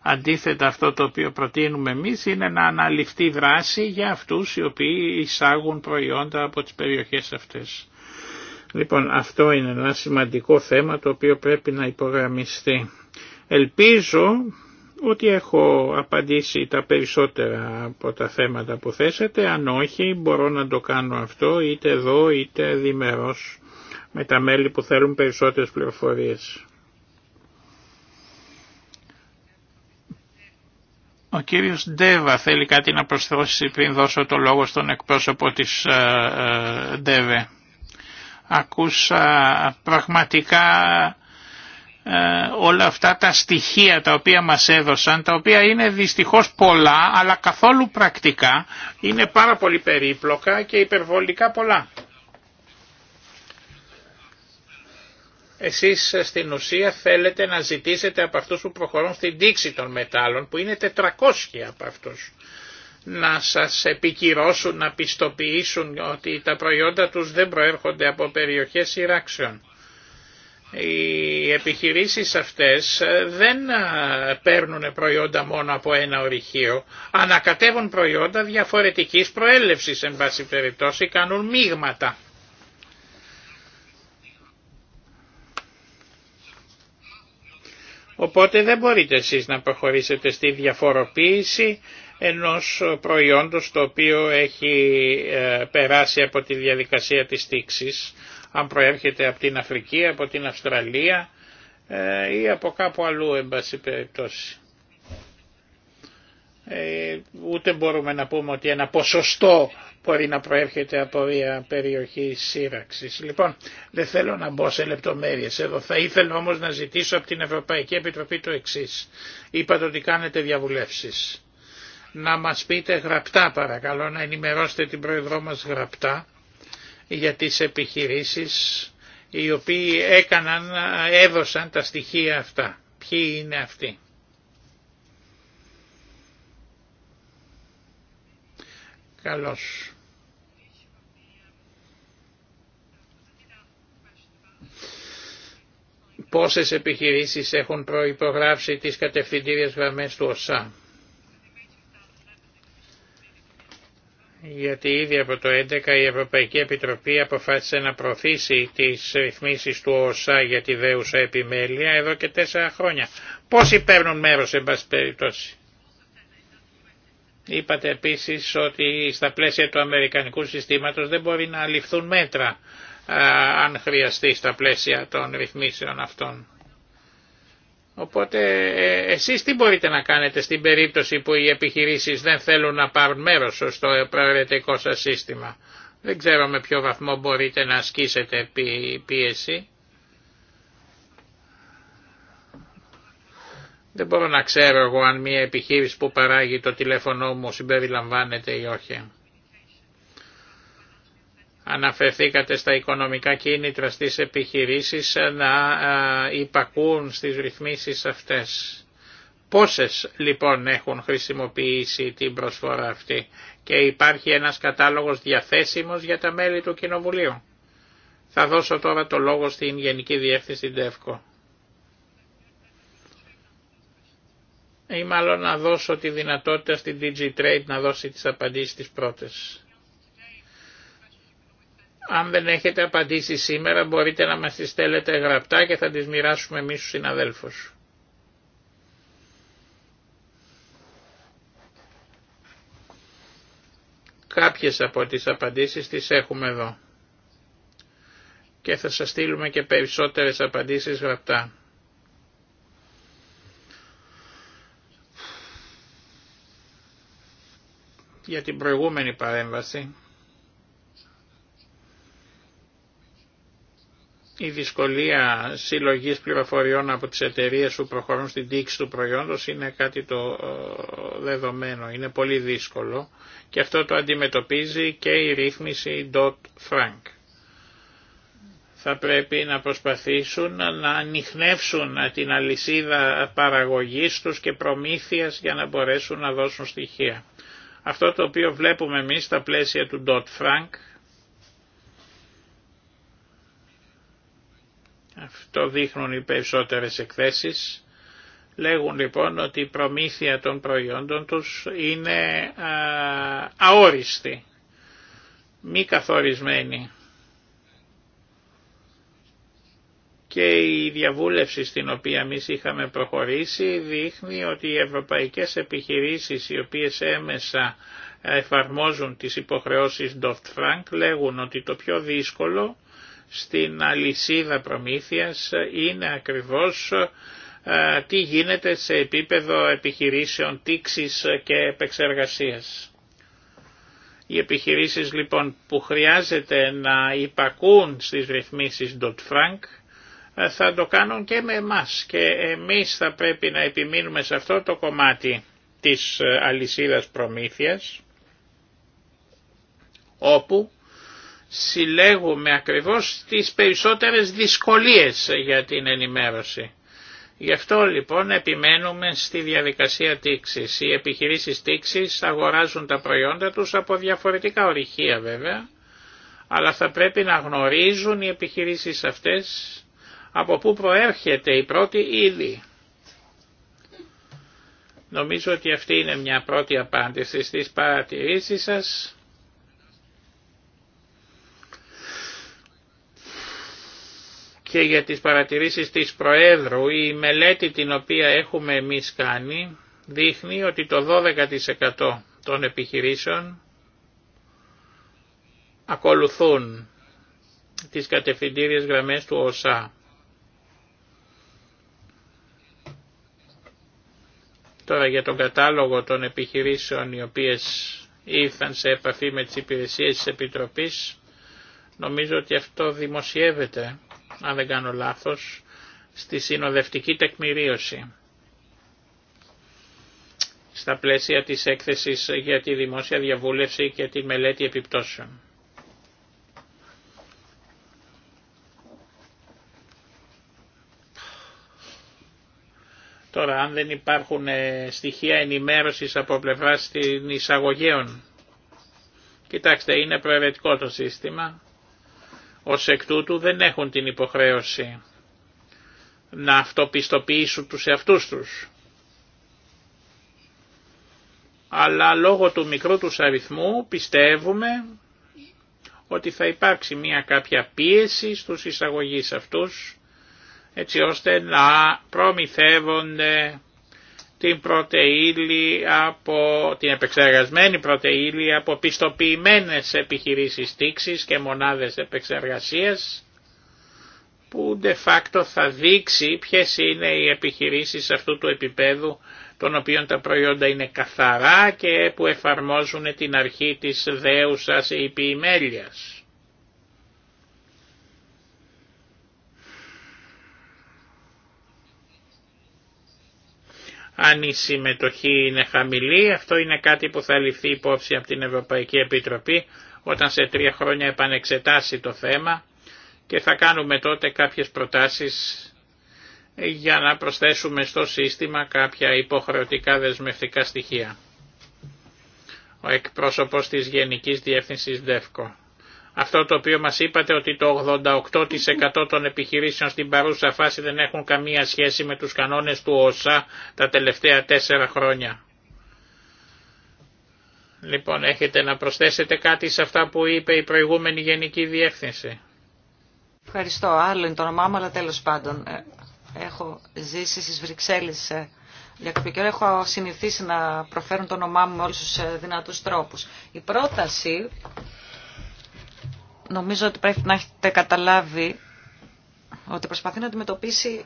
S2: Αντίθετα αυτό το οποίο προτείνουμε εμείς είναι να αναλυφθεί δράση για αυτούς οι οποίοι εισάγουν προϊόντα από τις περιοχές αυτές. Λοιπόν αυτό είναι ένα σημαντικό θέμα το οποίο πρέπει να υπογραμμιστεί. Ελπίζω ότι έχω απαντήσει τα περισσότερα από τα θέματα που θέσατε. Αν όχι μπορώ να το κάνω αυτό είτε εδώ είτε διμερός με τα μέλη που θέλουν περισσότερες πληροφορίες. Ο κύριος Ντέβα θέλει κάτι να προσθέσει πριν δώσω το λόγο στον εκπρόσωπο της ε, ε, Ντέβε. Ακούσα πραγματικά ε, όλα αυτά τα στοιχεία τα οποία μας έδωσαν, τα οποία είναι δυστυχώς πολλά αλλά καθόλου πρακτικά, είναι πάρα πολύ περίπλοκα και υπερβολικά πολλά. Εσείς ε, στην ουσία θέλετε να ζητήσετε από αυτούς που προχωρούν στην τήξη των μετάλλων, που είναι 400 από αυτούς, να σας επικυρώσουν, να πιστοποιήσουν ότι τα προϊόντα τους δεν προέρχονται από περιοχές σειράξεων. Οι επιχειρήσεις αυτές ε, δεν ε, παίρνουν προϊόντα μόνο από ένα ορυχείο, ανακατεύουν προϊόντα διαφορετικής προέλευσης, εν πάση περιπτώσει, κάνουν μείγματα. Οπότε δεν μπορείτε εσείς να προχωρήσετε στη διαφοροποίηση ενός προϊόντος το οποίο έχει ε, περάσει από τη διαδικασία της τήξης αν προέρχεται από την Αφρική, από την Αυστραλία ε, ή από κάπου αλλού εν πάση περιπτώσει. Ε, ούτε μπορούμε να πούμε ότι ένα ποσοστό μπορεί να προέρχεται από μια περιοχή σύραξης. Λοιπόν, δεν θέλω να μπω σε λεπτομέρειες εδώ. Θα ήθελα όμως να ζητήσω από την Ευρωπαϊκή Επιτροπή το εξής. Είπατε ότι κάνετε διαβουλεύσεις. Να μας πείτε γραπτά παρακαλώ, να ενημερώσετε την Πρόεδρό μας γραπτά για τις επιχειρήσεις οι οποίοι έκαναν, έδωσαν τα στοιχεία αυτά. Ποιοι είναι αυτοί. Καλώς. Πόσες επιχειρήσεις έχουν προϋπογράψει τις κατευθυντήριες γραμμές του ωσα. γιατί ήδη από το 2011 η Ευρωπαϊκή Επιτροπή αποφάσισε να προωθήσει τις ρυθμίσεις του ΩΣΑ για τη δέουσα επιμέλεια εδώ και τέσσερα χρόνια. Πόσοι παίρνουν μέρος, σε πάση περιπτώσει. Είπατε επίσης ότι στα πλαίσια του Αμερικανικού συστήματος δεν μπορεί να ληφθούν μέτρα αν χρειαστεί στα πλαίσια των ρυθμίσεων αυτών. Οπότε ε, εσείς τι μπορείτε να κάνετε στην περίπτωση που οι επιχειρήσεις δεν θέλουν να πάρουν μέρος στο προαιρετικό σας σύστημα. Δεν ξέρω με ποιο βαθμό μπορείτε να ασκήσετε πίεση. Δεν μπορώ να ξέρω εγώ αν μια επιχείρηση που παράγει το τηλέφωνο μου συμπεριλαμβάνεται ή όχι. Αναφερθήκατε στα οικονομικά κίνητρα στις επιχειρήσεις να υπακούν στις ρυθμίσεις αυτές. Πόσες λοιπόν έχουν χρησιμοποιήσει την προσφορά αυτή και υπάρχει ένας κατάλογος διαθέσιμος για τα μέλη του Κοινοβουλίου. Θα δώσω τώρα το λόγο στην Γενική Διεύθυνση ΤΕΦΚΟ. Ή μάλλον να δώσω τη δυνατότητα στην Trade να δώσει τις απαντήσεις τις πρώτες. Αν δεν έχετε απαντήσει σήμερα μπορείτε να μας τις στέλνετε γραπτά και θα τις μοιράσουμε εμείς στους συναδέλφους. Κάποιες από τις απαντήσεις τις έχουμε εδώ και θα σας στείλουμε και περισσότερες απαντήσεις γραπτά. Για την προηγούμενη παρέμβαση Η δυσκολία συλλογής πληροφοριών από τις εταιρείες που προχωρούν στην τήξη του προϊόντος είναι κάτι το ε, δεδομένο, είναι πολύ δύσκολο και αυτό το αντιμετωπίζει και η ρύθμιση DOT .frank. Θα πρέπει να προσπαθήσουν να ανοιχνεύσουν την αλυσίδα παραγωγής τους και προμήθειας για να μπορέσουν να δώσουν στοιχεία. Αυτό το οποίο βλέπουμε εμείς στα πλαίσια του .frank Αυτό δείχνουν οι περισσότερες εκθέσεις. Λέγουν λοιπόν ότι η προμήθεια των προϊόντων τους είναι αόριστη, μη καθορισμένη. Και η διαβούλευση στην οποία εμεί είχαμε προχωρήσει δείχνει ότι οι ευρωπαϊκές επιχειρήσεις οι οποίες έμεσα εφαρμόζουν τις υποχρεώσεις Dodd Frank λέγουν ότι το πιο δύσκολο στην αλυσίδα προμήθειας είναι ακριβώς ε, τι γίνεται σε επίπεδο επιχειρήσεων τήξης και επεξεργασίας. Οι επιχειρήσεις λοιπόν που χρειάζεται να υπακούν στις ρυθμίσεις Dodd-Frank ε, θα το κάνουν και με εμάς και εμείς θα πρέπει να επιμείνουμε σε αυτό το κομμάτι της ε, αλυσίδας προμήθειας όπου συλλέγουμε ακριβώς τις περισσότερες δυσκολίες για την ενημέρωση. Γι' αυτό λοιπόν επιμένουμε στη διαδικασία τήξης. Οι επιχειρήσεις τήξης αγοράζουν τα προϊόντα τους από διαφορετικά ορυχεία βέβαια, αλλά θα πρέπει να γνωρίζουν οι επιχειρήσεις αυτές από πού προέρχεται η πρώτη ύλη. Νομίζω ότι αυτή είναι μια πρώτη απάντηση στις παρατηρήσεις σας. και για τις παρατηρήσεις της Προέδρου. Η μελέτη την οποία έχουμε εμείς κάνει δείχνει ότι το 12% των επιχειρήσεων ακολουθούν τις κατευθυντήριες γραμμές του ΟΣΑ. Τώρα για τον κατάλογο των επιχειρήσεων οι οποίες ήρθαν σε επαφή με τις υπηρεσίες της Επιτροπής, νομίζω ότι αυτό δημοσιεύεται αν δεν κάνω λάθος, στη συνοδευτική τεκμηρίωση στα πλαίσια της έκθεσης για τη δημόσια διαβούλευση και τη μελέτη επιπτώσεων. Τώρα, αν δεν υπάρχουν ε, στοιχεία ενημέρωσης από πλευράς των εισαγωγέων, κοιτάξτε, είναι προαιρετικό το σύστημα. Ως εκ τούτου δεν έχουν την υποχρέωση να αυτοπιστοποιήσουν τους εαυτούς τους. Αλλά λόγω του μικρού τους αριθμού πιστεύουμε ότι θα υπάρξει μια κάποια πίεση στους εισαγωγείς αυτούς έτσι ώστε να προμηθεύονται την πρωτεΐλη από την επεξεργασμένη πρωτεΐλη από πιστοποιημένες επιχειρήσεις τήξης και μονάδες επεξεργασίας που de facto θα δείξει ποιες είναι οι επιχειρήσεις αυτού του επίπεδου των οποίων τα προϊόντα είναι καθαρά και που εφαρμόζουν την αρχή της δέουσας υπηημέλειας. Αν η συμμετοχή είναι χαμηλή, αυτό είναι κάτι που θα ληφθεί υπόψη από την Ευρωπαϊκή Επιτροπή όταν σε τρία χρόνια επανεξετάσει το θέμα και θα κάνουμε τότε κάποιες προτάσεις για να προσθέσουμε στο σύστημα κάποια υποχρεωτικά δεσμευτικά στοιχεία. Ο εκπρόσωπος της Γενικής Διεύθυνσης ΔΕΦΚΟ. Αυτό το οποίο μας είπατε ότι το 88% των επιχειρήσεων στην παρούσα φάση δεν έχουν καμία σχέση με τους κανόνες του ΩΣΑ τα τελευταία τέσσερα χρόνια. Λοιπόν, έχετε να προσθέσετε κάτι σε αυτά που είπε η προηγούμενη Γενική Διεύθυνση.
S1: Ευχαριστώ. Άλλο είναι το όνομά μου, αλλά τέλος πάντων. Ε, έχω ζήσει στις Βρυξέλλες ε, για κάποιο καιρό έχω συνηθίσει να προφέρουν το όνομά μου με όλους τους ε, δυνατούς τρόπους. Η πρόταση Νομίζω ότι πρέπει να έχετε καταλάβει ότι προσπαθεί να αντιμετωπίσει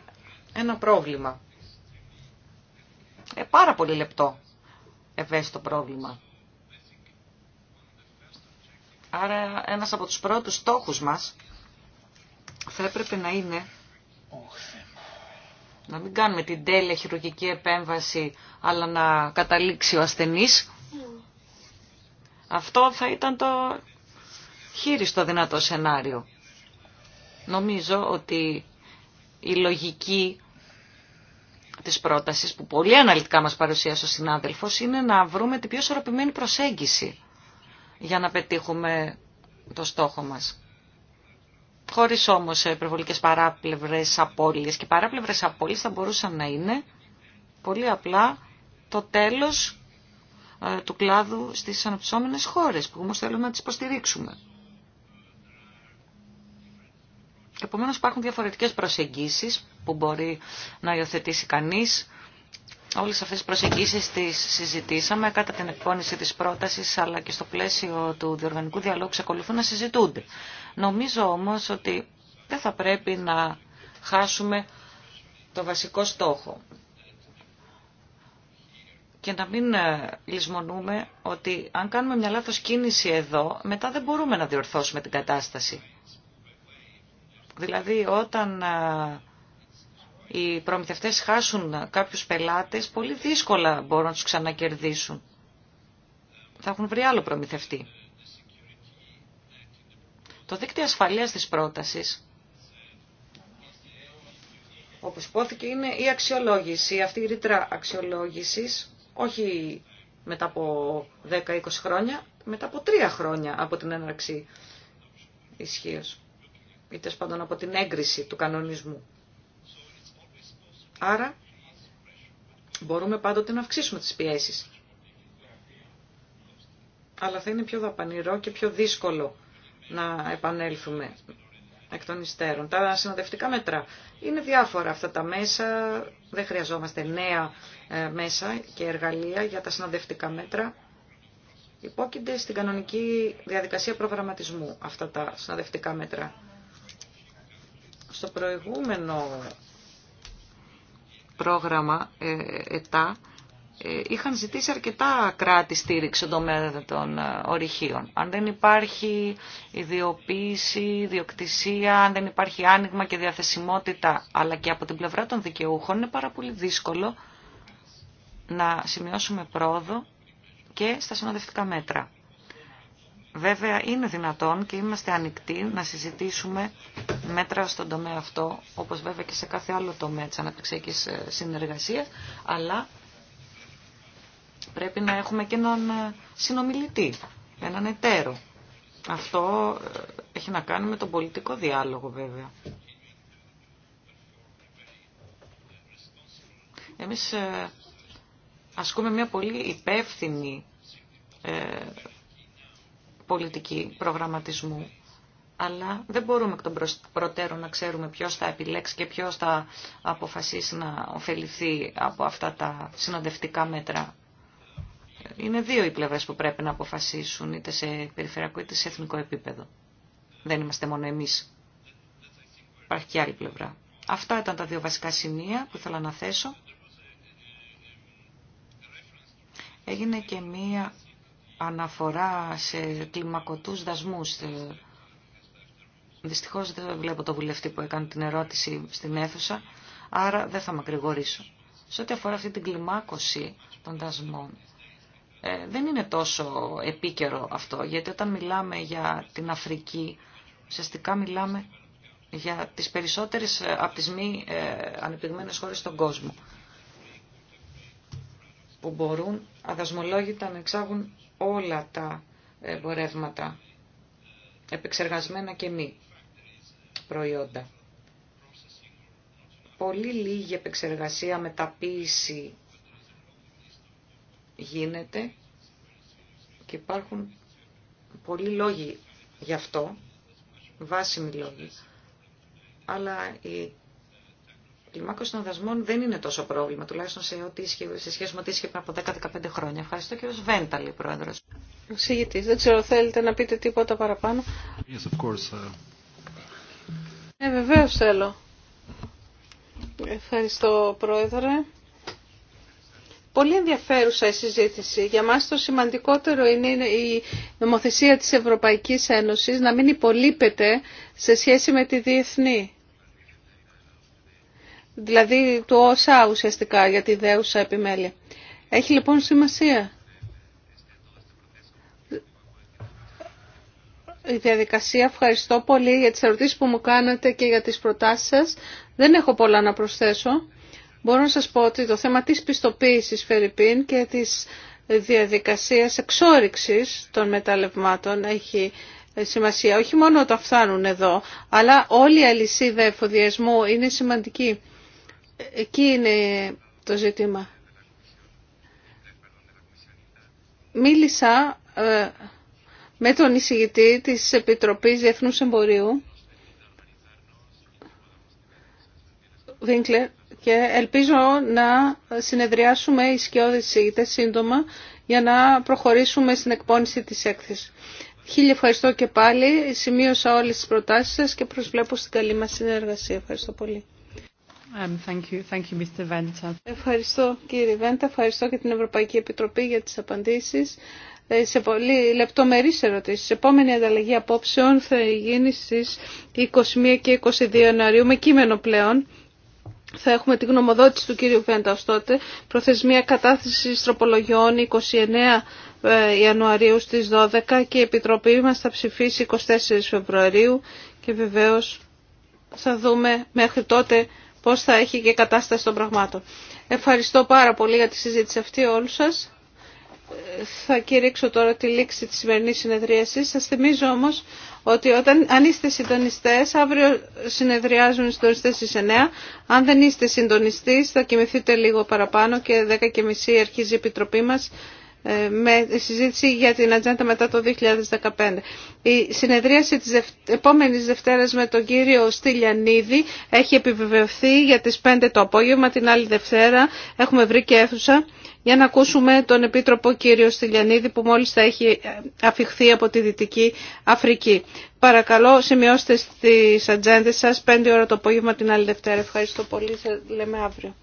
S1: ένα πρόβλημα. Ε, πάρα πολύ λεπτό ευαίσθητο πρόβλημα. Άρα ένας από τους πρώτους στόχους μας θα έπρεπε να είναι να μην κάνουμε την τέλεια χειρουργική επέμβαση αλλά να καταλήξει ο ασθενής. Ναι. Αυτό θα ήταν το χείριστο δυνατό σενάριο. Νομίζω ότι η λογική της πρότασης που πολύ αναλυτικά μας παρουσίασε ο συνάδελφος είναι να βρούμε την πιο σωροπημένη προσέγγιση για να πετύχουμε το στόχο μας. Χωρίς όμως υπερβολικές παράπλευρες απώλειες και παράπλευρες απώλειες θα μπορούσαν να είναι πολύ απλά το τέλος ε, του κλάδου στις αναπτυσσόμενες χώρες που όμως θέλουμε να τις υποστηρίξουμε. Επομένως υπάρχουν διαφορετικές προσεγγίσεις που μπορεί να υιοθετήσει κανείς. Όλες αυτές τις προσεγγίσεις τις συζητήσαμε κατά την εκπόνηση της πρότασης αλλά και στο πλαίσιο του διοργανικού διαλόγου ξεκολουθούν να συζητούνται. Νομίζω όμως ότι δεν θα πρέπει να χάσουμε το βασικό στόχο και να μην ε, λησμονούμε ότι αν κάνουμε μια λάθος κίνηση εδώ μετά δεν μπορούμε να διορθώσουμε την κατάσταση. Δηλαδή όταν ε, οι προμηθευτές χάσουν κάποιους πελάτες, πολύ δύσκολα μπορούν να τους ξανακερδίσουν. Θα έχουν βρει άλλο προμηθευτή. Το δίκτυο ασφαλείας της πρότασης, όπως υπόθηκε, είναι η αξιολόγηση, αυτή η ρήτρα αξιολόγησης, όχι μετά από 10-20 χρόνια, μετά από 3 χρόνια από την έναρξη ισχύως ή τέλο από την έγκριση του κανονισμού. Άρα μπορούμε πάντοτε να αυξήσουμε τις πιέσεις. Αλλά θα είναι πιο δαπανηρό και πιο δύσκολο να επανέλθουμε εκ των υστέρων. Τα συνοδευτικά μέτρα είναι διάφορα αυτά τα μέσα, δεν χρειαζόμαστε νέα ε, μέσα και εργαλεία για τα συνοδευτικά μέτρα. Υπόκεινται στην κανονική διαδικασία προγραμματισμού αυτά τα συναδευτικά μέτρα. Στο προηγούμενο πρόγραμμα ε, ΕΤΑ ε, είχαν ζητήσει αρκετά κράτη στήριξη στον τομέα των ε, ορυχείων. Αν δεν υπάρχει ιδιοποίηση, ιδιοκτησία, αν δεν υπάρχει άνοιγμα και διαθεσιμότητα, αλλά και από την πλευρά των δικαιούχων, είναι πάρα πολύ δύσκολο να σημειώσουμε πρόοδο και στα συνοδευτικά μέτρα. Βέβαια είναι δυνατόν και είμαστε ανοιχτοί να συζητήσουμε μέτρα στον τομέα αυτό, όπως βέβαια και σε κάθε άλλο τομέα της αναπτυξιακής ε, συνεργασίας, αλλά πρέπει να έχουμε και έναν ε, συνομιλητή, έναν εταίρο. Αυτό ε, έχει να κάνει με τον πολιτικό διάλογο βέβαια. Εμείς ασκούμε μια πολύ υπεύθυνη πολιτική προγραμματισμού. Αλλά δεν μπορούμε εκ των προτέρων να ξέρουμε ποιος θα επιλέξει και ποιος θα αποφασίσει να ωφεληθεί από αυτά τα συναντευτικά μέτρα. Είναι δύο οι πλευρές που πρέπει να αποφασίσουν, είτε σε περιφερειακό είτε σε εθνικό επίπεδο. Δεν είμαστε μόνο εμείς. Υπάρχει και άλλη πλευρά. Αυτά ήταν τα δύο βασικά σημεία που ήθελα να θέσω. Έγινε και μία αναφορά σε κλιμακωτούς δασμούς. Ε, δυστυχώς δεν βλέπω το βουλευτή που έκανε την ερώτηση στην αίθουσα, άρα δεν θα μακρηγορήσω. Σε ό,τι αφορά αυτή την κλιμάκωση των δασμών, ε, δεν είναι τόσο επίκαιρο αυτό, γιατί όταν μιλάμε για την Αφρική, ουσιαστικά μιλάμε για τις περισσότερες ε, από τις μη ε, ανεπτυγμένες χώρες στον κόσμο, που μπορούν αδασμολόγητα να εξάγουν όλα τα ε, εμπορεύματα, επεξεργασμένα και μη προϊόντα. Πολύ λίγη επεξεργασία, μεταποίηση γίνεται και υπάρχουν πολλοί λόγοι γι' αυτό, βάσιμοι λόγοι. Αλλά η κλιμάκωση των δασμών δεν είναι τόσο πρόβλημα, τουλάχιστον σε, ό,τι σε σχέση με ό,τι ίσχυε από 10-15 χρόνια. Ευχαριστώ κύριο Βένταλη, πρόεδρο.
S3: Συγητή, δεν ξέρω, θέλετε να πείτε τίποτα παραπάνω. Yes, of course. Uh, ε, βεβαίω θέλω. Ευχαριστώ, πρόεδρε. Πολύ ενδιαφέρουσα η συζήτηση. Για μας το σημαντικότερο είναι η νομοθεσία της Ευρωπαϊκής Ένωσης να μην υπολείπεται σε σχέση με τη διεθνή δηλαδή του όσα ουσιαστικά για τη δέουσα επιμέλεια. Έχει λοιπόν σημασία η διαδικασία. Ευχαριστώ πολύ για τις ερωτήσεις που μου κάνατε και για τις προτάσεις σας. Δεν έχω πολλά να προσθέσω. Μπορώ να σας πω ότι το θέμα της πιστοποίησης Φερρυπίν και της διαδικασίας εξόριξης των μεταλλευμάτων έχει σημασία. Όχι μόνο όταν φτάνουν εδώ, αλλά όλη η αλυσίδα εφοδιασμού είναι σημαντική. Εκεί είναι το ζήτημα. Μίλησα ε, με τον εισηγητή της Επιτροπής Διεθνούς Εμπορίου, Βίνκλερ, και ελπίζω να συνεδριάσουμε οι σκιώδεις εισηγητές σύντομα για να προχωρήσουμε στην εκπόνηση της έκθεσης. Χίλια ευχαριστώ και πάλι. Σημείωσα όλες τις προτάσεις σας και προσβλέπω στην καλή μας συνεργασία. Ευχαριστώ πολύ. Um, ευχαριστώ κύριε Βέντα, ευχαριστώ και την Ευρωπαϊκή Επιτροπή για τις απαντήσεις ε, σε πολύ λεπτομερείς ερωτήσεις. Η επόμενη ανταλλαγή απόψεων θα γίνει στις 21 και 22 Ιανουαρίου με κείμενο πλέον. Θα έχουμε τη γνωμοδότηση του κύριου Βέντα ως τότε. Προθεσμία κατάθεση τροπολογιών 29 ε, Ιανουαρίου στις 12 και η Επιτροπή μας θα ψηφίσει 24 Φεβρουαρίου και βεβαίως θα δούμε μέχρι τότε πώς θα έχει και κατάσταση των πραγμάτων. Ευχαριστώ πάρα πολύ για τη συζήτηση αυτή όλους σας. Θα κηρύξω τώρα τη λήξη της σημερινής συνεδρίασης. Σας θυμίζω όμως ότι όταν, αν είστε συντονιστές, αύριο συνεδριάζουν οι συντονιστές στις 9. Αν δεν είστε συντονιστής θα κοιμηθείτε λίγο παραπάνω και 10.30 αρχίζει η Επιτροπή μας. Ε, με συζήτηση για την ατζέντα μετά το 2015. Η συνεδρίαση της επόμενης Δευτέρας με τον κύριο Στυλιανίδη έχει επιβεβαιωθεί για τις 5 το απόγευμα. Την άλλη Δευτέρα έχουμε βρει και αίθουσα για να ακούσουμε τον Επίτροπο κύριο Στυλιανίδη που μόλις θα έχει ε, αφιχθεί από τη Δυτική Αφρική. Παρακαλώ σημειώστε στις ατζέντες σας 5 ώρα το απόγευμα την άλλη Δευτέρα. Ευχαριστώ πολύ. Σας λέμε αύριο.